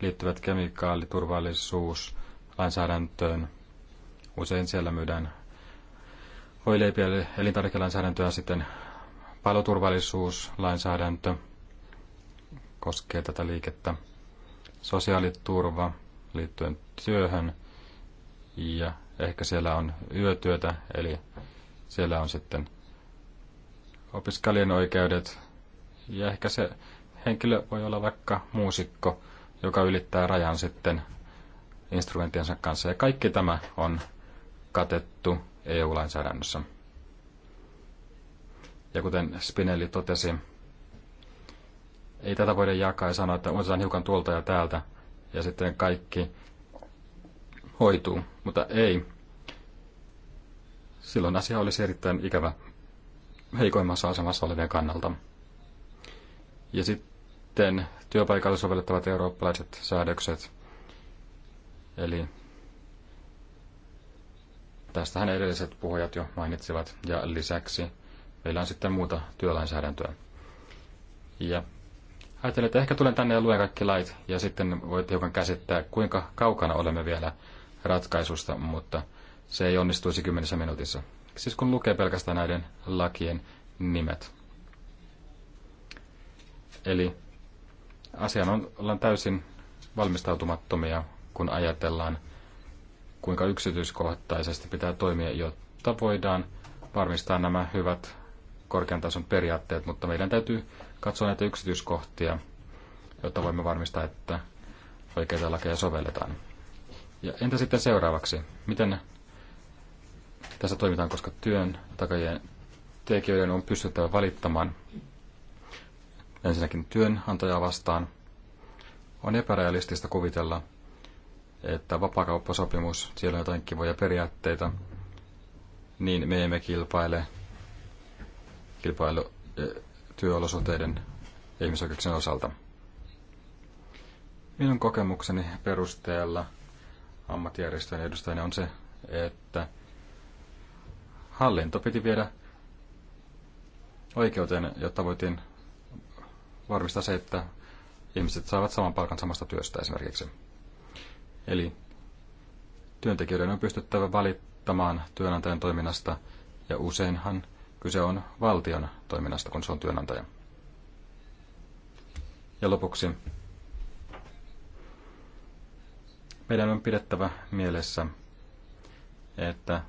liittyvät kemikaaliturvallisuus lainsäädäntöön. Usein siellä myydään voileipiä elintarvikelainsäädäntöä sitten paloturvallisuuslainsäädäntö koskee tätä liikettä, sosiaaliturva liittyen työhön ja ehkä siellä on yötyötä, eli siellä on sitten opiskelijan oikeudet ja ehkä se henkilö voi olla vaikka muusikko, joka ylittää rajan sitten instrumenttiensa kanssa. Ja kaikki tämä on katettu EU-lainsäädännössä. Ja kuten Spinelli totesi, ei tätä voida jakaa ja sanoa, että otetaan hiukan tuolta ja täältä ja sitten kaikki hoituu. Mutta ei. Silloin asia olisi erittäin ikävä heikoimmassa asemassa olevien kannalta. Ja sitten työpaikalla sovellettavat eurooppalaiset säädökset. Eli tästähän edelliset puhujat jo mainitsivat. Ja lisäksi Meillä on sitten muuta työlainsäädäntöä. Ja ajattelin, että ehkä tulen tänne ja luen kaikki lait, ja sitten voit hiukan käsittää, kuinka kaukana olemme vielä ratkaisusta, mutta se ei onnistuisi kymmenessä minuutissa. Siis kun lukee pelkästään näiden lakien nimet. Eli asiaan on, ollaan täysin valmistautumattomia, kun ajatellaan, kuinka yksityiskohtaisesti pitää toimia, jotta voidaan varmistaa nämä hyvät korkean tason periaatteet, mutta meidän täytyy katsoa näitä yksityiskohtia, jotta voimme varmistaa, että oikeita lakeja sovelletaan. Ja entä sitten seuraavaksi? Miten tässä toimitaan, koska työn takajien tekijöiden on pystyttävä valittamaan ensinnäkin työnantajaa vastaan. On epärealistista kuvitella, että vapaakauppasopimus, siellä on jotain kivoja periaatteita, niin me emme kilpaile kilpailu- työolosuhteiden ja ihmisoikeuksien osalta. Minun kokemukseni perusteella ammattijärjestöjen edustajana on se, että hallinto piti viedä oikeuteen, jotta voitiin varmistaa se, että ihmiset saavat saman palkan samasta työstä esimerkiksi. Eli työntekijöiden on pystyttävä valittamaan työnantajan toiminnasta, ja useinhan Kyse on valtion toiminnasta, kun se on työnantaja. Ja lopuksi meidän on pidettävä mielessä, että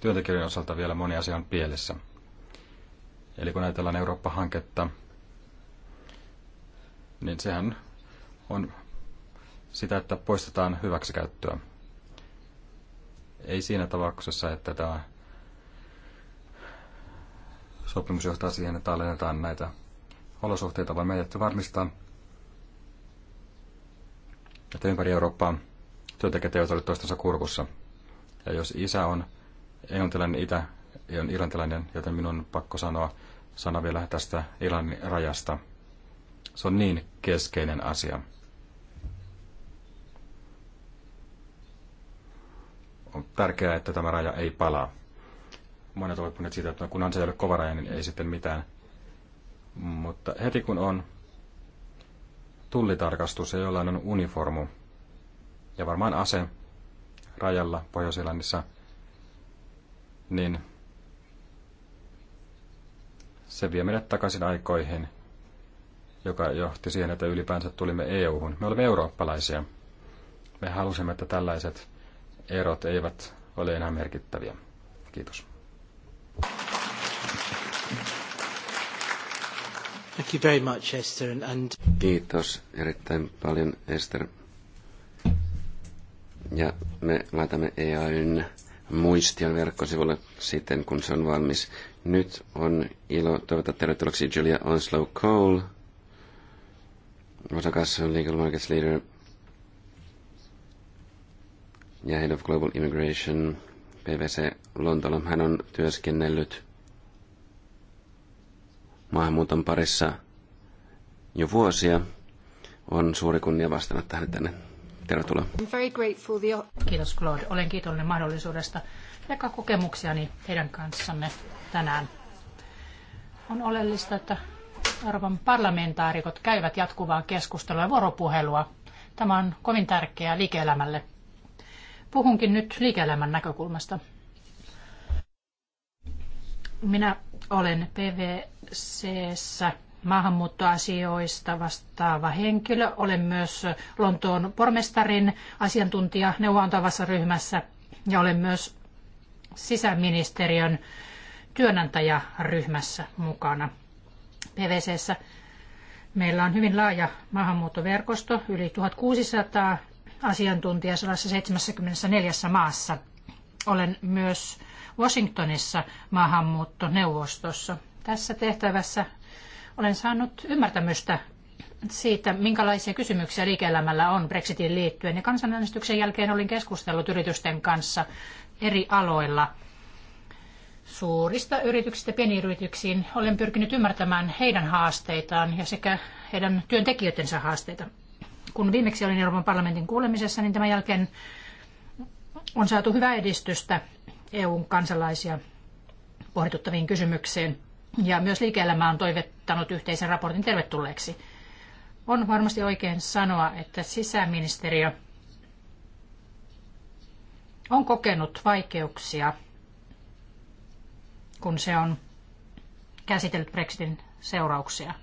työntekijöiden osalta vielä moni asia on pielessä. Eli kun ajatellaan Eurooppa-hanketta, niin sehän on sitä, että poistetaan hyväksikäyttöä. Ei siinä tapauksessa, että tämä sopimus johtaa siihen, että alennetaan näitä olosuhteita, vaan meidän täytyy varmistaa, että ympäri Eurooppaa työntekijät eivät ole toistensa kurkussa. Ja jos isä on englantilainen, itä on irlantilainen, joten minun on pakko sanoa sana vielä tästä Irlannin rajasta. Se on niin keskeinen asia. On tärkeää, että tämä raja ei palaa monet ovat puhuneet siitä, että kunhan se ei ole kovaraja, niin ei sitten mitään. Mutta heti kun on tullitarkastus ja jollain on uniformu ja varmaan ase rajalla pohjois niin se vie meidät takaisin aikoihin, joka johti siihen, että ylipäänsä tulimme EU-hun. Me olemme eurooppalaisia. Me halusimme, että tällaiset erot eivät ole enää merkittäviä. Kiitos. Thank you very much, Esther. And... Kiitos erittäin paljon, Esther. Ja me laitamme EAYn muistion verkkosivulle sitten, kun se on valmis. Nyt on ilo toivottaa tervetulleeksi Julia Onslow Cole, osakas Legal Markets Leader ja Head of Global Immigration PVC Lontolla. Hän on työskennellyt maahanmuuton parissa jo vuosia. On suuri kunnia vastannut tähän tänne. Tervetuloa. Kiitos Claude. Olen kiitollinen mahdollisuudesta jakaa kokemuksiani heidän kanssanne tänään. On oleellista, että Euroopan parlamentaarikot käyvät jatkuvaa keskustelua ja vuoropuhelua. Tämä on kovin tärkeää liike-elämälle. Puhunkin nyt liike-elämän näkökulmasta. Minä olen PVCssä maahanmuuttoasioista vastaava henkilö. Olen myös Lontoon pormestarin asiantuntija neuvontavassa ryhmässä ja olen myös sisäministeriön työnantajaryhmässä mukana PVCssä. Meillä on hyvin laaja maahanmuuttoverkosto, yli 1600 asiantuntijaa 174 maassa. Olen myös Washingtonissa maahanmuuttoneuvostossa. Tässä tehtävässä olen saanut ymmärtämystä siitä, minkälaisia kysymyksiä liike-elämällä on Brexitin liittyen. Ja kansanäänestyksen jälkeen olin keskustellut yritysten kanssa eri aloilla suurista yrityksistä pieniyrityksiin. Olen pyrkinyt ymmärtämään heidän haasteitaan ja sekä heidän työntekijöidensä haasteita. Kun viimeksi olin Euroopan parlamentin kuulemisessa, niin tämän jälkeen on saatu hyvää edistystä EUn kansalaisia pohdituttaviin kysymyksiin. Ja myös liike-elämä on toivettanut yhteisen raportin tervetulleeksi. On varmasti oikein sanoa, että sisäministeriö on kokenut vaikeuksia, kun se on käsitellyt Brexitin seurauksia.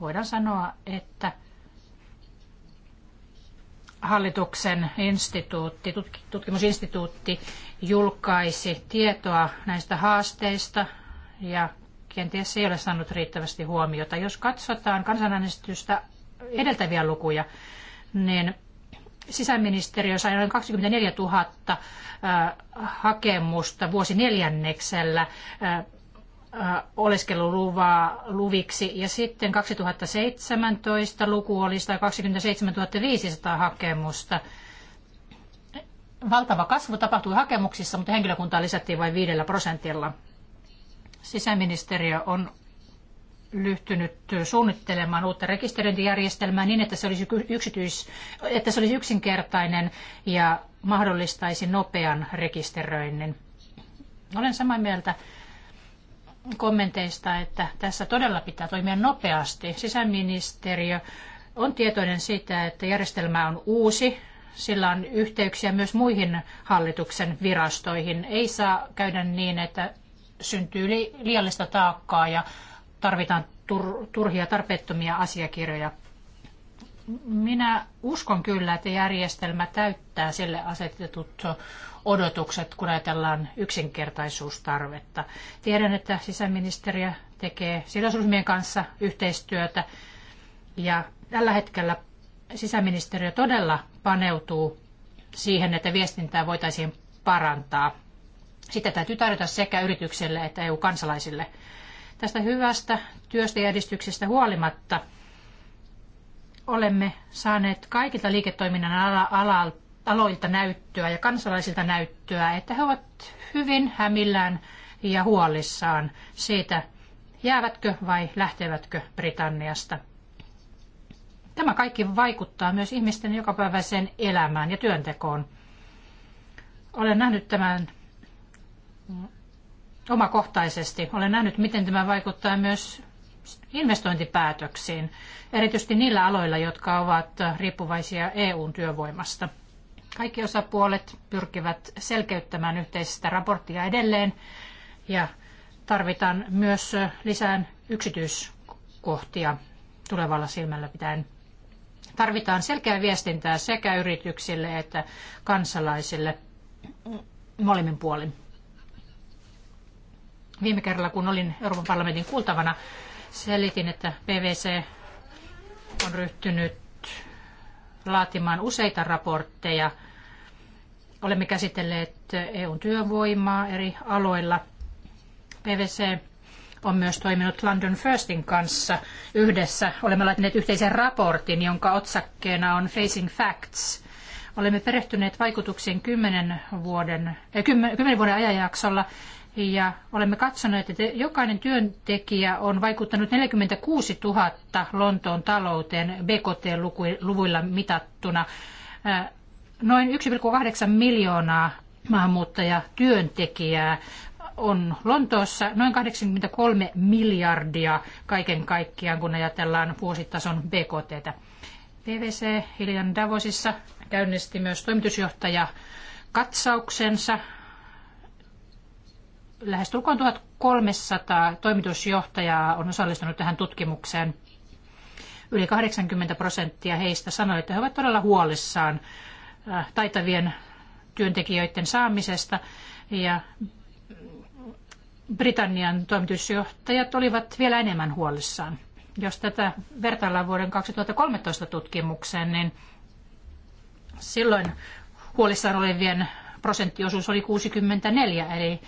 Voidaan sanoa, että hallituksen instituutti, tutkimusinstituutti julkaisi tietoa näistä haasteista ja kenties ei ole saanut riittävästi huomiota. Jos katsotaan kansanäänestystä edeltäviä lukuja, niin sisäministeriö sai noin 24 000 äh, hakemusta vuosi neljänneksellä äh, äh, oleskeluluvaa luviksi ja sitten 2017 luku oli 127 500 hakemusta valtava kasvu tapahtui hakemuksissa, mutta henkilökuntaa lisättiin vain viidellä prosentilla. Sisäministeriö on lyhtynyt suunnittelemaan uutta rekisteröintijärjestelmää niin, että se olisi, yksityis, että se olisi yksinkertainen ja mahdollistaisi nopean rekisteröinnin. Olen samaa mieltä kommenteista, että tässä todella pitää toimia nopeasti. Sisäministeriö on tietoinen siitä, että järjestelmä on uusi, sillä on yhteyksiä myös muihin hallituksen virastoihin. Ei saa käydä niin, että syntyy liiallista taakkaa ja tarvitaan turhia tarpeettomia asiakirjoja. Minä uskon kyllä, että järjestelmä täyttää sille asetetut odotukset, kun ajatellaan yksinkertaisuustarvetta. Tiedän, että sisäministeriö tekee sidosryhmien kanssa yhteistyötä ja tällä hetkellä sisäministeriö todella paneutuu siihen, että viestintää voitaisiin parantaa. Sitä täytyy tarjota sekä yritykselle että EU-kansalaisille. Tästä hyvästä työstä ja edistyksestä huolimatta olemme saaneet kaikilta liiketoiminnan ala- ala- aloilta näyttöä ja kansalaisilta näyttöä, että he ovat hyvin hämillään ja huolissaan siitä, jäävätkö vai lähtevätkö Britanniasta – Tämä kaikki vaikuttaa myös ihmisten jokapäiväiseen elämään ja työntekoon. Olen nähnyt tämän omakohtaisesti. Olen nähnyt, miten tämä vaikuttaa myös investointipäätöksiin, erityisesti niillä aloilla, jotka ovat riippuvaisia EUn työvoimasta. Kaikki osapuolet pyrkivät selkeyttämään yhteistä raporttia edelleen ja tarvitaan myös lisää yksityiskohtia tulevalla silmällä pitäen. Tarvitaan selkeää viestintää sekä yrityksille että kansalaisille molemmin puolin. Viime kerralla, kun olin Euroopan parlamentin kuultavana, selitin, että PVC on ryhtynyt laatimaan useita raportteja. Olemme käsitelleet EUn työvoimaa eri aloilla. PVC on myös toiminut London Firstin kanssa yhdessä. Olemme laittaneet yhteisen raportin, jonka otsakkeena on Facing Facts. Olemme perehtyneet vaikutuksiin kymmenen vuoden, äh, eh, 10 vuoden ajanjaksolla ja olemme katsoneet, että jokainen työntekijä on vaikuttanut 46 000 Lontoon talouteen BKT-luvuilla mitattuna. Eh, noin 1,8 miljoonaa maahanmuuttajatyöntekijää on Lontoossa noin 83 miljardia kaiken kaikkiaan, kun ajatellaan vuositason BKT: PVC hiljan Davosissa käynnisti myös toimitusjohtaja katsauksensa. Lähestulkoon 1300 toimitusjohtajaa on osallistunut tähän tutkimukseen. Yli 80 prosenttia heistä sanoi, että he ovat todella huolissaan äh, taitavien työntekijöiden saamisesta ja Britannian toimitusjohtajat olivat vielä enemmän huolissaan. Jos tätä vertaillaan vuoden 2013 tutkimukseen, niin silloin huolissaan olevien prosenttiosuus oli 64, eli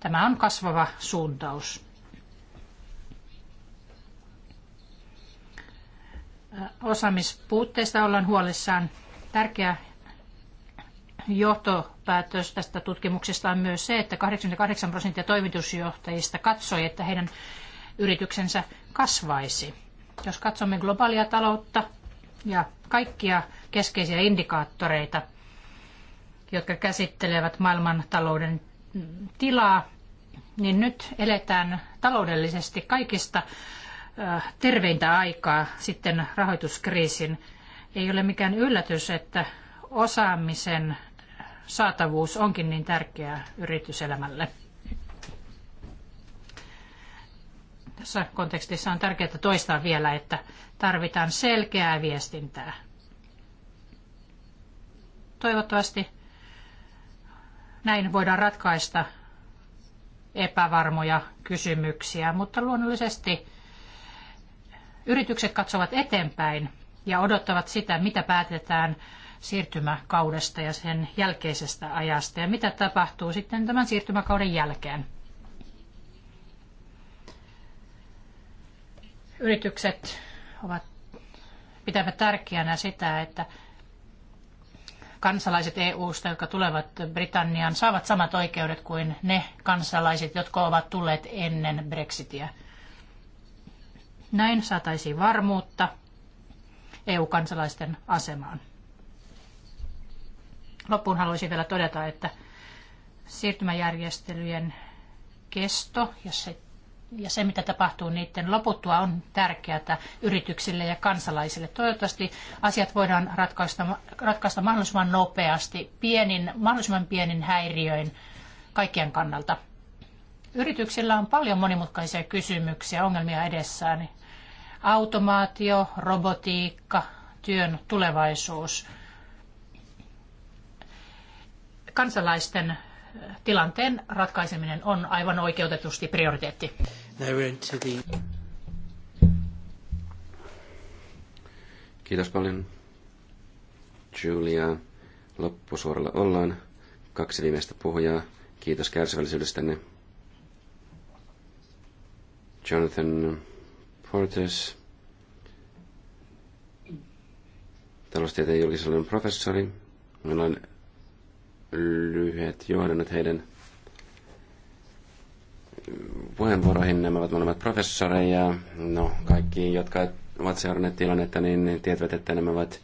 tämä on kasvava suuntaus. Osaamispuutteista ollaan huolissaan. Tärkeä johtopäätös tästä tutkimuksesta on myös se, että 88 prosenttia toimitusjohtajista katsoi, että heidän yrityksensä kasvaisi. Jos katsomme globaalia taloutta ja kaikkia keskeisiä indikaattoreita, jotka käsittelevät maailmantalouden tilaa, niin nyt eletään taloudellisesti kaikista terveintä aikaa sitten rahoituskriisin. Ei ole mikään yllätys, että osaamisen saatavuus onkin niin tärkeää yrityselämälle. Tässä kontekstissa on tärkeää toistaa vielä, että tarvitaan selkeää viestintää. Toivottavasti näin voidaan ratkaista epävarmoja kysymyksiä, mutta luonnollisesti yritykset katsovat eteenpäin ja odottavat sitä, mitä päätetään siirtymäkaudesta ja sen jälkeisestä ajasta ja mitä tapahtuu sitten tämän siirtymäkauden jälkeen. Yritykset ovat, pitävät tärkeänä sitä, että kansalaiset EU-sta, jotka tulevat Britanniaan, saavat samat oikeudet kuin ne kansalaiset, jotka ovat tulleet ennen Brexitiä. Näin saataisiin varmuutta EU-kansalaisten asemaan. Loppuun haluaisin vielä todeta, että siirtymäjärjestelyjen kesto ja se, ja se mitä tapahtuu niiden loputtua, on tärkeää yrityksille ja kansalaisille. Toivottavasti asiat voidaan ratkaista, ratkaista mahdollisimman nopeasti, pienin, mahdollisimman pienin häiriöin kaikkien kannalta. Yrityksillä on paljon monimutkaisia kysymyksiä, ongelmia edessään. Automaatio, robotiikka, työn tulevaisuus – kansalaisten äh, tilanteen ratkaiseminen on aivan oikeutetusti prioriteetti. Kiitos paljon. Julia, loppusuoralla ollaan. Kaksi viimeistä puhujaa. Kiitos kärsivällisyydestänne. Jonathan Portes, taloustieteen julkisellinen professori. Meillä on lyhyet johdannot heidän puheenvuoroihin. Nämä ovat molemmat professoreja. No, kaikki, jotka ovat seuranneet tilannetta, niin tietävät, että nämä ovat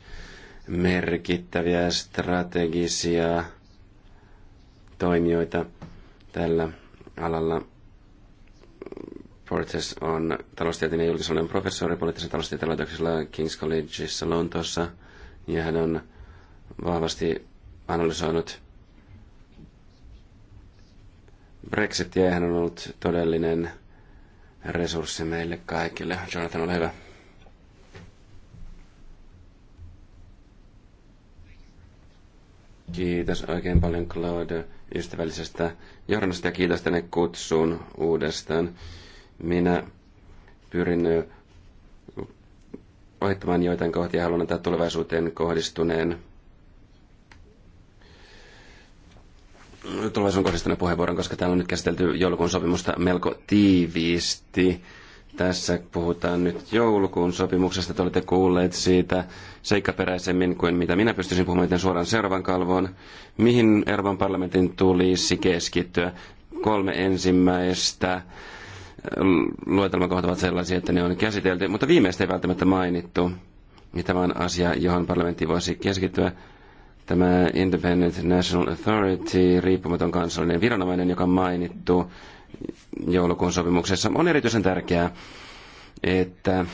merkittäviä strategisia toimijoita tällä alalla. Portes on taloustieteen ja julkisuuden professori poliittisen taloustieteen laitoksella King's Collegeissa Lontoossa, ja hän on vahvasti analysoinut Brexitiehän on ollut todellinen resurssi meille kaikille. Jonathan, ole hyvä. Kiitos oikein paljon Claude ystävällisestä johdannosta ja kiitos tänne kutsuun uudestaan. Minä pyrin ohittamaan joitain kohtia ja haluan antaa tulevaisuuteen kohdistuneen tulevaisuuden kohdistuneen puheenvuoron, koska täällä on nyt käsitelty joulukuun sopimusta melko tiiviisti. Tässä puhutaan nyt joulukuun sopimuksesta. Te olette kuulleet siitä seikkaperäisemmin kuin mitä minä pystyisin puhumaan joten suoraan seuraavan kalvoon. Mihin Euroopan parlamentin tulisi keskittyä? Kolme ensimmäistä äh, luetelmakohta ovat sellaisia, että ne on käsitelty, mutta viimeistä ei välttämättä mainittu. tämä on asia, johon parlamentti voisi keskittyä. Tämä Independent National Authority, riippumaton kansallinen viranomainen, joka on mainittu joulukuun sopimuksessa, on erityisen tärkeää, että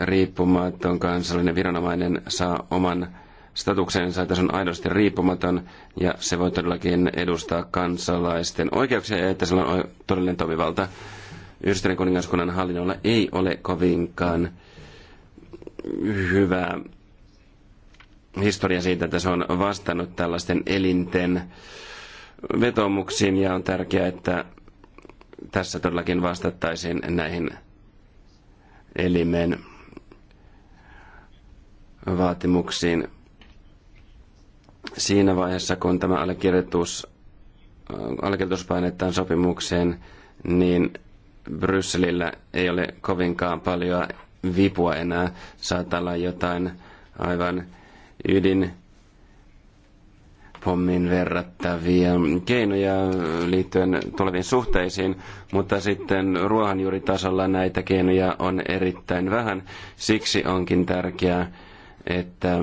riippumaton kansallinen viranomainen saa oman statuksensa, että se on aidosti riippumaton ja se voi todellakin edustaa kansalaisten oikeuksia ja että sillä on todellinen toimivalta. Yhdistyneen kuningaskunnan hallinnolla ei ole kovinkaan hyvä historia siitä, että se on vastannut tällaisten elinten vetomuksiin ja on tärkeää, että tässä todellakin vastattaisiin näihin elimen vaatimuksiin siinä vaiheessa, kun tämä allekirjoitus, allekirjoitus painetaan sopimukseen, niin Brysselillä ei ole kovinkaan paljon vipua enää. Saattaa olla jotain aivan ydin pommin verrattavia keinoja liittyen tuleviin suhteisiin, mutta sitten ruohonjuuritasolla näitä keinoja on erittäin vähän. Siksi onkin tärkeää, että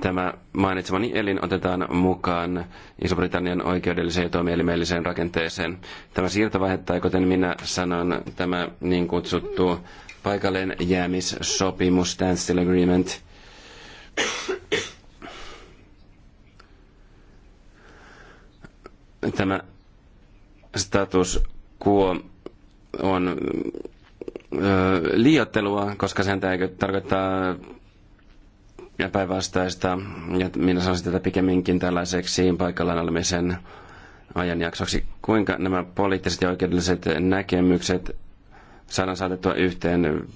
tämä mainitsemani elin otetaan mukaan Iso-Britannian oikeudelliseen ja toimielimelliseen rakenteeseen. Tämä siirtovaihe, tai kuten minä sanon, tämä niin kutsuttu paikalleen jäämissopimus, standstill agreement, Tämä status quo on ö, liiottelua, koska sen tarkoittaa ja päinvastaista, ja minä sanoisin tätä pikemminkin tällaiseksi paikallaan olemisen ajanjaksoksi. Kuinka nämä poliittiset ja oikeudelliset näkemykset saadaan saatettua yhteen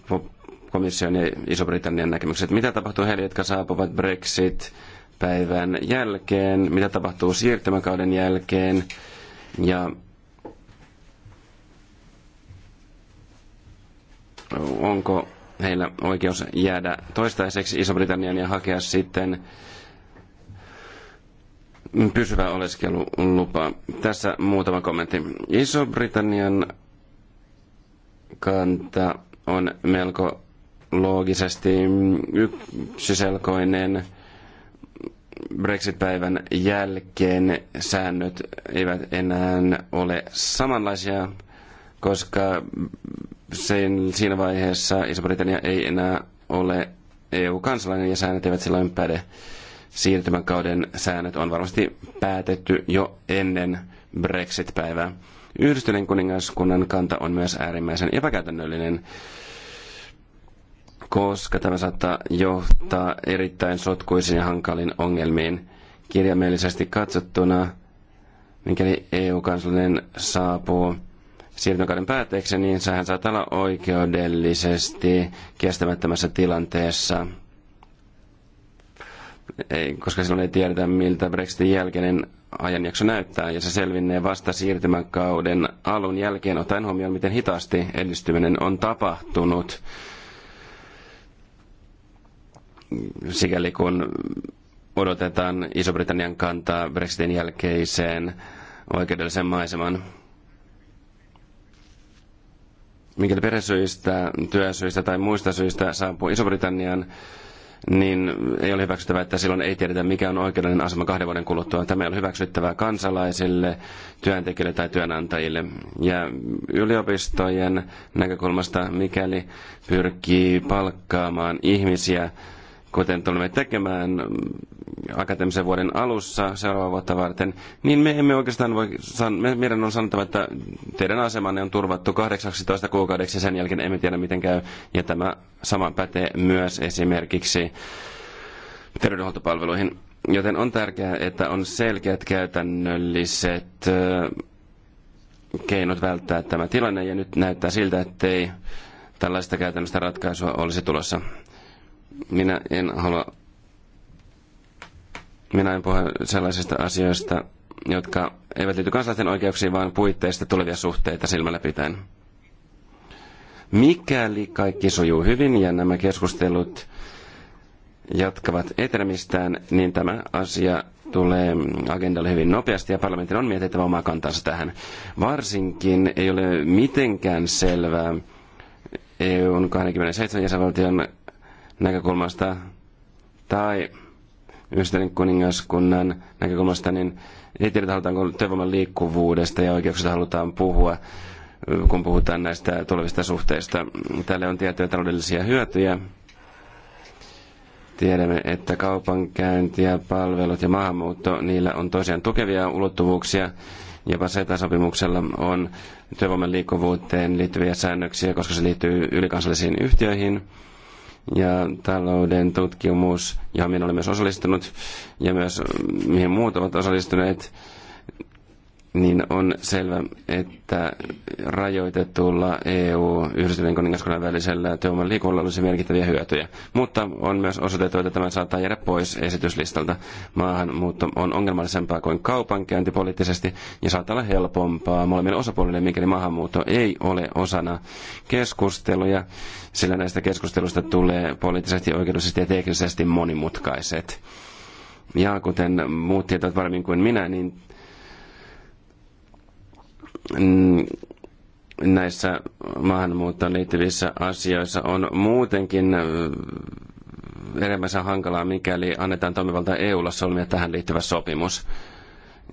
komission ja Iso-Britannian näkemykset? Mitä tapahtuu heille, jotka saapuvat Brexit päivän jälkeen, mitä tapahtuu siirtymäkauden jälkeen ja onko heillä oikeus jäädä toistaiseksi Iso-Britannian ja hakea sitten pysyvä oleskelulupa. Tässä muutama kommentti. Iso-Britannian kanta on melko loogisesti yksiselkoinen. Brexit-päivän jälkeen säännöt eivät enää ole samanlaisia, koska sen, siinä vaiheessa Iso-Britannia ei enää ole EU-kansalainen ja säännöt eivät silloin päde. Siirtymäkauden säännöt on varmasti päätetty jo ennen Brexit-päivää. Yhdistyneen kuningaskunnan kanta on myös äärimmäisen epäkäytännöllinen koska tämä saattaa johtaa erittäin sotkuisiin ja hankaliin ongelmiin. Kirjaimellisesti katsottuna, mikäli EU-kansalainen saapuu siirtymäkauden päätteeksi, niin sehän saattaa olla oikeudellisesti kestämättömässä tilanteessa, ei, koska silloin ei tiedetä, miltä Brexitin jälkeinen ajanjakso näyttää, ja se selvinnee vasta siirtymäkauden alun jälkeen, ottaen huomioon, miten hitaasti edistyminen on tapahtunut sikäli kun odotetaan Iso-Britannian kantaa Brexitin jälkeiseen oikeudelliseen maisemaan. Mikäli perhesyistä, työsyistä tai muista syistä saapuu Iso-Britanniaan, niin ei ole hyväksyttävää, että silloin ei tiedetä, mikä on oikeudellinen asema kahden vuoden kuluttua. Tämä ei ole hyväksyttävää kansalaisille, työntekijöille tai työnantajille. Ja yliopistojen näkökulmasta, mikäli pyrkii palkkaamaan ihmisiä kuten tulemme tekemään akateemisen vuoden alussa seuraavaa vuotta varten, niin me emme oikeastaan voi, me, meidän on sanottava, että teidän asemanne on turvattu 18 kuukaudeksi ja sen jälkeen emme tiedä miten käy. Ja tämä sama pätee myös esimerkiksi terveydenhuoltopalveluihin. Joten on tärkeää, että on selkeät käytännölliset keinot välttää tämä tilanne ja nyt näyttää siltä, ettei tällaista käytännöstä ratkaisua olisi tulossa. Minä en halua... Minä en puhu sellaisista asioista, jotka eivät liity kansalaisten oikeuksiin, vaan puitteista tulevia suhteita silmällä pitäen. Mikäli kaikki sujuu hyvin ja nämä keskustelut jatkavat etenemistään, niin tämä asia tulee agendalle hyvin nopeasti ja parlamentin on mietittävä omaa kantansa tähän. Varsinkin ei ole mitenkään selvää EUn 27 jäsenvaltion näkökulmasta tai yhdistyneen kuningaskunnan näkökulmasta, niin ei tiedetä, halutaanko työvoiman liikkuvuudesta ja oikeuksista halutaan puhua, kun puhutaan näistä tulevista suhteista. Tälle on tiettyjä taloudellisia hyötyjä. Tiedämme, että kaupankäynti ja palvelut ja maahanmuutto, niillä on tosiaan tukevia ulottuvuuksia. Jopa ceta sopimuksella on työvoiman liikkuvuuteen liittyviä säännöksiä, koska se liittyy ylikansallisiin yhtiöihin – ja talouden tutkimus, johon minä olen myös osallistunut, ja myös mihin muut ovat osallistuneet, niin on selvä, että rajoitetulla EU- Yhdistyneen kuningaskunnan välisellä työvoiman liikulla olisi merkittäviä hyötyjä. Mutta on myös osoitettu, että tämä saattaa jäädä pois esityslistalta. Maahanmuutto on ongelmallisempaa kuin kaupankäynti poliittisesti ja saattaa olla helpompaa molemmille osapuolille, mikäli maahanmuutto ei ole osana keskusteluja, sillä näistä keskusteluista tulee poliittisesti, oikeudellisesti ja teknisesti monimutkaiset. Ja kuten muut tietävät varmin kuin minä, niin Mm, näissä maahanmuuttoon liittyvissä asioissa on muutenkin enemmän hankalaa, mikäli annetaan toimivalta EUlla solmia tähän liittyvä sopimus.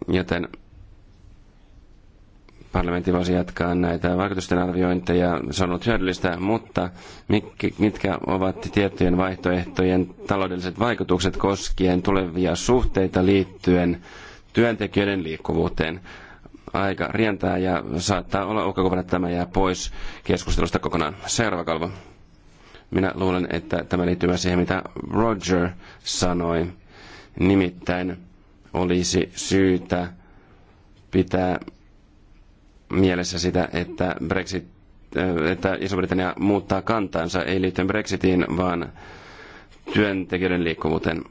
Joten parlamentti voisi jatkaa näitä vaikutusten arviointeja, se on ollut hyödyllistä, mutta mitkä ovat tiettyjen vaihtoehtojen taloudelliset vaikutukset koskien tulevia suhteita liittyen työntekijöiden liikkuvuuteen? aika rientää ja saattaa olla uhkakuvana, että tämä jää pois keskustelusta kokonaan. Seuraava kalvo. Minä luulen, että tämä liittyy myös siihen, mitä Roger sanoi. Nimittäin olisi syytä pitää mielessä sitä, että Brexit äh, että Iso-Britannia muuttaa kantaansa, ei liittyen Brexitiin, vaan työntekijöiden liikkuvuuteen.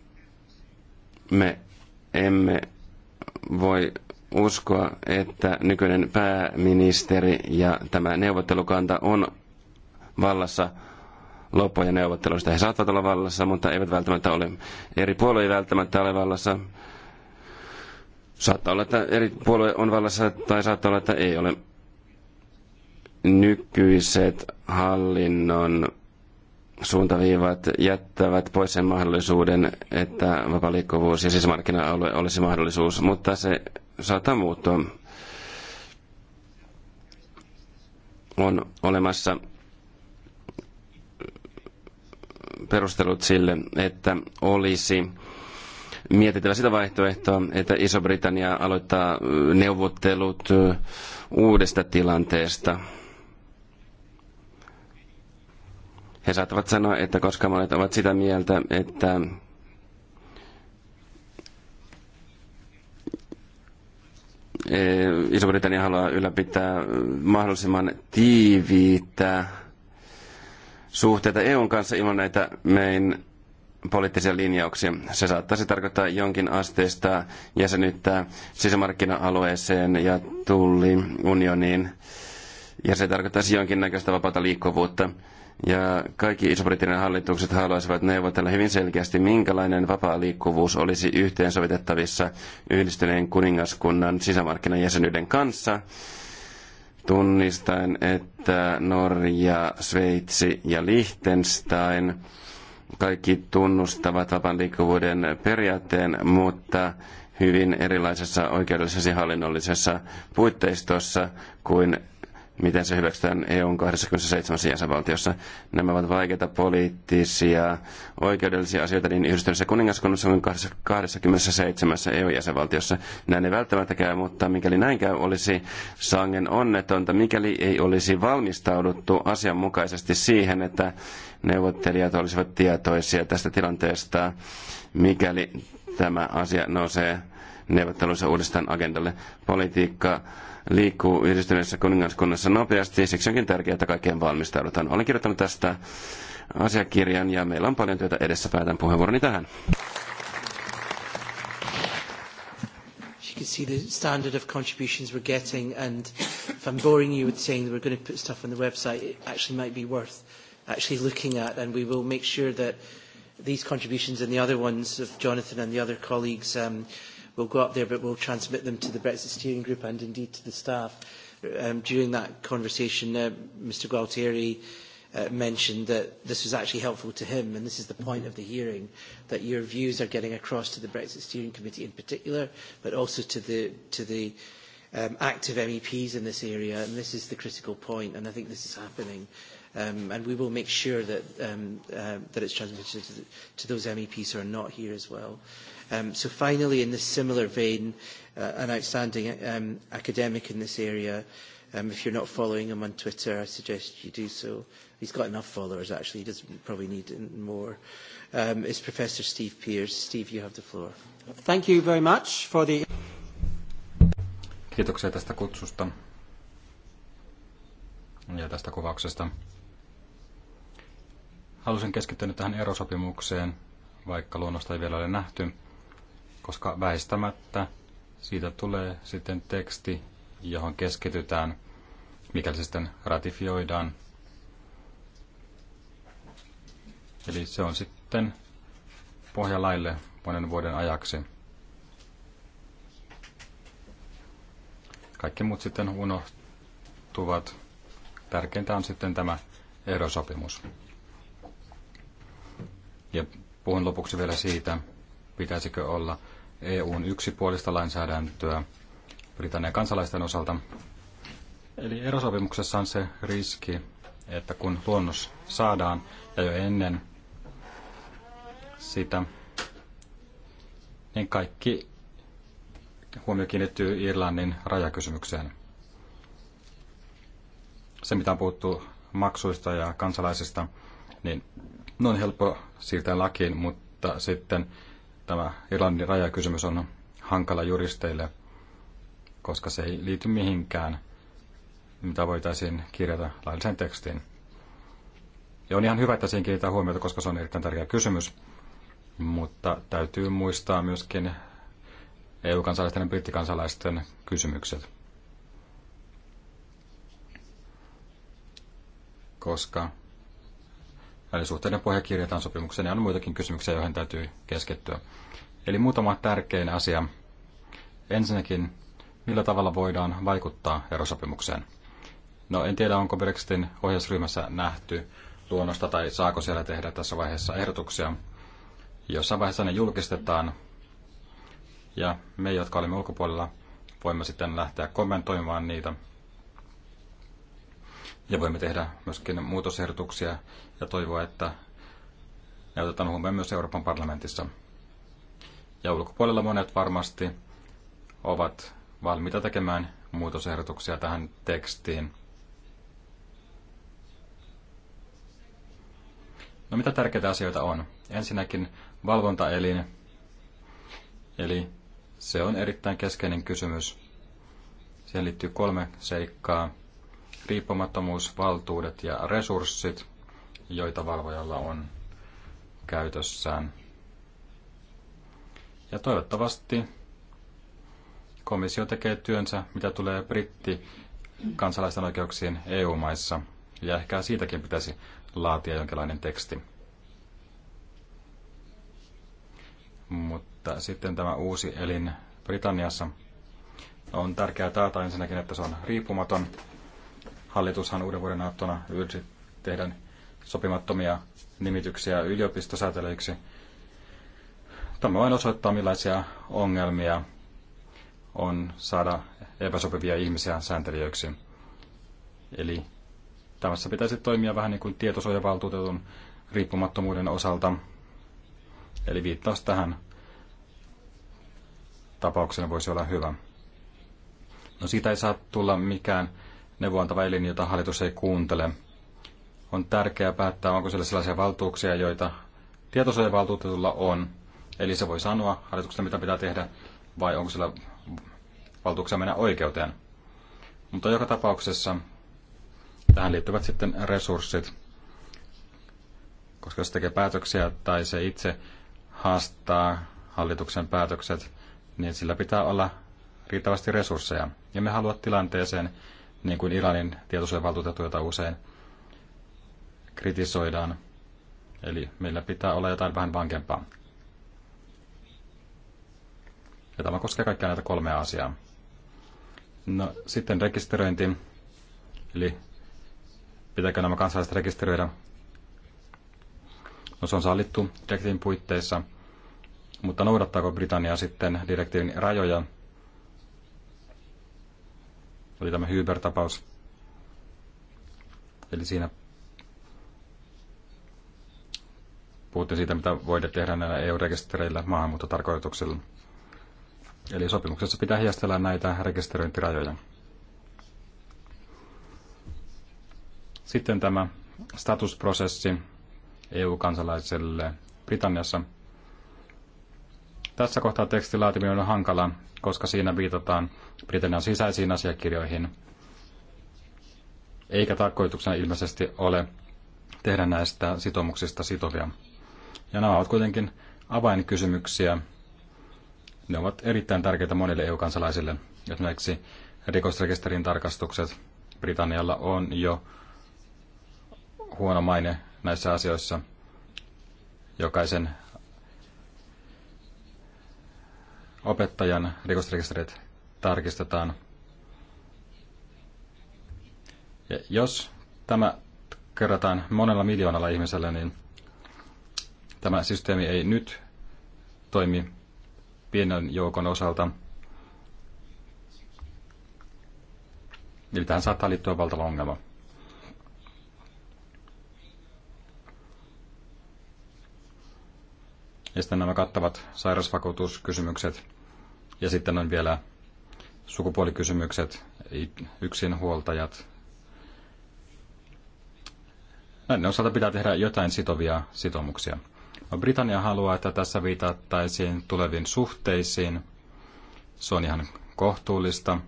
Me emme voi uskoa, että nykyinen pääministeri ja tämä neuvottelukanta on vallassa loppujen neuvotteluista. He saattavat olla vallassa, mutta eivät välttämättä ole. Eri puolue ei välttämättä ole vallassa. Saattaa olla, että eri puolue on vallassa tai saattaa olla, että ei ole. Nykyiset hallinnon suuntaviivat jättävät pois sen mahdollisuuden, että vapaa liikkuvuus ja sisämarkkina-alue olisi mahdollisuus, mutta se Sata muuttua. On olemassa perustelut sille, että olisi mietittävä sitä vaihtoehtoa, että Iso-Britannia aloittaa neuvottelut uudesta tilanteesta. He saattavat sanoa, että koska monet ovat sitä mieltä, että Eh, Iso-Britannia haluaa ylläpitää mahdollisimman tiiviitä suhteita EUn kanssa ilman näitä meidän poliittisia linjauksia. Se saattaisi tarkoittaa jonkin asteista jäsenyyttä sisämarkkina-alueeseen ja tulliunioniin. Ja se tarkoittaisi jonkinnäköistä vapaata liikkuvuutta. Ja kaikki Iso-Britannian hallitukset haluaisivat neuvotella hyvin selkeästi, minkälainen vapaa liikkuvuus olisi yhteensovitettavissa yhdistyneen kuningaskunnan sisämarkkinajäsenyyden kanssa, tunnistaen, että Norja, Sveitsi ja Liechtenstein kaikki tunnustavat vapaan liikkuvuuden periaatteen, mutta hyvin erilaisessa oikeudellisessa ja hallinnollisessa puitteistossa kuin miten se hyväksytään EUn 27 jäsenvaltiossa. Nämä ovat vaikeita poliittisia, oikeudellisia asioita niin yhdistyneessä kuningaskunnassa kuin 27 EU-jäsenvaltiossa. Näin ei välttämättä käy, mutta mikäli näin käy, olisi sangen onnetonta, mikäli ei olisi valmistauduttu asianmukaisesti siihen, että neuvottelijat olisivat tietoisia tästä tilanteesta, mikäli tämä asia nousee neuvotteluissa uudestaan agendalle. Politiikka liikkuu yhdistyneessä kuningaskunnassa nopeasti. Siksi onkin tärkeää, että kaikkeen valmistaudutaan. Olen kirjoittanut tästä asiakirjan ja meillä on paljon työtä edessä. Päätän puheenvuoroni tähän. could see the standard of contributions we're getting and if I'm boring you with saying that we're going to put stuff on the website, it actually might be worth actually looking at and we will make sure that these contributions and the other ones of Jonathan and the other colleagues um, uh, will go up there, but we'll transmit them to the Brexit Steering Group and indeed to the staff. Um, during that conversation, uh, Mr Gualtieri uh, mentioned that this was actually helpful to him, and this is the point of the hearing, that your views are getting across to the Brexit Steering Committee in particular, but also to the, to the um, active MEPs in this area, and this is the critical point, and I think this is happening. Um, and we will make sure that, um, uh, that it's transmitted to, the, to those MEPs who are not here as well. Um, so finally, in this similar vein, uh, an outstanding um, academic in this area, um, if you're not following him on Twitter, I suggest you do so. He's got enough followers, actually. He doesn't probably need more. Um, is Professor Steve Pearce. Steve, you have the floor. Thank you very much for the... Kiitoksia tästä kutsusta ja tästä kuvauksesta. Halusin keskittyä nyt tähän erosopimukseen, vaikka luonnosta ei vielä ole nähty koska väistämättä siitä tulee sitten teksti, johon keskitytään, mikäli se sitten ratifioidaan. Eli se on sitten pohjalaille monen vuoden ajaksi. Kaikki muut sitten unohtuvat. Tärkeintä on sitten tämä erosopimus. Ja puhun lopuksi vielä siitä, pitäisikö olla EUn yksipuolista lainsäädäntöä Britannian kansalaisten osalta. Eli erosopimuksessa on se riski, että kun luonnos saadaan ja jo ennen sitä, niin kaikki huomio kiinnittyy Irlannin rajakysymykseen. Se, mitä on puhuttu maksuista ja kansalaisista, niin ne on helppo siirtää lakiin, mutta sitten tämä Irlannin rajakysymys on hankala juristeille, koska se ei liity mihinkään, mitä voitaisiin kirjata lailliseen tekstiin. Ja on ihan hyvä, että siihen kiinnitetään huomiota, koska se on erittäin tärkeä kysymys, mutta täytyy muistaa myöskin EU-kansalaisten ja brittikansalaisten kysymykset. Koska välisuhteiden pohjakirjat pohja kirjataan sopimukseen ja on muitakin kysymyksiä, joihin täytyy keskittyä. Eli muutama tärkein asia. Ensinnäkin, millä tavalla voidaan vaikuttaa erosopimukseen? No en tiedä, onko Brexitin ohjausryhmässä nähty luonnosta tai saako siellä tehdä tässä vaiheessa ehdotuksia. Jossain vaiheessa ne julkistetaan ja me, jotka olemme ulkopuolella, voimme sitten lähteä kommentoimaan niitä. Ja voimme tehdä myöskin muutosehdotuksia, ja toivoa, että ne otetaan huomioon myös Euroopan parlamentissa. Ja ulkopuolella monet varmasti ovat valmiita tekemään muutosehdotuksia tähän tekstiin. No mitä tärkeitä asioita on? Ensinnäkin valvontaelin, eli se on erittäin keskeinen kysymys. Siihen liittyy kolme seikkaa. Riippumattomuus, valtuudet ja resurssit – joita valvojalla on käytössään. Ja toivottavasti komissio tekee työnsä, mitä tulee britti kansalaisten oikeuksiin EU-maissa, ja ehkä siitäkin pitäisi laatia jonkinlainen teksti. Mutta sitten tämä uusi elin Britanniassa on tärkeää taata ensinnäkin, että se on riippumaton. Hallitushan uuden vuoden aattona yritti tehdä sopimattomia nimityksiä yliopistosäätelyiksi. Tämä vain osoittaa, millaisia ongelmia on saada epäsopivia ihmisiä sääntelijöiksi. Eli tämässä pitäisi toimia vähän niin kuin tietosuojavaltuutetun riippumattomuuden osalta. Eli viittaus tähän tapauksena voisi olla hyvä. No siitä ei saa tulla mikään neuvoantava elin, jota hallitus ei kuuntele – on tärkeää päättää, onko sillä sellaisia valtuuksia, joita tietosuojavaltuutetulla on. Eli se voi sanoa hallituksesta, mitä pitää tehdä, vai onko sillä valtuuksia mennä oikeuteen. Mutta joka tapauksessa tähän liittyvät sitten resurssit, koska se tekee päätöksiä tai se itse haastaa hallituksen päätökset, niin sillä pitää olla riittävästi resursseja. Ja me haluamme tilanteeseen, niin kuin Iranin tietosuojavaltuutetuilta usein – kritisoidaan. Eli meillä pitää olla jotain vähän vankempaa. Ja tämä koskee kaikkia näitä kolmea asiaa. No, sitten rekisteröinti. Eli pitääkö nämä kansalaiset rekisteröidä? No se on sallittu direktiivin puitteissa, mutta noudattaako Britannia sitten direktiivin rajoja? Oli tämä Hyber-tapaus. Eli siinä Puhutte siitä, mitä voidaan tehdä näillä EU-rekistereillä maahanmuuttotarkoituksilla. Eli sopimuksessa pitää hiastella näitä rekisteröintirajoja. Sitten tämä statusprosessi EU-kansalaiselle Britanniassa. Tässä kohtaa tekstilaatiminen laatiminen on hankala, koska siinä viitataan Britannian sisäisiin asiakirjoihin, eikä tarkoituksena ilmeisesti ole tehdä näistä sitoumuksista sitovia. Ja nämä ovat kuitenkin avainkysymyksiä. Ne ovat erittäin tärkeitä monille EU-kansalaisille. Esimerkiksi rikosrekisterin tarkastukset. Britannialla on jo huono maine näissä asioissa. Jokaisen opettajan rikosrekisterit tarkistetaan. Ja jos tämä kerrotaan monella miljoonalla ihmisellä, niin Tämä systeemi ei nyt toimi pienen joukon osalta. Eli tähän saattaa liittyä valtava ongelma. Ja sitten nämä kattavat sairausvakuutuskysymykset. Ja sitten on vielä sukupuolikysymykset, yksinhuoltajat. Näiden osalta pitää tehdä jotain sitovia sitoumuksia. No Britannia haluaa, että tässä viitattaisiin tuleviin suhteisiin. Se on ihan kohtuullista,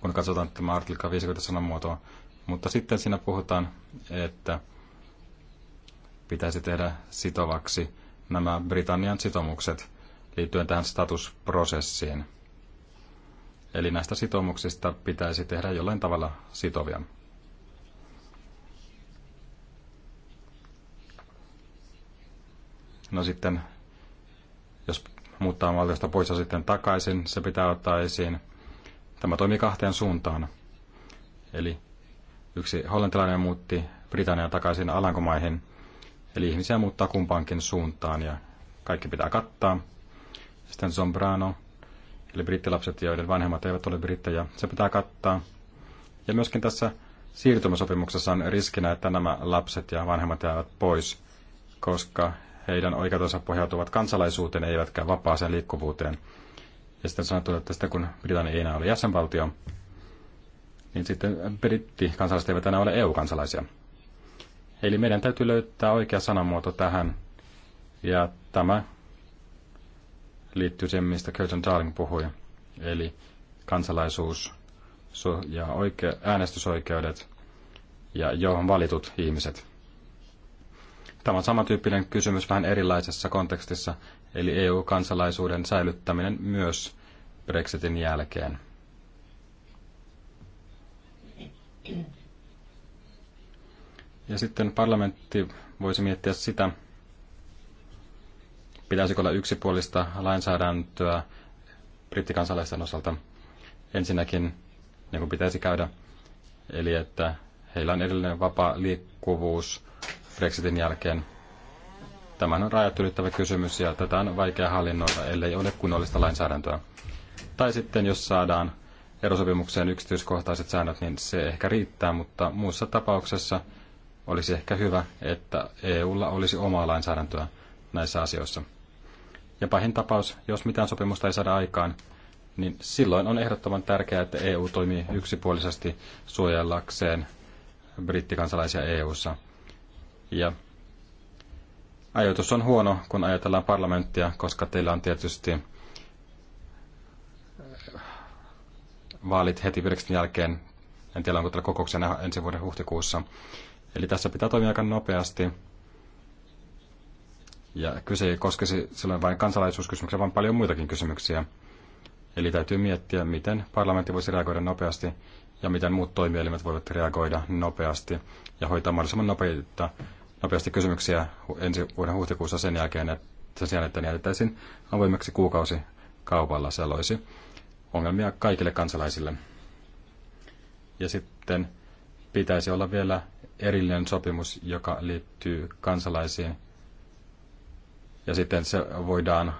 kun katsotaan tämä artikla 50 sanamuotoa. Mutta sitten siinä puhutaan, että pitäisi tehdä sitovaksi nämä Britannian sitomukset liittyen tähän statusprosessiin. Eli näistä sitoumuksista pitäisi tehdä jollain tavalla sitovia. No sitten, jos muuttaa valtiosta pois ja sitten takaisin, se pitää ottaa esiin. Tämä toimii kahteen suuntaan. Eli yksi hollantilainen muutti Britannian takaisin Alankomaihin, eli ihmisiä muuttaa kumpaankin suuntaan ja kaikki pitää kattaa. Sitten Zombrano, eli brittilapset, joiden vanhemmat eivät ole brittejä, se pitää kattaa. Ja myöskin tässä siirtymäsopimuksessa on riskinä, että nämä lapset ja vanhemmat jäävät pois, koska heidän oikeutensa pohjautuvat kansalaisuuteen eivätkä vapaaseen liikkuvuuteen. Ja sitten sanottu, että sitten kun Britannia ei enää ole jäsenvaltio, niin sitten brittikansalaiset eivät enää ole EU-kansalaisia. Eli meidän täytyy löytää oikea sanamuoto tähän. Ja tämä liittyy siihen, mistä Curtin Darling puhui. Eli kansalaisuus ja oikea äänestysoikeudet ja johon valitut ihmiset. Tämä on samantyyppinen kysymys vähän erilaisessa kontekstissa, eli EU-kansalaisuuden säilyttäminen myös Brexitin jälkeen. Ja sitten parlamentti voisi miettiä sitä, pitäisikö olla yksipuolista lainsäädäntöä brittikansalaisten osalta. Ensinnäkin niin kuin pitäisi käydä, eli että heillä on edelleen vapaa liikkuvuus Brexitin jälkeen. Tämä on rajat ylittävä kysymys ja tätä on vaikea hallinnoida, ellei ole kunnollista lainsäädäntöä. Tai sitten jos saadaan erosopimukseen yksityiskohtaiset säännöt, niin se ehkä riittää, mutta muussa tapauksessa olisi ehkä hyvä, että EUlla olisi omaa lainsäädäntöä näissä asioissa. Ja pahin tapaus, jos mitään sopimusta ei saada aikaan, niin silloin on ehdottoman tärkeää, että EU toimii yksipuolisesti suojellakseen brittikansalaisia EUssa. Ja ajoitus on huono, kun ajatellaan parlamenttia, koska teillä on tietysti äh, vaalit heti Brexin jälkeen. En tiedä, onko tällä kokouksena ensi vuoden huhtikuussa. Eli tässä pitää toimia aika nopeasti. Ja kyse ei koskisi silloin vain kansalaisuuskysymyksiä, vaan paljon muitakin kysymyksiä. Eli täytyy miettiä, miten parlamentti voisi reagoida nopeasti ja miten muut toimielimet voivat reagoida nopeasti ja hoitaa mahdollisimman nopeita nopeasti kysymyksiä ensi vuoden huhtikuussa sen jälkeen, että sen sijaan, että ne jätettäisiin avoimeksi kuukausi kaupalla. Se loisi ongelmia kaikille kansalaisille. Ja sitten pitäisi olla vielä erillinen sopimus, joka liittyy kansalaisiin. Ja sitten se voidaan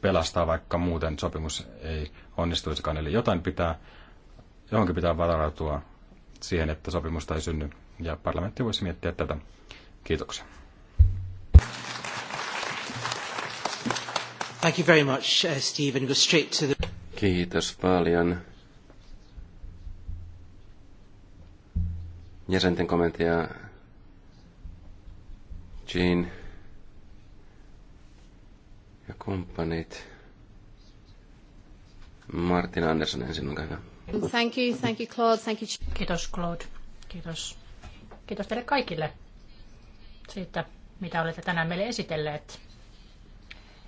pelastaa, vaikka muuten sopimus ei onnistuisikaan. Eli jotain pitää, johonkin pitää varautua siihen, että sopimusta ei synny. Ja parlamentti voisi miettiä tätä. Kiitoksia. Thank you very much, uh, Stephen. Go straight to the... Kiitos paljon. Jäsenten kommentteja. Jean ja kumppanit. Martin Andersson ensin, on hyvä. Thank you, thank you Claude, thank you. Kiitos Claude, kiitos. Kiitos teille kaikille siitä, mitä olette tänään meille esitelleet.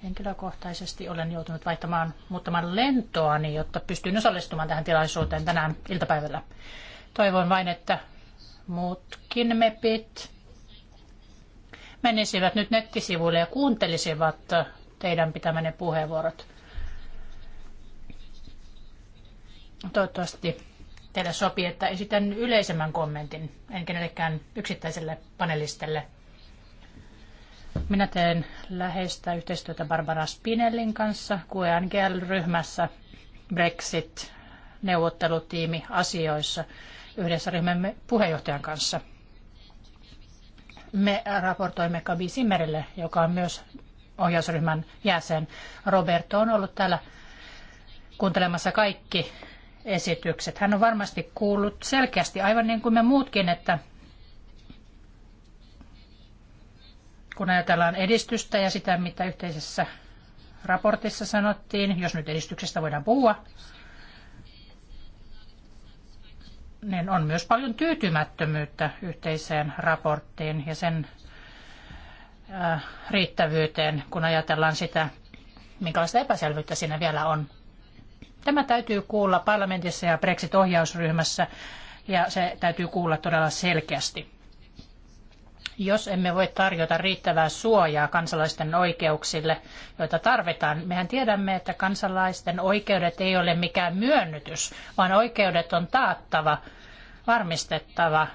Henkilökohtaisesti olen joutunut vaihtamaan muuttamaan lentoani, jotta pystyn osallistumaan tähän tilaisuuteen tänään iltapäivällä. Toivon vain, että muutkin mepit menisivät nyt nettisivuille ja kuuntelisivat teidän pitämänne puheenvuorot. Toivottavasti teille sopii, että esitän yleisemmän kommentin, en kenellekään yksittäiselle panelistelle minä teen läheistä yhteistyötä Barbara Spinellin kanssa QNGL-ryhmässä Brexit-neuvottelutiimi asioissa yhdessä ryhmämme puheenjohtajan kanssa. Me raportoimme Kabi Simmerille, joka on myös ohjausryhmän jäsen. Roberto on ollut täällä kuuntelemassa kaikki esitykset. Hän on varmasti kuullut selkeästi, aivan niin kuin me muutkin, että kun ajatellaan edistystä ja sitä, mitä yhteisessä raportissa sanottiin, jos nyt edistyksestä voidaan puhua, niin on myös paljon tyytymättömyyttä yhteiseen raporttiin ja sen äh, riittävyyteen, kun ajatellaan sitä, minkälaista epäselvyyttä siinä vielä on. Tämä täytyy kuulla parlamentissa ja Brexit-ohjausryhmässä ja se täytyy kuulla todella selkeästi jos emme voi tarjota riittävää suojaa kansalaisten oikeuksille, joita tarvitaan. Mehän tiedämme, että kansalaisten oikeudet ei ole mikään myönnytys, vaan oikeudet on taattava, varmistettava.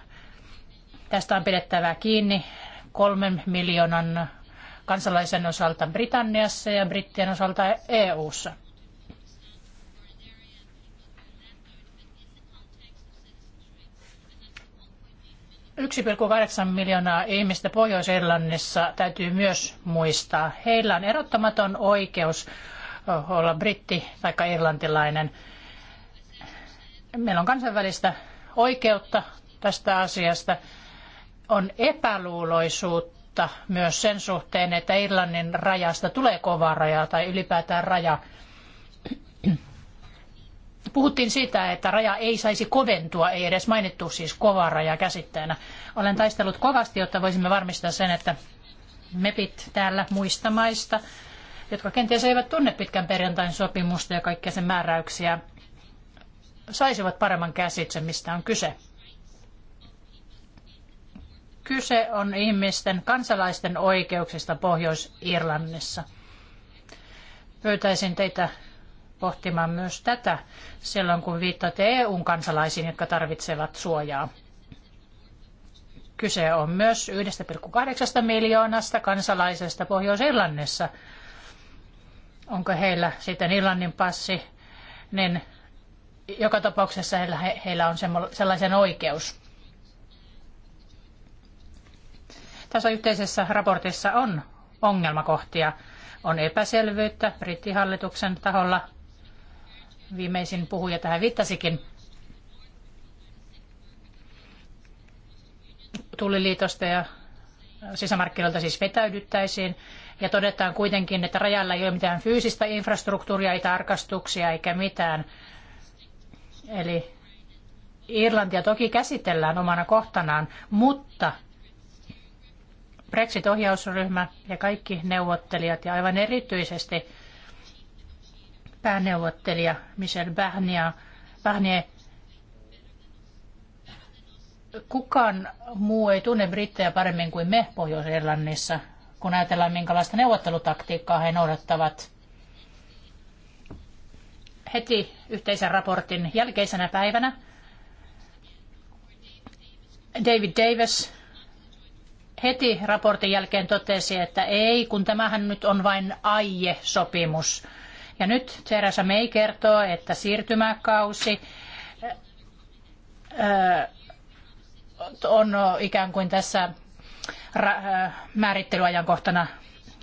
Tästä on pidettävä kiinni kolmen miljoonan kansalaisen osalta Britanniassa ja brittien osalta EU:ssa. 1,8 miljoonaa ihmistä Pohjois-Irlannissa täytyy myös muistaa. Heillä on erottamaton oikeus olla britti tai irlantilainen. Meillä on kansainvälistä oikeutta tästä asiasta. On epäluuloisuutta myös sen suhteen, että Irlannin rajasta tulee kova raja tai ylipäätään raja. Puhuttiin siitä, että raja ei saisi koventua, ei edes mainittu siis kovaa raja käsitteenä. Olen taistellut kovasti, jotta voisimme varmistaa sen, että mepit täällä muista maista, jotka kenties eivät tunne pitkän perjantain sopimusta ja kaikkia sen määräyksiä, saisivat paremman käsityksen, mistä on kyse. Kyse on ihmisten, kansalaisten oikeuksista Pohjois-Irlannissa. Pyytäisin teitä pohtimaan myös tätä silloin, kun viittaatte EUn kansalaisiin, jotka tarvitsevat suojaa. Kyse on myös 1,8 miljoonasta kansalaisesta Pohjois-Irlannissa. Onko heillä sitten Irlannin passi, niin joka tapauksessa heillä, heillä on sellaisen oikeus. Tässä yhteisessä raportissa on ongelmakohtia. On epäselvyyttä brittihallituksen taholla Viimeisin puhuja tähän viittasikin. Tulliliitosta ja sisämarkkinoilta siis vetäydyttäisiin. Ja todetaan kuitenkin, että rajalla ei ole mitään fyysistä infrastruktuuria, ei tarkastuksia eikä mitään. Eli Irlantia toki käsitellään omana kohtanaan, mutta Brexit-ohjausryhmä ja kaikki neuvottelijat ja aivan erityisesti pääneuvottelija Michel Barnier, Barnier kukaan muu ei tunne brittejä paremmin kuin me Pohjois-Irlannissa, kun ajatellaan minkälaista neuvottelutaktiikkaa he noudattavat. Heti yhteisen raportin jälkeisenä päivänä David Davis heti raportin jälkeen totesi, että ei, kun tämähän nyt on vain sopimus. Ja nyt Theresa May kertoo, että siirtymäkausi äh, on ikään kuin tässä äh, määrittelyajankohtana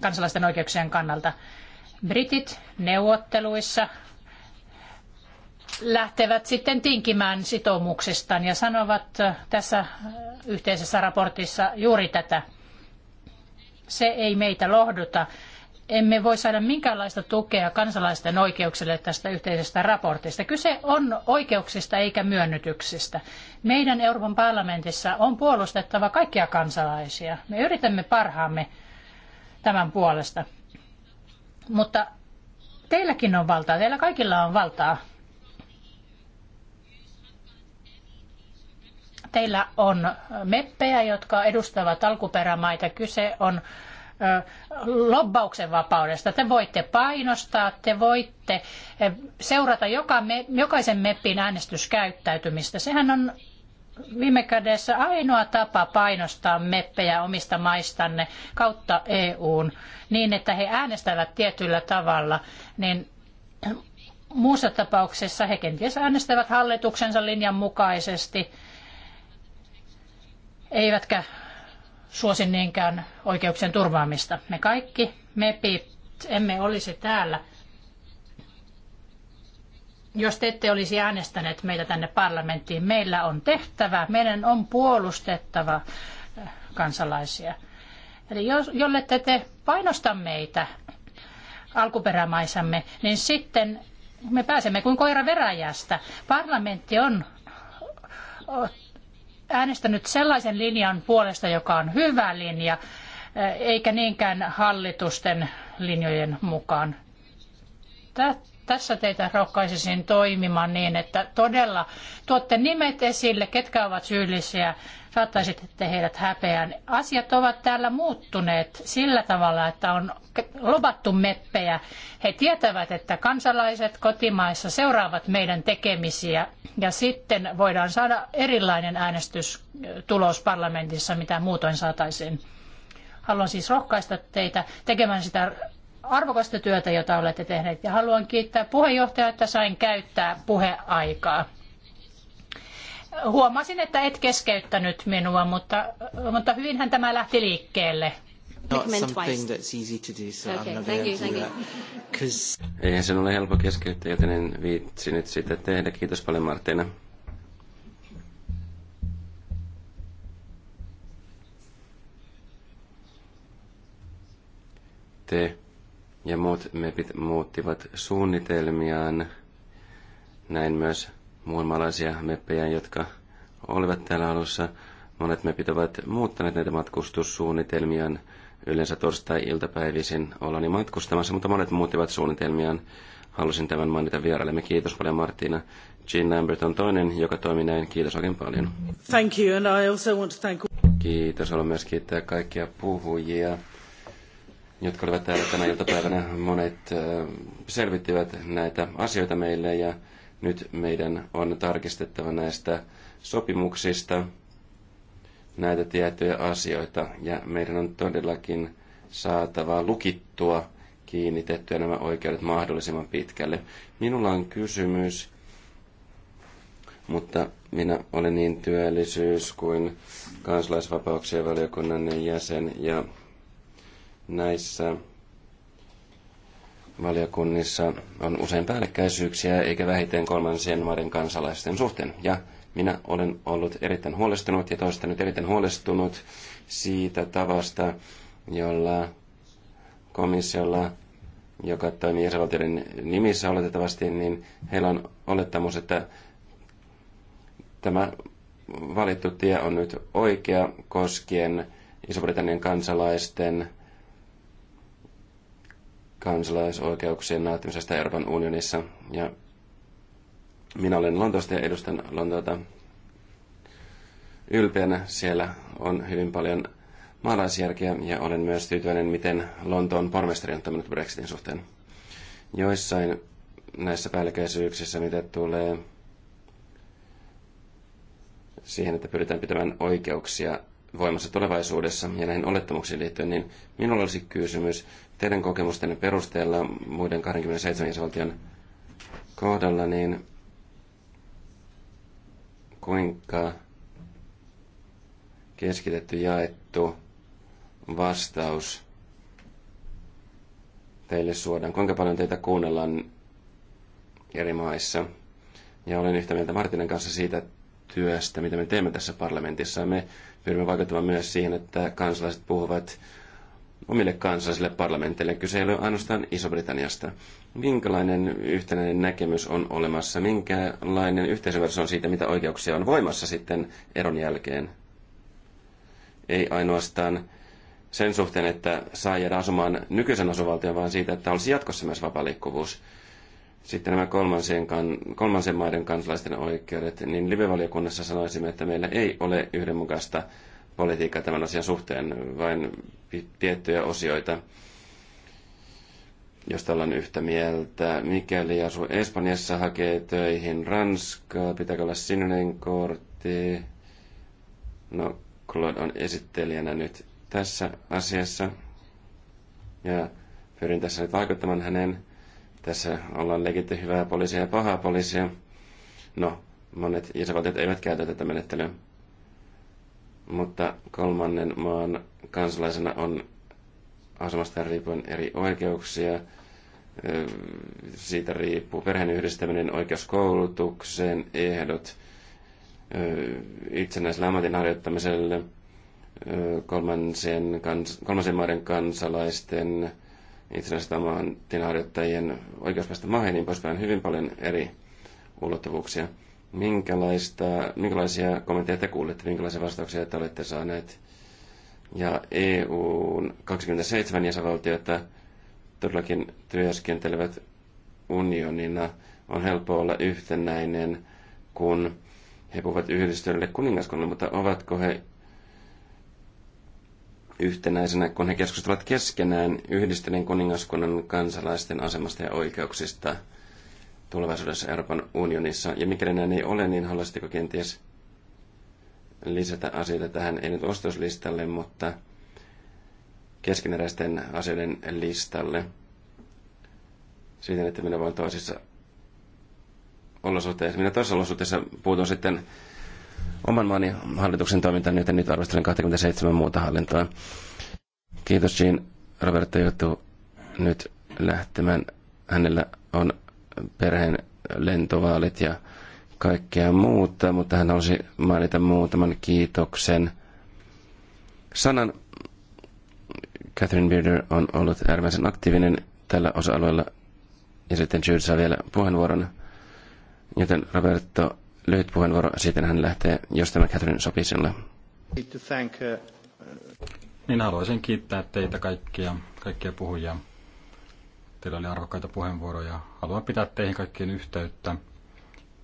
kansalaisten oikeuksien kannalta. Britit neuvotteluissa lähtevät sitten tinkimään sitoumuksistaan ja sanovat tässä yhteisessä raportissa juuri tätä. Se ei meitä lohduta emme voi saada minkäänlaista tukea kansalaisten oikeuksille tästä yhteisestä raportista. Kyse on oikeuksista eikä myönnytyksistä. Meidän Euroopan parlamentissa on puolustettava kaikkia kansalaisia. Me yritämme parhaamme tämän puolesta. Mutta teilläkin on valtaa, teillä kaikilla on valtaa. Teillä on meppejä, jotka edustavat alkuperämaita. Kyse on lobbauksen vapaudesta. Te voitte painostaa, te voitte seurata joka me, jokaisen MEPin äänestyskäyttäytymistä. Sehän on viime kädessä ainoa tapa painostaa meppejä omista maistanne kautta EUn niin, että he äänestävät tietyllä tavalla, niin muussa tapauksessa he kenties äänestävät hallituksensa linjan mukaisesti, eivätkä Suosin niinkään oikeuksien turvaamista. Me kaikki me pit, emme olisi täällä, jos te ette olisi äänestäneet meitä tänne parlamenttiin. Meillä on tehtävä, meidän on puolustettava eh, kansalaisia. Eli jos, jolle te, te painosta meitä alkuperämaisamme, niin sitten me pääsemme kuin koira veräjästä. Parlamentti on äänestänyt sellaisen linjan puolesta, joka on hyvä linja, eh, eikä niinkään hallitusten linjojen mukaan tässä teitä rohkaisisin toimimaan niin, että todella tuotte nimet esille, ketkä ovat syyllisiä, saattaisitte heidät häpeään. Asiat ovat täällä muuttuneet sillä tavalla, että on lobattu meppejä. He tietävät, että kansalaiset kotimaissa seuraavat meidän tekemisiä ja sitten voidaan saada erilainen äänestystulos äh, parlamentissa, mitä muutoin saataisiin. Haluan siis rohkaista teitä tekemään sitä arvokasta työtä, jota olette tehneet. Ja haluan kiittää puheenjohtajaa, että sain käyttää puheaikaa. Huomasin, että et keskeyttänyt minua, mutta, mutta hyvinhän tämä lähti liikkeelle. Not something that's easy to do, so I'm not Eihän sen ole helppo keskeyttää, joten en viitsi nyt sitä tehdä. Kiitos paljon Martina. te ja muut mepit muuttivat suunnitelmiaan. Näin myös muunmalaisia meppejä, jotka olivat täällä alussa. Monet mepit ovat muuttaneet näitä matkustussuunnitelmiaan. Yleensä torstai-iltapäivisin olani matkustamassa, mutta monet muuttivat suunnitelmiaan. Halusin tämän mainita vierailemme. Kiitos paljon Martina. Jean Lambert on toinen, joka toimi näin. Kiitos oikein paljon. Thank you, and I also want to thank... Kiitos. Haluan myös kiittää kaikkia puhujia jotka olivat täällä tänä iltapäivänä. Monet selvittivät näitä asioita meille ja nyt meidän on tarkistettava näistä sopimuksista näitä tiettyjä asioita ja meidän on todellakin saatava lukittua kiinnitettyä nämä oikeudet mahdollisimman pitkälle. Minulla on kysymys, mutta minä olen niin työllisyys kuin kansalaisvapauksien valiokunnan jäsen ja näissä valiokunnissa on usein päällekkäisyyksiä, eikä vähiten kolmansien maiden kansalaisten suhteen. Ja minä olen ollut erittäin huolestunut ja toistanut erittäin huolestunut siitä tavasta, jolla komissiolla, joka toimii jäsenvaltioiden nimissä oletettavasti, niin heillä on olettamus, että tämä valittu tie on nyt oikea koskien Iso-Britannian kansalaisten kansalaisoikeuksien näyttämisestä Euroopan unionissa. Ja minä olen Lontoosta ja edustan Lontoota ylpeänä. Siellä on hyvin paljon maalaisjärkeä ja olen myös tyytyväinen, miten Lontoon pormestari on toiminut Brexitin suhteen. Joissain näissä päällekkäisyyksissä, mitä tulee siihen, että pyritään pitämään oikeuksia voimassa tulevaisuudessa ja näihin olettamuksiin liittyen, niin minulla olisi kysymys teidän kokemustenne perusteella muiden 27 jäsenvaltion kohdalla, niin kuinka keskitetty jaettu vastaus teille suodaan? Kuinka paljon teitä kuunnellaan eri maissa? Ja olen yhtä mieltä Martinen kanssa siitä, että työstä, mitä me teemme tässä parlamentissa. Me pyrimme vaikuttamaan myös siihen, että kansalaiset puhuvat omille kansallisille parlamenteille. Kyse ei ole ainoastaan Iso-Britanniasta. Minkälainen yhtenäinen näkemys on olemassa? Minkälainen yhteisymmärrys on siitä, mitä oikeuksia on voimassa sitten eron jälkeen? Ei ainoastaan sen suhteen, että saa jäädä asumaan nykyisen osavaltion, vaan siitä, että olisi jatkossa myös vapaa liikkuvuus sitten nämä kolmansien, kolmansien maiden kansalaisten oikeudet, niin live-valiokunnassa sanoisimme, että meillä ei ole yhdenmukaista politiikkaa tämän asian suhteen, vain tiettyjä osioita, josta ollaan yhtä mieltä. Mikäli asuu Espanjassa, hakee töihin Ranskaa, pitääkö olla sininen kortti? No, Claude on esittelijänä nyt tässä asiassa. Ja pyrin tässä nyt vaikuttamaan hänen tässä ollaan leikitty hyvää poliisia ja pahaa poliisia. No, monet jäsenvaltiot eivät käytä tätä menettelyä. Mutta kolmannen maan kansalaisena on asemasta riippuen eri oikeuksia. Siitä riippuu perheen yhdistäminen, oikeus koulutukseen, ehdot itsenäisellä ammatin harjoittamiselle, kolmansien, kans, kolmansien maiden kansalaisten itse asiassa on tilaharjoittajien oikeus päästä maahan niin poispäin. Hyvin paljon eri ulottuvuuksia. Minkälaista, minkälaisia kommentteja te kuulitte, minkälaisia vastauksia te olette saaneet? Ja EU 27 jäsenvaltioita todellakin työskentelevät unionina. On helppo olla yhtenäinen, kun he puhuvat yhdistyneelle kuningaskunnalle, mutta ovatko he yhtenäisenä, kun he keskustelevat keskenään yhdistyneen kuningaskunnan kansalaisten asemasta ja oikeuksista tulevaisuudessa Euroopan unionissa. Ja mikäli näin ei ole, niin haluaisitteko kenties lisätä asioita tähän, ei nyt ostoslistalle, mutta keskeneräisten asioiden listalle. Siten, että minä voin toisissa olosuhteissa, minä toisissa olosuhteissa puutun sitten oman maani hallituksen toimintaan, joten nyt arvostelen 27 muuta hallintoa. Kiitos Jean. Roberto joutuu nyt lähtemään. Hänellä on perheen lentovaalit ja kaikkea muuta, mutta hän halusi mainita muutaman kiitoksen sanan. Catherine Bearder on ollut äärimmäisen aktiivinen tällä osa-alueella ja sitten Jude saa vielä puheenvuoron. Joten Roberto lyhyt puheenvuoro, sitten hän lähtee, jos tämä Catherine sopii sinulle. Niin haluaisin kiittää teitä kaikkia, kaikkia puhujia. Teillä oli arvokkaita puheenvuoroja. Haluan pitää teihin kaikkien yhteyttä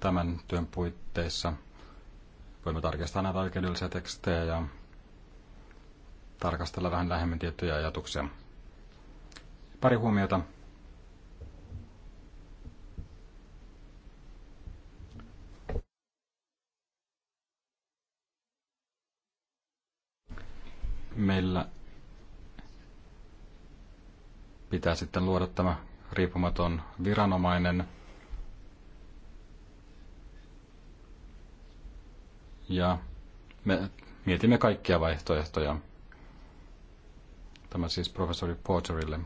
tämän työn puitteissa. Voimme tarkistaa näitä oikeudellisia tekstejä ja tarkastella vähän lähemmin tiettyjä ajatuksia. Pari huomiota meillä pitää sitten luoda tämä riippumaton viranomainen. Ja me mietimme kaikkia vaihtoehtoja. Tämä siis professori Porterille.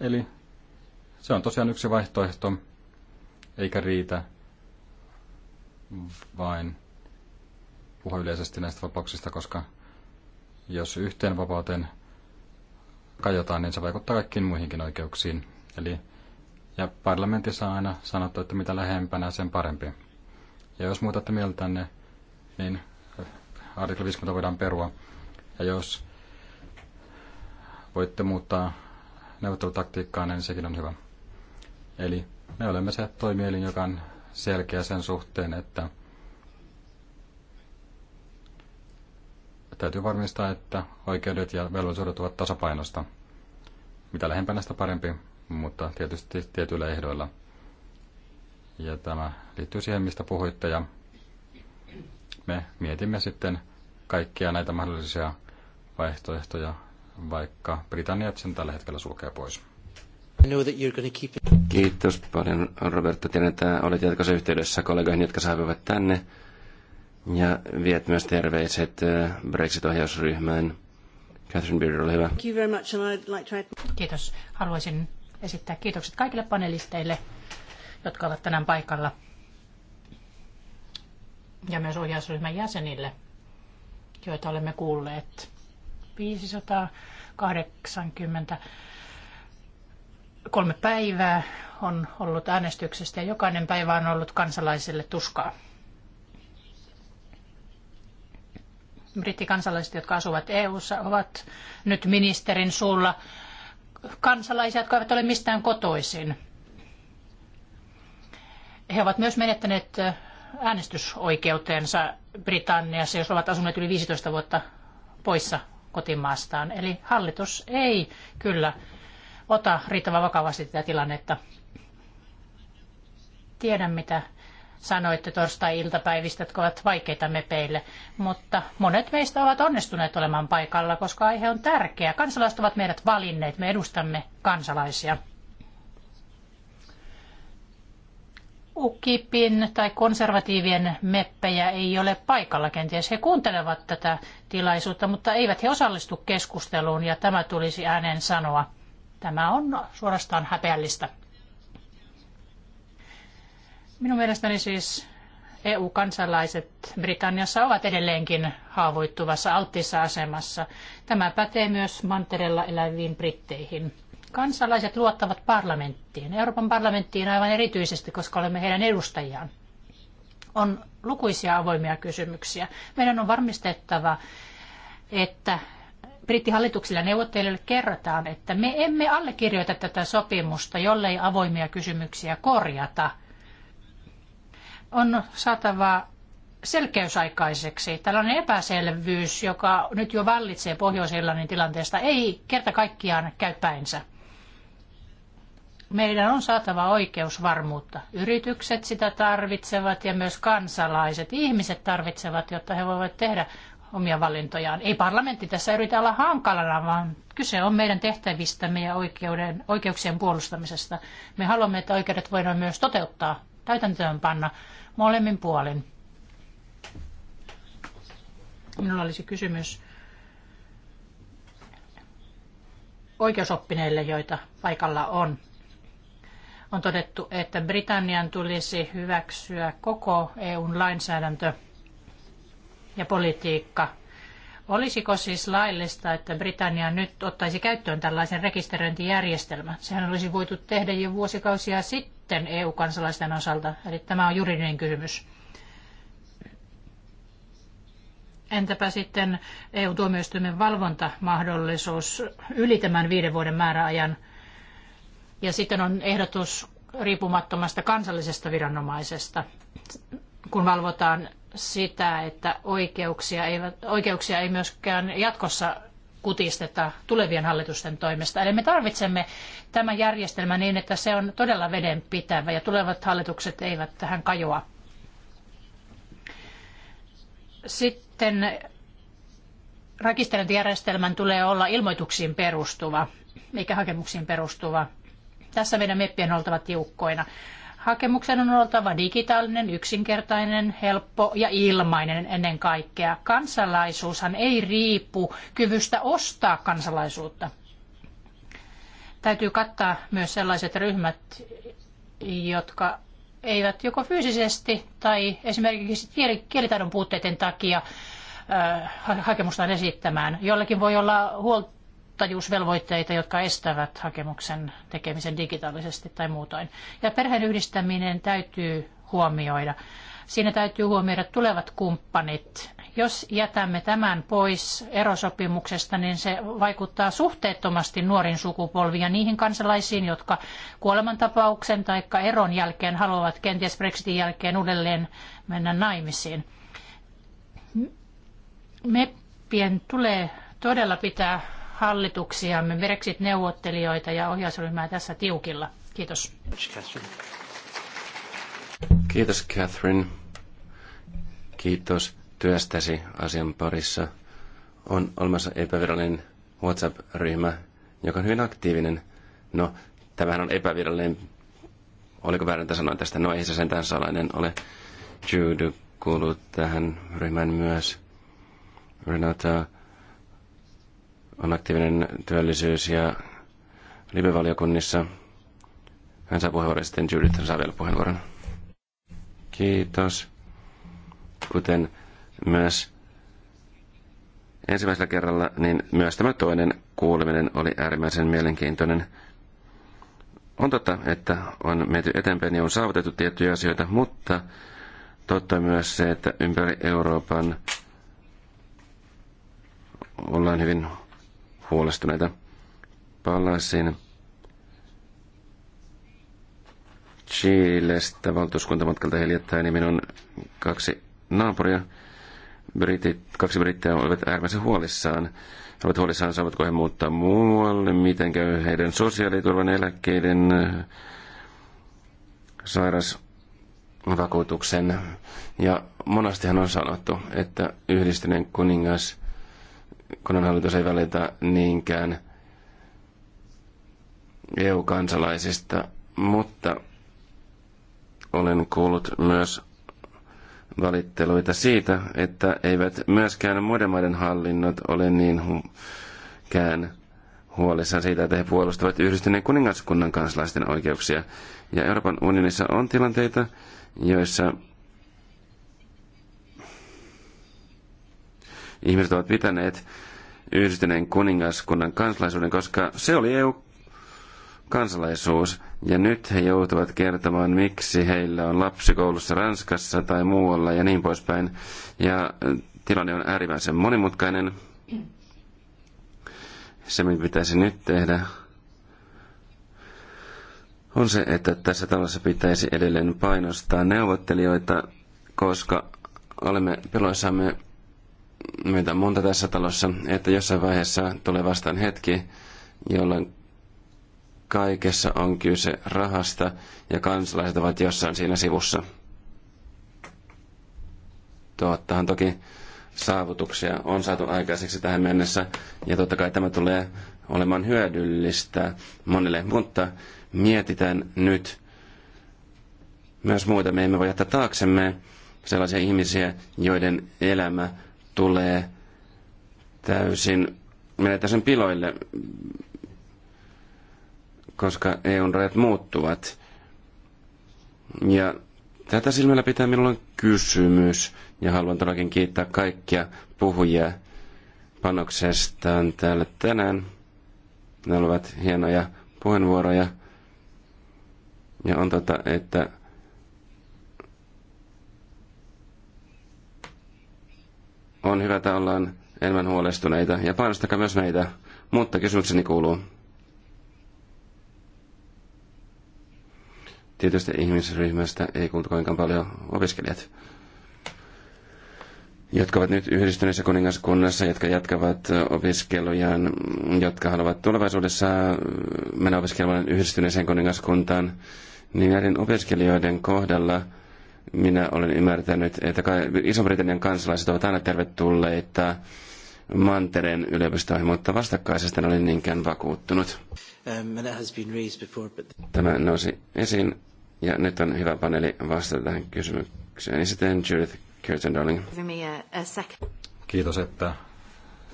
Eli se on tosiaan yksi vaihtoehto, eikä riitä vain puhua yleisesti näistä vapauksista, koska jos yhteen vapauteen kajotaan, niin se vaikuttaa kaikkiin muihinkin oikeuksiin. Eli, ja parlamentissa on aina sanottu, että mitä lähempänä, sen parempi. Ja jos muutatte mieltänne, niin artikla 50 voidaan perua. Ja jos voitte muuttaa neuvottelutaktiikkaa, niin sekin on hyvä. Eli me olemme se toimielin, joka on selkeä sen suhteen, että Täytyy varmistaa, että oikeudet ja velvollisuudet ovat tasapainosta. Mitä lähempänä sitä parempi, mutta tietysti tietyillä ehdoilla. Ja tämä liittyy siihen, mistä puhuitte. Ja me mietimme sitten kaikkia näitä mahdollisia vaihtoehtoja, vaikka britanniat sen tällä hetkellä sulkee pois. Kiitos paljon, Roberta. Tiedän, että olet jatkossa yhteydessä kollegoihin, jotka saapuvat tänne. Ja viet myös terveiset Brexit-ohjausryhmään. Catherine Beard, ole hyvä. Kiitos. Haluaisin esittää kiitokset kaikille panelisteille, jotka ovat tänään paikalla. Ja myös ohjausryhmän jäsenille, joita olemme kuulleet. 580 kolme päivää on ollut äänestyksestä ja jokainen päivä on ollut kansalaisille tuskaa. brittikansalaiset, jotka asuvat EU:ssa, ovat nyt ministerin suulla kansalaisia, jotka eivät ole mistään kotoisin. He ovat myös menettäneet äänestysoikeutensa Britanniassa, jos ovat asuneet yli 15 vuotta poissa kotimaastaan. Eli hallitus ei kyllä ota riittävän vakavasti tätä tilannetta. Tiedän, mitä sanoitte torstai-iltapäivistä, jotka ovat vaikeita mepeille. Mutta monet meistä ovat onnistuneet olemaan paikalla, koska aihe on tärkeä. Kansalaiset ovat meidät valinneet, me edustamme kansalaisia. UKIPin tai konservatiivien meppejä ei ole paikalla kenties. He kuuntelevat tätä tilaisuutta, mutta eivät he osallistu keskusteluun ja tämä tulisi ääneen sanoa. Tämä on suorastaan häpeällistä. Minun mielestäni siis EU-kansalaiset Britanniassa ovat edelleenkin haavoittuvassa alttiissa asemassa. Tämä pätee myös mantereella eläviin britteihin. Kansalaiset luottavat parlamenttiin, Euroopan parlamenttiin aivan erityisesti, koska olemme heidän edustajiaan. On lukuisia avoimia kysymyksiä. Meidän on varmistettava, että brittihallituksille ja neuvottelijoille kerrotaan, että me emme allekirjoita tätä sopimusta, jollei avoimia kysymyksiä korjata – on saatava selkeys aikaiseksi. Tällainen epäselvyys, joka nyt jo vallitsee Pohjois-Irlannin tilanteesta, ei kerta kaikkiaan käy päinsä. Meidän on saatava oikeusvarmuutta. Yritykset sitä tarvitsevat ja myös kansalaiset, ihmiset tarvitsevat, jotta he voivat tehdä omia valintojaan. Ei parlamentti tässä yritä olla hankalana, vaan kyse on meidän tehtävistämme ja oikeuden, oikeuksien puolustamisesta. Me haluamme, että oikeudet voidaan myös toteuttaa, täytäntöön panna molemmin puolin. Minulla olisi kysymys oikeusoppineille, joita paikalla on. On todettu, että Britannian tulisi hyväksyä koko EUn lainsäädäntö ja politiikka. Olisiko siis laillista, että Britannia nyt ottaisi käyttöön tällaisen rekisteröintijärjestelmän? Sehän olisi voitu tehdä jo vuosikausia sitten muiden EU-kansalaisten osalta. Eli tämä on juridinen kysymys. Entäpä sitten EU-tuomioistuimen valvontamahdollisuus yli tämän viiden vuoden määräajan? Ja sitten on ehdotus riippumattomasta kansallisesta viranomaisesta, kun valvotaan sitä, että oikeuksia ei, oikeuksia ei myöskään jatkossa kutisteta tulevien hallitusten toimesta. Eli me tarvitsemme tämän järjestelmän niin, että se on todella vedenpitävä ja tulevat hallitukset eivät tähän kajoa. Sitten rekisteröintijärjestelmän tulee olla ilmoituksiin perustuva, eikä hakemuksiin perustuva. Tässä meidän meppien on oltava tiukkoina. Hakemuksen on oltava digitaalinen, yksinkertainen, helppo ja ilmainen ennen kaikkea. Kansalaisuushan ei riipu kyvystä ostaa kansalaisuutta. Täytyy kattaa myös sellaiset ryhmät, jotka eivät joko fyysisesti tai esimerkiksi kielitaidon puutteiden takia hakemustaan esittämään. Jollakin voi olla huolta tajuusvelvoitteita, jotka estävät hakemuksen tekemisen digitaalisesti tai muutoin. Ja perheen yhdistäminen täytyy huomioida. Siinä täytyy huomioida tulevat kumppanit. Jos jätämme tämän pois erosopimuksesta, niin se vaikuttaa suhteettomasti nuorin sukupolviin ja niihin kansalaisiin, jotka kuolemantapauksen tai eron jälkeen haluavat kenties Brexitin jälkeen uudelleen mennä naimisiin. Meppien tulee todella pitää hallituksiamme, Brexit-neuvottelijoita ja ohjausryhmää tässä tiukilla. Kiitos. Kiitos Catherine. Kiitos työstäsi asian parissa. On olemassa epävirallinen WhatsApp-ryhmä, joka on hyvin aktiivinen. No, tämähän on epävirallinen. Oliko väärin, että sanoin tästä? No ei se sentään salainen ole. Jude kuuluu tähän ryhmään myös. Renata on aktiivinen työllisyys- ja live-valiokunnissa. Hän saa puheenvuoron sitten Judith saa vielä puheenvuoron. Kiitos. Kuten myös ensimmäisellä kerralla, niin myös tämä toinen kuuleminen oli äärimmäisen mielenkiintoinen. On totta, että on menty eteenpäin ja on saavutettu tiettyjä asioita, mutta totta myös se, että ympäri Euroopan ollaan hyvin huolestuneita. Palasin Chilestä valtuuskuntamatkalta hiljattain ja niin minun kaksi naapuria, britit, kaksi brittiä olivat äärimmäisen huolissaan. He ovat huolissaan, saavatko he muuttaa muualle, miten käy heidän sosiaaliturvan eläkkeiden sairasvakuutuksen. Ja monastihan on sanottu, että yhdistyneen kuningas kunnan hallitus ei välitä niinkään EU-kansalaisista, mutta olen kuullut myös valitteluita siitä, että eivät myöskään muiden maiden hallinnot ole niin hu- kään huolissaan siitä, että he puolustavat yhdistyneen kuningaskunnan kansalaisten oikeuksia. Ja Euroopan unionissa on tilanteita, joissa ihmiset ovat pitäneet yhdistyneen kuningaskunnan kansalaisuuden, koska se oli EU kansalaisuus. Ja nyt he joutuvat kertomaan, miksi heillä on lapsikoulussa Ranskassa tai muualla ja niin poispäin. Ja äh, tilanne on äärimmäisen monimutkainen. Se, mitä pitäisi nyt tehdä, on se, että tässä talossa pitäisi edelleen painostaa neuvottelijoita, koska olemme peloissamme meitä on monta tässä talossa, että jossain vaiheessa tulee vastaan hetki, jolloin kaikessa on kyse rahasta ja kansalaiset ovat jossain siinä sivussa. Tuottahan toki saavutuksia on saatu aikaiseksi tähän mennessä ja totta kai tämä tulee olemaan hyödyllistä monille, mutta mietitään nyt myös muita. Me emme voi jättää taaksemme sellaisia ihmisiä, joiden elämä tulee täysin, menee täysin piloille, koska EUn rajat muuttuvat. Ja tätä silmällä pitää minulla on kysymys, ja haluan todellakin kiittää kaikkia puhujia panoksestaan täällä tänään. Ne olivat hienoja puheenvuoroja. Ja on totta, että On hyvä, että ollaan enemmän huolestuneita ja painostakaa myös meitä. Mutta kysymykseni kuuluu. Tietysti ihmisryhmästä ei kuultu kovinkaan paljon opiskelijat, jotka ovat nyt yhdistyneessä kuningaskunnassa, jotka jatkavat opiskelujaan, jotka haluavat tulevaisuudessa mennä opiskelemaan yhdistyneeseen kuningaskuntaan, niin näiden opiskelijoiden kohdalla – minä olen ymmärtänyt, että Iso-Britannian kansalaiset ovat aina tervetulleita mantereen yliopistoihin, mutta vastakkaisesta en ole niinkään vakuuttunut. Um, Tämä nousi esiin, ja nyt on hyvä paneeli vastata tähän kysymykseen. sitten Judith Curtin, darling. Kiitos, että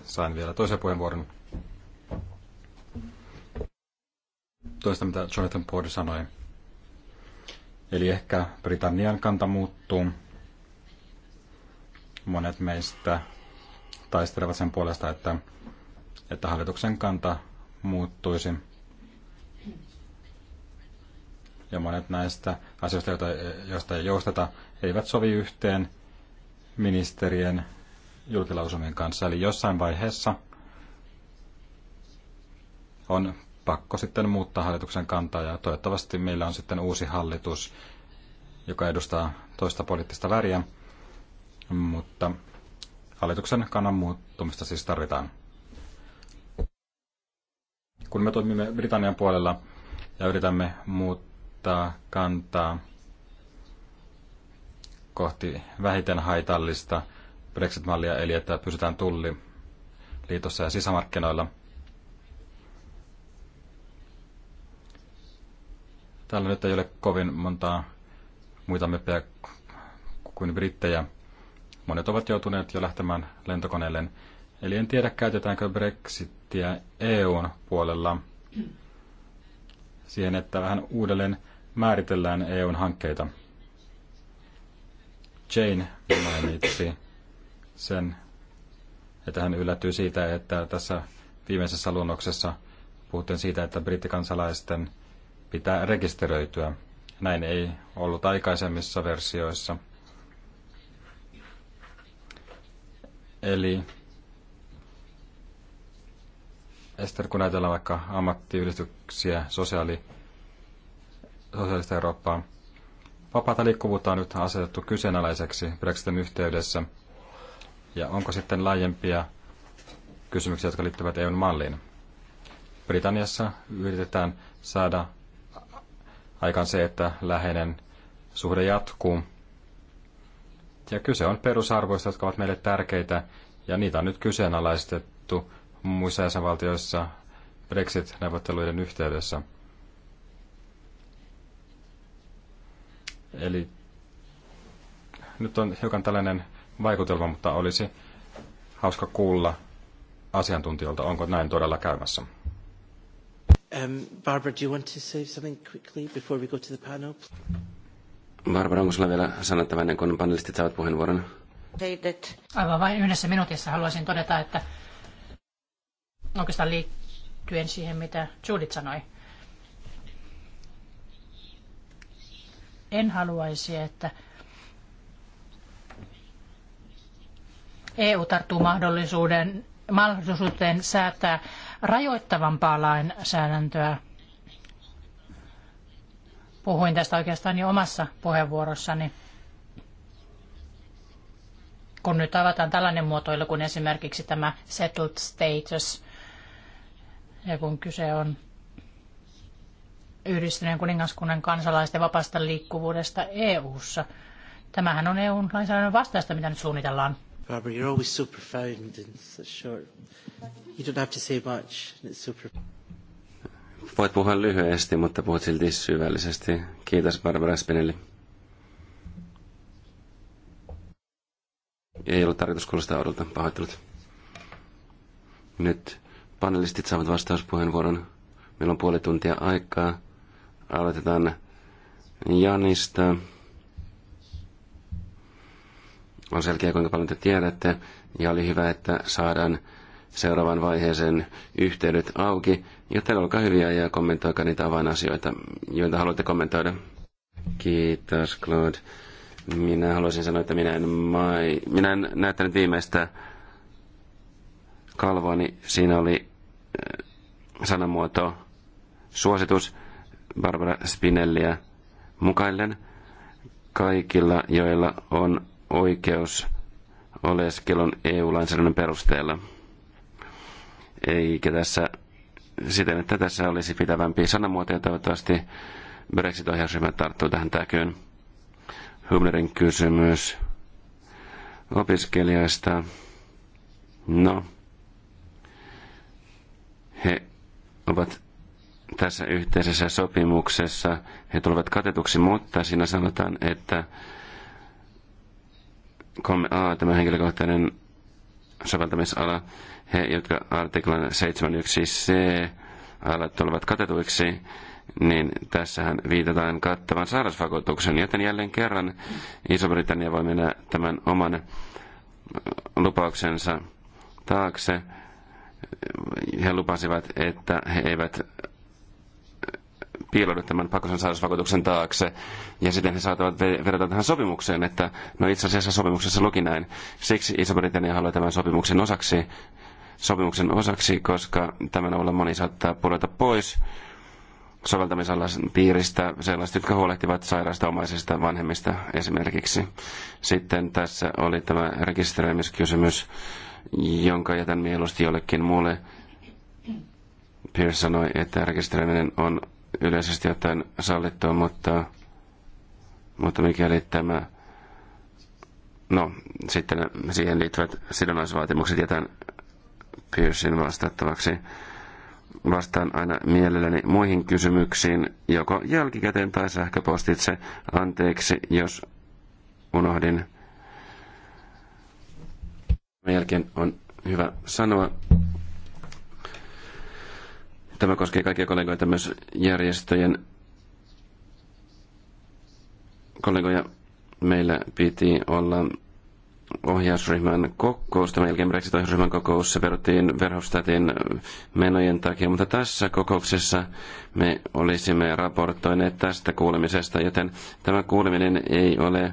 sain vielä toisen puheenvuoron. Toista, mitä Jonathan Porter sanoi. Eli ehkä Britannian kanta muuttuu. Monet meistä taistelevat sen puolesta, että, että hallituksen kanta muuttuisi. Ja monet näistä asioista, joita, joista ei jousteta, eivät sovi yhteen ministerien julkilausumien kanssa. Eli jossain vaiheessa on pakko sitten muuttaa hallituksen kantaa ja toivottavasti meillä on sitten uusi hallitus, joka edustaa toista poliittista väriä, mutta hallituksen kannan muuttumista siis tarvitaan. Kun me toimimme Britannian puolella ja yritämme muuttaa kantaa kohti vähiten haitallista Brexit-mallia, eli että pysytään tulli liitossa ja sisämarkkinoilla – Täällä nyt ei ole kovin montaa muita meppejä kuin brittejä. Monet ovat joutuneet jo lähtemään lentokoneelle. Eli en tiedä, käytetäänkö Brexittiä EUn puolella siihen, että vähän uudelleen määritellään EUn hankkeita. Jane mainitsi sen, että hän yllättyy siitä, että tässä viimeisessä luonnoksessa puhuttiin siitä, että brittikansalaisten pitää rekisteröityä. Näin ei ollut aikaisemmissa versioissa. Eli Ester, kun ajatellaan vaikka ammattiyhdistyksiä, sosiaali, sosiaalista Eurooppaa, vapaata liikkuvuutta on nyt asetettu kyseenalaiseksi Brexitin yhteydessä. Ja onko sitten laajempia kysymyksiä, jotka liittyvät EUn malliin? Britanniassa yritetään saada aikaan se, että läheinen suhde jatkuu. Ja kyse on perusarvoista, jotka ovat meille tärkeitä, ja niitä on nyt kyseenalaistettu muissa jäsenvaltioissa Brexit-neuvotteluiden yhteydessä. Eli nyt on hiukan tällainen vaikutelma, mutta olisi hauska kuulla asiantuntijoilta, onko näin todella käymässä. Um, Barbara, do you want to say something quickly before we go to the panel? Barbara, onko sulla vielä sanottava ennen kuin panelistit saavat puheenvuoron? Aivan vain yhdessä minuutissa haluaisin todeta, että oikeastaan liittyen siihen, mitä Judith sanoi. En haluaisi, että EU tarttuu mahdollisuuden, mahdollisuuteen säätää rajoittavampaa lainsäädäntöä. Puhuin tästä oikeastaan jo omassa puheenvuorossani. Kun nyt avataan tällainen muotoilu kuin esimerkiksi tämä settled status, ja kun kyse on yhdistyneen kuningaskunnan kansalaisten vapaasta liikkuvuudesta EU-ssa. Tämähän on EUn lainsäädännön vastaista, mitä nyt suunnitellaan. Barbara, you're always so profound in such short You don't have to say much. It's Voit puhua lyhyesti, mutta puhut silti syvällisesti. Kiitos Barbara Spinelli. Ei ollut tarkoitus kuulostaa odolta. Pahoittelut. Nyt panelistit saavat vastauspuheenvuoron. Meillä on puoli tuntia aikaa. Aloitetaan Janista. On selkeä, kuinka paljon te tiedätte. Ja oli hyvä, että saadaan seuraavan vaiheeseen yhteydet auki. ja teillä olkaa hyviä ja kommentoikaa niitä avainasioita, joita haluatte kommentoida. Kiitos Claude. Minä haluaisin sanoa, että minä en, mai... minä en näyttänyt viimeistä niin Siinä oli äh, sanamuoto suositus Barbara Spinelliä mukaillen. Kaikilla, joilla on oikeus oleskelun EU-lainsäädännön perusteella eikä tässä siten, että tässä olisi pitävämpi sanamuotoja. toivottavasti Brexit-ohjausryhmä tarttuu tähän täkyyn. Hubnerin kysymys opiskelijoista. No, he ovat tässä yhteisessä sopimuksessa, he tulevat katetuksi, mutta siinä sanotaan, että 3a, tämä henkilökohtainen soveltamisala, he, jotka artiklan 7.1c alat tulevat katetuiksi, niin tässähän viitataan kattavan sairausvakuutuksen, joten jälleen kerran Iso-Britannia voi mennä tämän oman äh, lupauksensa taakse. He lupasivat, että he eivät äh, piiloudu tämän pakollisen sairausvakuutuksen taakse. Ja sitten he saattavat verrata tähän sopimukseen, että no itse asiassa sopimuksessa luki näin. Siksi Iso-Britannia haluaa tämän sopimuksen osaksi sopimuksen osaksi, koska tämän avulla moni saattaa pudota pois soveltamisalan piiristä sellaiset, jotka huolehtivat sairaasta omaisista vanhemmista esimerkiksi. Sitten tässä oli tämä rekisteröimiskysymys, jonka jätän mieluusti jollekin muulle. Pierce sanoi, että rekisteröiminen on yleisesti jotain sallittua, mutta, mutta mikäli tämä No, sitten siihen liittyvät sidonnaisvaatimukset jätän pyysin vastattavaksi. Vastaan aina mielelläni muihin kysymyksiin, joko jälkikäteen tai sähköpostitse. Anteeksi, jos unohdin. Jälkeen on hyvä sanoa. Tämä koskee kaikkia kollegoita, myös järjestöjen kollegoja. Meillä piti olla ohjausryhmän kokousta. Melkein Brexit-ohjausryhmän kokous peruttiin Verhofstadtin menojen takia, mutta tässä kokouksessa me olisimme raportoineet tästä kuulemisesta, joten tämä kuuleminen ei ole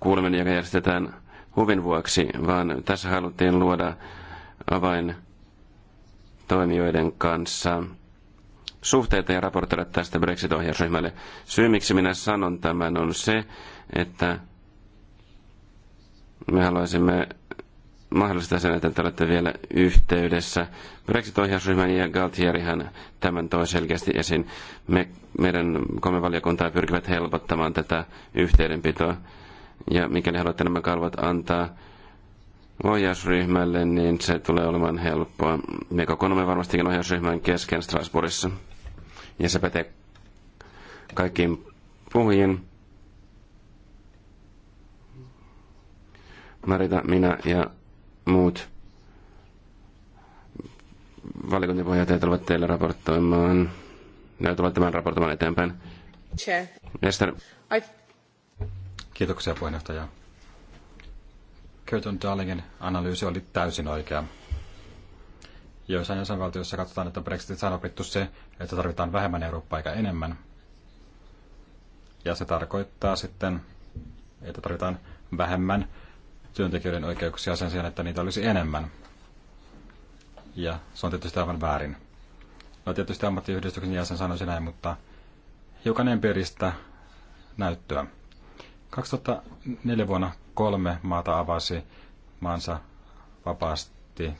kuuleminen, joka järjestetään huvin vuoksi, vaan tässä haluttiin luoda avain toimijoiden kanssa suhteita ja raportoida tästä Brexit-ohjausryhmälle. Syy, miksi minä sanon tämän, on se, että me haluaisimme mahdollistaa sen, että te olette vielä yhteydessä. Brexit-ohjausryhmän ja Galtierihan tämän toi selkeästi esiin. Me, meidän kolme valiokuntaa pyrkivät helpottamaan tätä yhteydenpitoa. Ja mikäli haluatte nämä kalvot antaa ohjausryhmälle, niin se tulee olemaan helppoa. Me kokoonnumme varmastikin ohjausryhmän kesken Strasbourgissa. Ja se pätee kaikkiin puhujiin. Marita, minä ja muut valiokuntien tulevat teille raportoimaan. Ne tulevat tämän raportoimaan eteenpäin. Chair. I... Kiitoksia puheenjohtaja. Kyrton Darlingin analyysi oli täysin oikea. Joissain jäsenvaltioissa katsotaan, että Brexitissä on opittu se, että tarvitaan vähemmän Eurooppaa eikä enemmän. Ja se tarkoittaa sitten, että tarvitaan vähemmän työntekijöiden oikeuksia sen sijaan, että niitä olisi enemmän. Ja se on tietysti aivan väärin. No tietysti ammattiyhdistyksen jäsen sanoisi näin, mutta hiukan empiiristä näyttöä. 2004 vuonna kolme maata avasi maansa vapaasti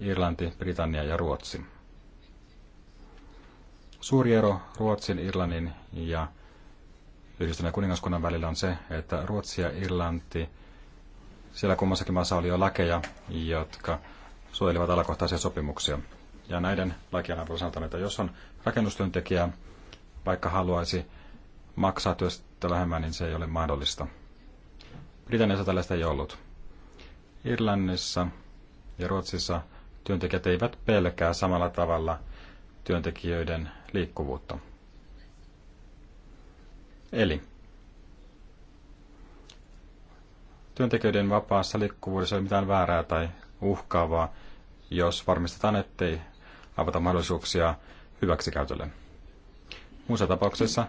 Irlanti, Britannia ja Ruotsi. Suuri ero Ruotsin, Irlannin ja Yhdistyneen kuningaskunnan välillä on se, että Ruotsi ja Irlanti – siellä kummassakin maassa oli jo lakeja, jotka suojelivat alakohtaisia sopimuksia. Ja näiden lakien avulla sanotaan, että jos on rakennustyöntekijä, vaikka haluaisi maksaa työstä vähemmän, niin se ei ole mahdollista. Britanniassa tällaista ei ollut. Irlannissa ja Ruotsissa työntekijät eivät pelkää samalla tavalla työntekijöiden liikkuvuutta. Eli Työntekijöiden vapaassa liikkuvuudessa ole mitään väärää tai uhkaavaa, jos varmistetaan, ettei avata mahdollisuuksia hyväksikäytölle. Muussa tapauksessa,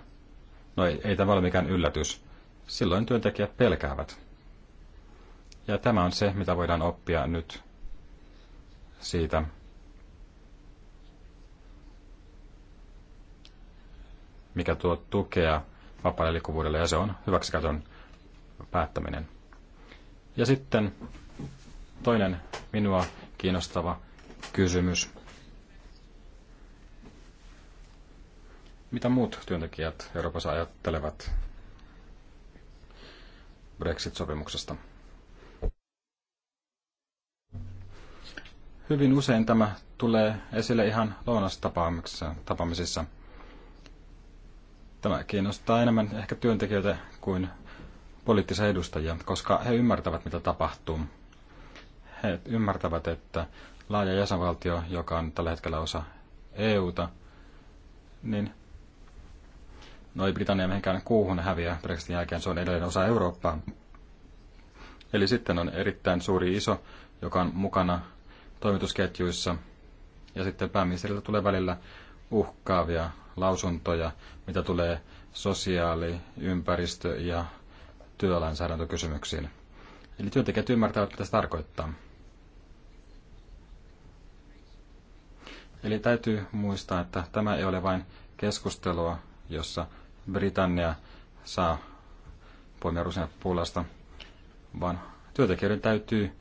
no ei, ei tämä ole mikään yllätys, silloin työntekijät pelkäävät. Ja tämä on se, mitä voidaan oppia nyt siitä. mikä tuo tukea vapaalle liikkuvuudelle, ja se on hyväksikäytön päättäminen. Ja sitten toinen minua kiinnostava kysymys. Mitä muut työntekijät Euroopassa ajattelevat Brexit-sopimuksesta? Hyvin usein tämä tulee esille ihan lounastapaamisissa. Tämä kiinnostaa enemmän ehkä työntekijöitä kuin poliittisia edustajia, koska he ymmärtävät, mitä tapahtuu. He ymmärtävät, että laaja jäsenvaltio, joka on tällä hetkellä osa EUta, niin no ei Britannia mihinkään kuuhun häviä Brexitin jälkeen, se on edelleen osa Eurooppaa. Eli sitten on erittäin suuri iso, joka on mukana toimitusketjuissa, ja sitten pääministeriltä tulee välillä uhkaavia lausuntoja, mitä tulee sosiaali-, ympäristö- ja työlainsäädäntökysymyksiin. Eli työntekijät ymmärtävät, mitä se tarkoittaa. Eli täytyy muistaa, että tämä ei ole vain keskustelua, jossa Britannia saa poimia rusinat pullasta, vaan työntekijöiden täytyy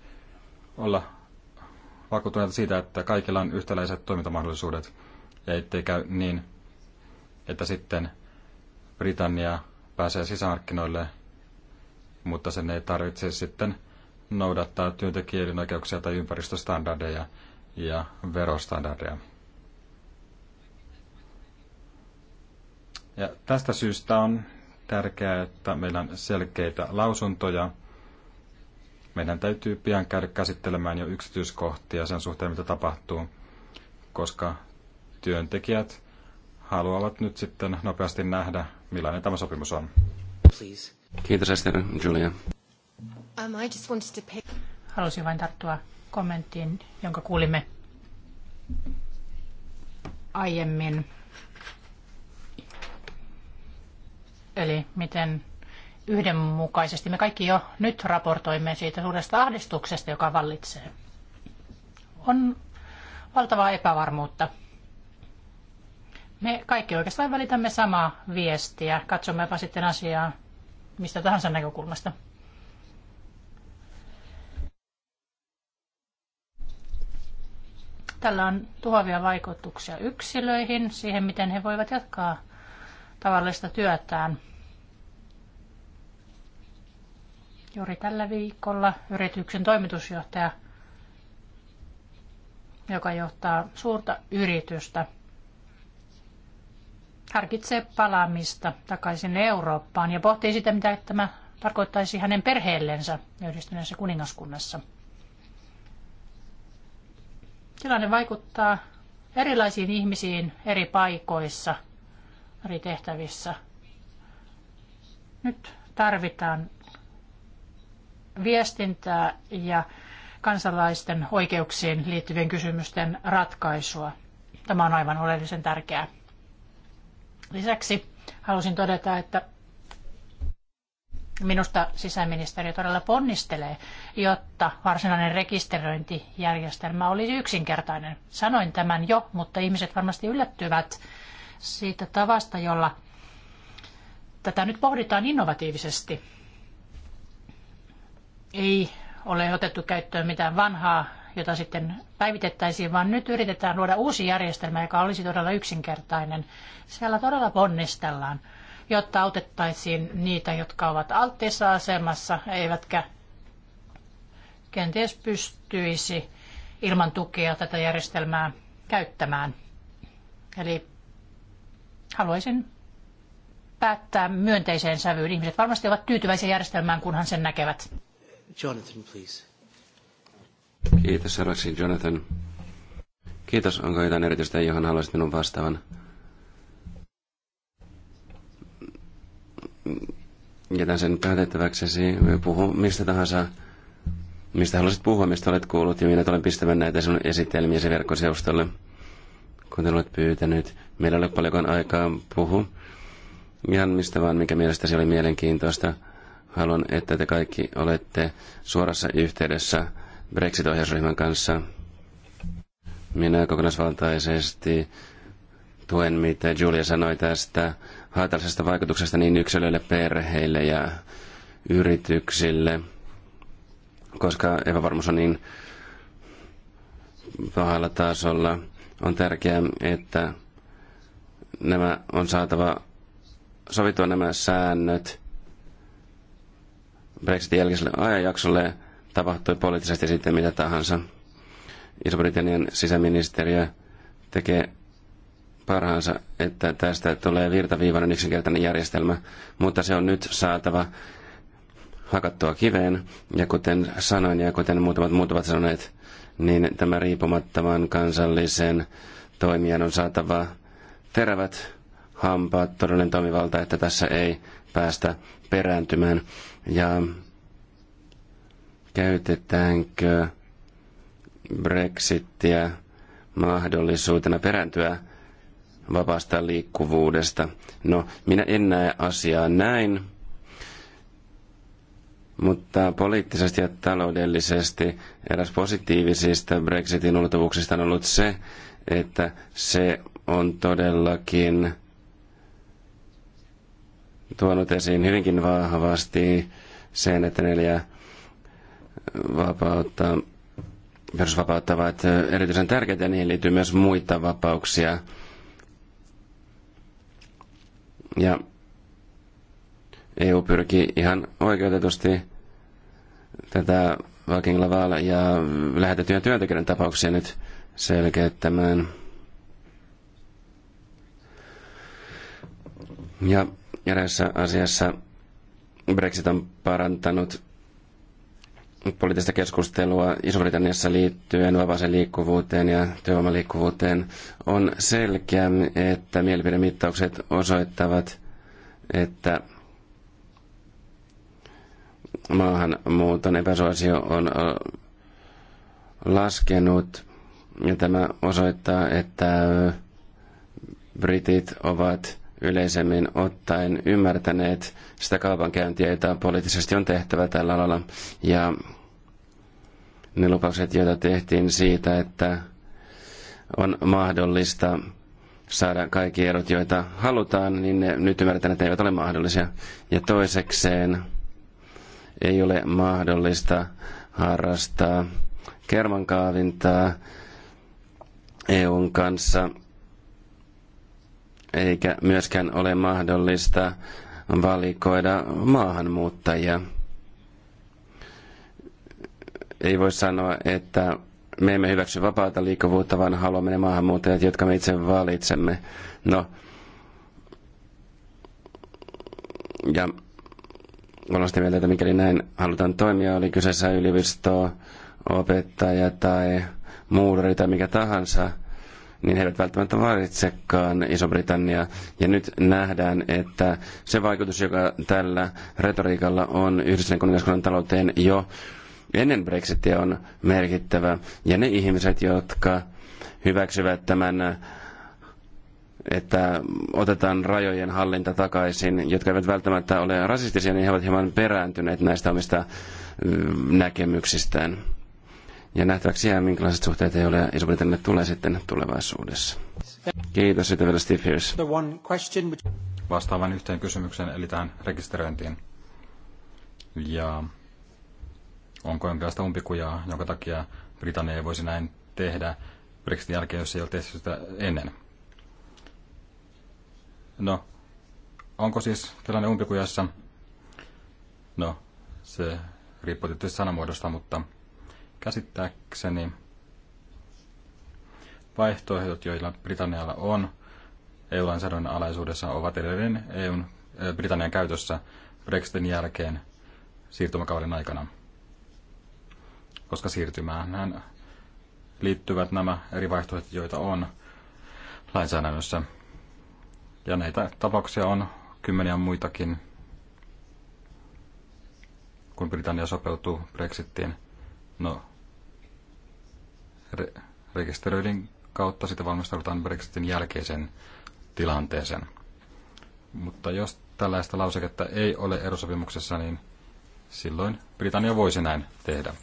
olla vakuuttuneita siitä, että kaikilla on yhtäläiset toimintamahdollisuudet ja ettei käy niin, että sitten Britannia pääsee sisämarkkinoille mutta sen ei tarvitse sitten noudattaa työntekijöiden oikeuksia tai ympäristöstandardeja ja verostandardeja. Ja tästä syystä on tärkeää, että meillä on selkeitä lausuntoja. Meidän täytyy pian käydä käsittelemään jo yksityiskohtia sen suhteen, mitä tapahtuu, koska työntekijät haluavat nyt sitten nopeasti nähdä, millainen tämä sopimus on. Please. Kiitos Esther, Julia. Um, I just wanted to pick... Halusin vain tarttua kommenttiin, jonka kuulimme aiemmin. Eli miten yhdenmukaisesti me kaikki jo nyt raportoimme siitä suuresta ahdistuksesta, joka vallitsee. On valtavaa epävarmuutta. Me kaikki oikeastaan välitämme samaa viestiä, katsommepa sitten asiaa mistä tahansa näkökulmasta. Tällä on tuhoavia vaikutuksia yksilöihin, siihen miten he voivat jatkaa tavallista työtään. Juuri tällä viikolla yrityksen toimitusjohtaja, joka johtaa suurta yritystä, harkitsee palaamista takaisin Eurooppaan ja pohtii sitä, mitä tämä tarkoittaisi hänen perheellensä yhdistyneessä kuningaskunnassa. Tilanne vaikuttaa erilaisiin ihmisiin eri paikoissa, eri tehtävissä. Nyt tarvitaan viestintää ja kansalaisten oikeuksiin liittyvien kysymysten ratkaisua. Tämä on aivan oleellisen tärkeää. Lisäksi halusin todeta, että minusta sisäministeriö todella ponnistelee, jotta varsinainen rekisteröintijärjestelmä olisi yksinkertainen. Sanoin tämän jo, mutta ihmiset varmasti yllättyvät siitä tavasta, jolla tätä nyt pohditaan innovatiivisesti. Ei ole otettu käyttöön mitään vanhaa, jota sitten päivitettäisiin, vaan nyt yritetään luoda uusi järjestelmä, joka olisi todella yksinkertainen. Siellä todella ponnistellaan, jotta autettaisiin niitä, jotka ovat alttiissa asemassa, eivätkä kenties pystyisi ilman tukea tätä järjestelmää käyttämään. Eli haluaisin päättää myönteiseen sävyyn. Ihmiset varmasti ovat tyytyväisiä järjestelmään, kunhan sen näkevät. Jonathan, please. Kiitos seuraavaksi Jonathan. Kiitos. Onko jotain erityistä, johon haluaisit minun vastaavan? Jätän sen päätettäväksesi. Puhu mistä tahansa, mistä haluaisit puhua, mistä olet kuullut. Ja minä tulen pistämään näitä sinun esitelmiäsi verkkoseustolle, kuten olet pyytänyt. Meillä ei ole paljonkaan aikaa puhua. Ihan mistä vaan, mikä mielestäsi oli mielenkiintoista. Haluan, että te kaikki olette suorassa yhteydessä Brexit-ohjausryhmän kanssa. Minä kokonaisvaltaisesti tuen, mitä Julia sanoi tästä haitallisesta vaikutuksesta niin yksilöille, perheille ja yrityksille, koska epävarmuus on niin pahalla tasolla. On tärkeää, että nämä on saatava sovittua nämä säännöt Brexitin jälkeiselle ajanjaksolle tapahtui poliittisesti sitten mitä tahansa. Iso-Britannian sisäministeriö tekee parhaansa, että tästä tulee virtaviivainen yksinkertainen järjestelmä, mutta se on nyt saatava hakattua kiveen, ja kuten sanoin, ja kuten muutamat muut ovat sanoneet, niin tämä riippumattoman kansallisen toimijan on saatava terävät hampaat, todellinen toimivalta, että tässä ei päästä perääntymään. Ja käytetäänkö Brexittiä mahdollisuutena perääntyä vapaasta liikkuvuudesta? No, minä en näe asiaa näin, mutta poliittisesti ja taloudellisesti eräs positiivisista Brexitin ulottuvuuksista on ollut se, että se on todellakin tuonut esiin hyvinkin vahvasti sen, että neljä vapautta, perusvapautta ovat erityisen tärkeitä ja niihin liittyy myös muita vapauksia. Ja EU pyrki ihan oikeutetusti tätä Viking Laval ja lähetettyjen työntekijöiden tapauksia nyt selkeyttämään. Ja eräässä asiassa Brexit on parantanut poliittista keskustelua Iso-Britanniassa liittyen vapaaseen liikkuvuuteen ja työvoimaliikkuvuuteen. On selkeä, että mielipidemittaukset osoittavat, että maahanmuuton epäsuosio on laskenut. Ja tämä osoittaa, että britit ovat yleisemmin ottaen ymmärtäneet sitä kaupankäyntiä, jota poliittisesti on tehtävä tällä alalla. Ja ne lupaukset, joita tehtiin siitä, että on mahdollista saada kaikki erot, joita halutaan, niin ne nyt ymmärretään, että ne eivät ole mahdollisia. Ja toisekseen ei ole mahdollista harrastaa kermankaavintaa EUn kanssa eikä myöskään ole mahdollista valikoida maahanmuuttajia. Ei voi sanoa, että me emme hyväksy vapaata liikkuvuutta, vaan haluamme ne maahanmuuttajat, jotka me itse valitsemme. No, ja olen sitä mieltä, että mikäli näin halutaan toimia, oli kyseessä yliopisto, opettaja tai muurari tai mikä tahansa, niin he eivät välttämättä valitsekaan Iso-Britannia. Ja nyt nähdään, että se vaikutus, joka tällä retoriikalla on Yhdistyneen kuningaskunnan talouteen jo ennen Brexitia on merkittävä. Ja ne ihmiset, jotka hyväksyvät tämän että otetaan rajojen hallinta takaisin, jotka eivät välttämättä ole rasistisia, niin he ovat hieman perääntyneet näistä omista mm, näkemyksistään. Ja nähtäväksi jää, minkälaiset suhteet ei ole iso tulee sitten tulevaisuudessa. Kiitos, sitten vielä Steve Hughes. Vastaavan yhteen kysymykseen, eli tähän rekisteröintiin. Ja onko jonkinlaista umpikujaa, jonka takia Britannia ei voisi näin tehdä Brexitin jälkeen, jos ei ole tehty sitä ennen? No, onko siis tällainen umpikujassa? No, se riippuu tietysti sanamuodosta, mutta Käsittääkseni vaihtoehdot, joilla Britannialla on EU-lainsäädännön alaisuudessa, ovat edelleen EUn, Britannian käytössä Brexitin jälkeen siirtymäkauden aikana. Koska siirtymään liittyvät nämä eri vaihtoehdot, joita on lainsäädännössä. Ja näitä tapauksia on kymmeniä muitakin, kun Britannia sopeutuu Brexittiin. No, re- rekisteröidin kautta sitä valmistaudutaan Brexitin jälkeisen tilanteeseen. Mutta jos tällaista lauseketta ei ole erosopimuksessa, niin silloin Britannia voisi näin tehdä.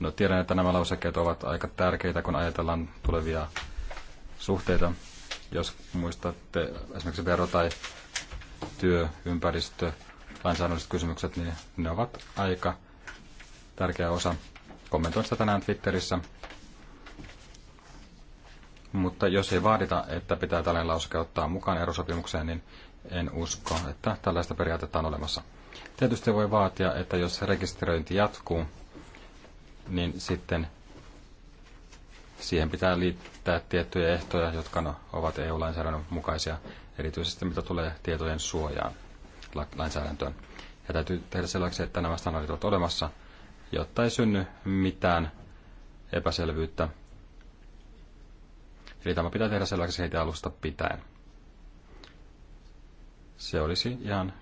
No tiedän, että nämä lausekkeet ovat aika tärkeitä, kun ajatellaan tulevia suhteita. Jos muistatte esimerkiksi vero- tai työympäristö, lainsäädännölliset kysymykset, niin ne ovat aika tärkeä osa Kommentoin sitä tänään Twitterissä. Mutta jos ei vaadita, että pitää tällainen lauseke ottaa mukaan erosopimukseen, niin en usko, että tällaista periaatetta on olemassa. Tietysti voi vaatia, että jos rekisteröinti jatkuu, niin sitten siihen pitää liittää tiettyjä ehtoja, jotka no ovat EU-lainsäädännön mukaisia, erityisesti mitä tulee tietojen suojaan lainsäädäntöön. Ja täytyy tehdä selväksi, että nämä standardit ovat olemassa, jotta ei synny mitään epäselvyyttä. Eli tämä pitää tehdä selväksi heti alusta pitäen. Se olisi ihan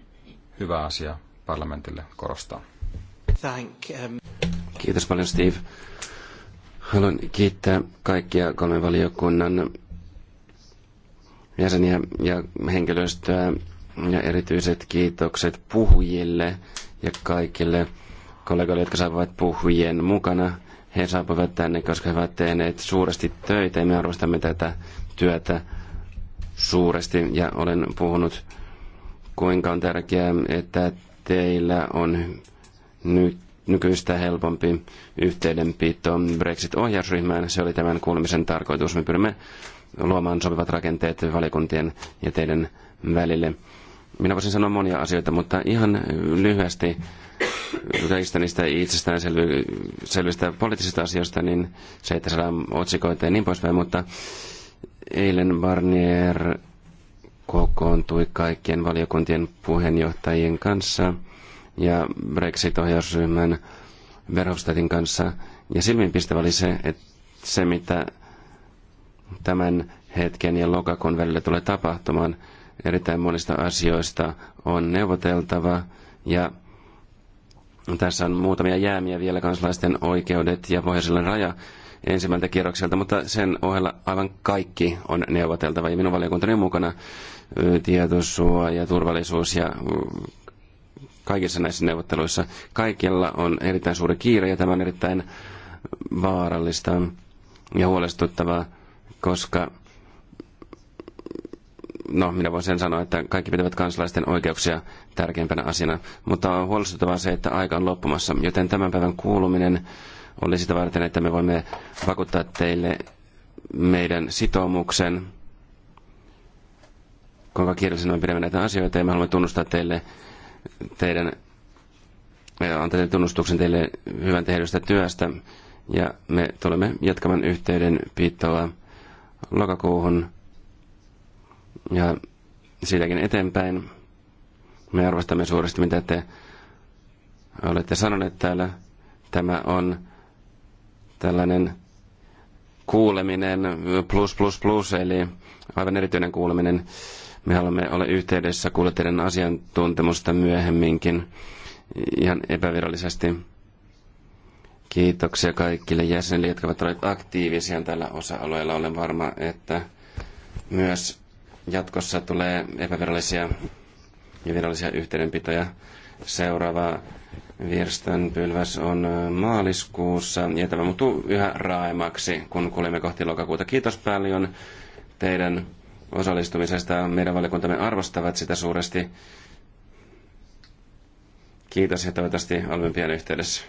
hyvä asia parlamentille korostaa. Thank, um... Kiitos paljon Steve. Haluan kiittää kaikkia kolmen valiokunnan jäseniä ja henkilöstöä ja erityiset kiitokset puhujille ja kaikille kollegoille, jotka saapuvat puhujien mukana. He saapuvat tänne, koska he ovat tehneet suuresti töitä ja me arvostamme tätä työtä suuresti. Ja olen puhunut, kuinka on tärkeää, että teillä on nyt nykyistä helpompi yhteydenpito Brexit-ohjausryhmään. Se oli tämän kuulemisen tarkoitus. Me pyrimme luomaan sopivat rakenteet valiokuntien ja teidän välille. Minä voisin sanoa monia asioita, mutta ihan lyhyesti kaikista niistä selvistä poliittisista asioista, niin se, että saadaan otsikoita ja niin poispäin, mutta eilen Barnier kokoontui kaikkien valiokuntien puheenjohtajien kanssa ja Brexit-ohjausryhmän Verhofstadtin kanssa. Ja silmiinpistävä oli se, että se mitä tämän hetken ja lokakuun välillä tulee tapahtumaan, Erittäin monista asioista on neuvoteltava ja tässä on muutamia jäämiä vielä kansalaisten oikeudet ja pohjoisella raja ensimmäiseltä kierrokselta, mutta sen ohella aivan kaikki on neuvoteltava. Ja minun valiokuntani on mukana tietosuoja, turvallisuus ja kaikissa näissä neuvotteluissa. Kaikilla on erittäin suuri kiire ja tämä on erittäin vaarallista ja huolestuttavaa, koska no, minä voin sen sanoa, että kaikki pitävät kansalaisten oikeuksia tärkeimpänä asiana, mutta on huolestuttavaa se, että aika on loppumassa, joten tämän päivän kuuluminen oli sitä varten, että me voimme vakuuttaa teille meidän sitoumuksen, kuinka kiireellisenä me pidämme näitä asioita, ja me haluamme tunnustaa teille teidän, antaa teille tunnustuksen teille hyvän tehdystä työstä, ja me tulemme jatkamaan yhteydenpitoa lokakuuhun ja siitäkin eteenpäin me arvostamme suuresti, mitä te olette sanoneet täällä. Tämä on tällainen kuuleminen plus plus plus, eli aivan erityinen kuuleminen. Me haluamme olla yhteydessä kuljettajien asiantuntemusta myöhemminkin ihan epävirallisesti. Kiitoksia kaikille jäsenille, jotka ovat olleet aktiivisia tällä osa-alueella. Olen varma, että myös Jatkossa tulee epävirallisia ja virallisia yhteydenpitoja. Seuraava virstanpylväs on maaliskuussa ja tämä muuttuu yhä raaemmaksi, kun kuljemme kohti lokakuuta. Kiitos paljon teidän osallistumisesta. Meidän valiokuntamme arvostavat sitä suuresti. Kiitos ja toivottavasti olemme pian yhteydessä.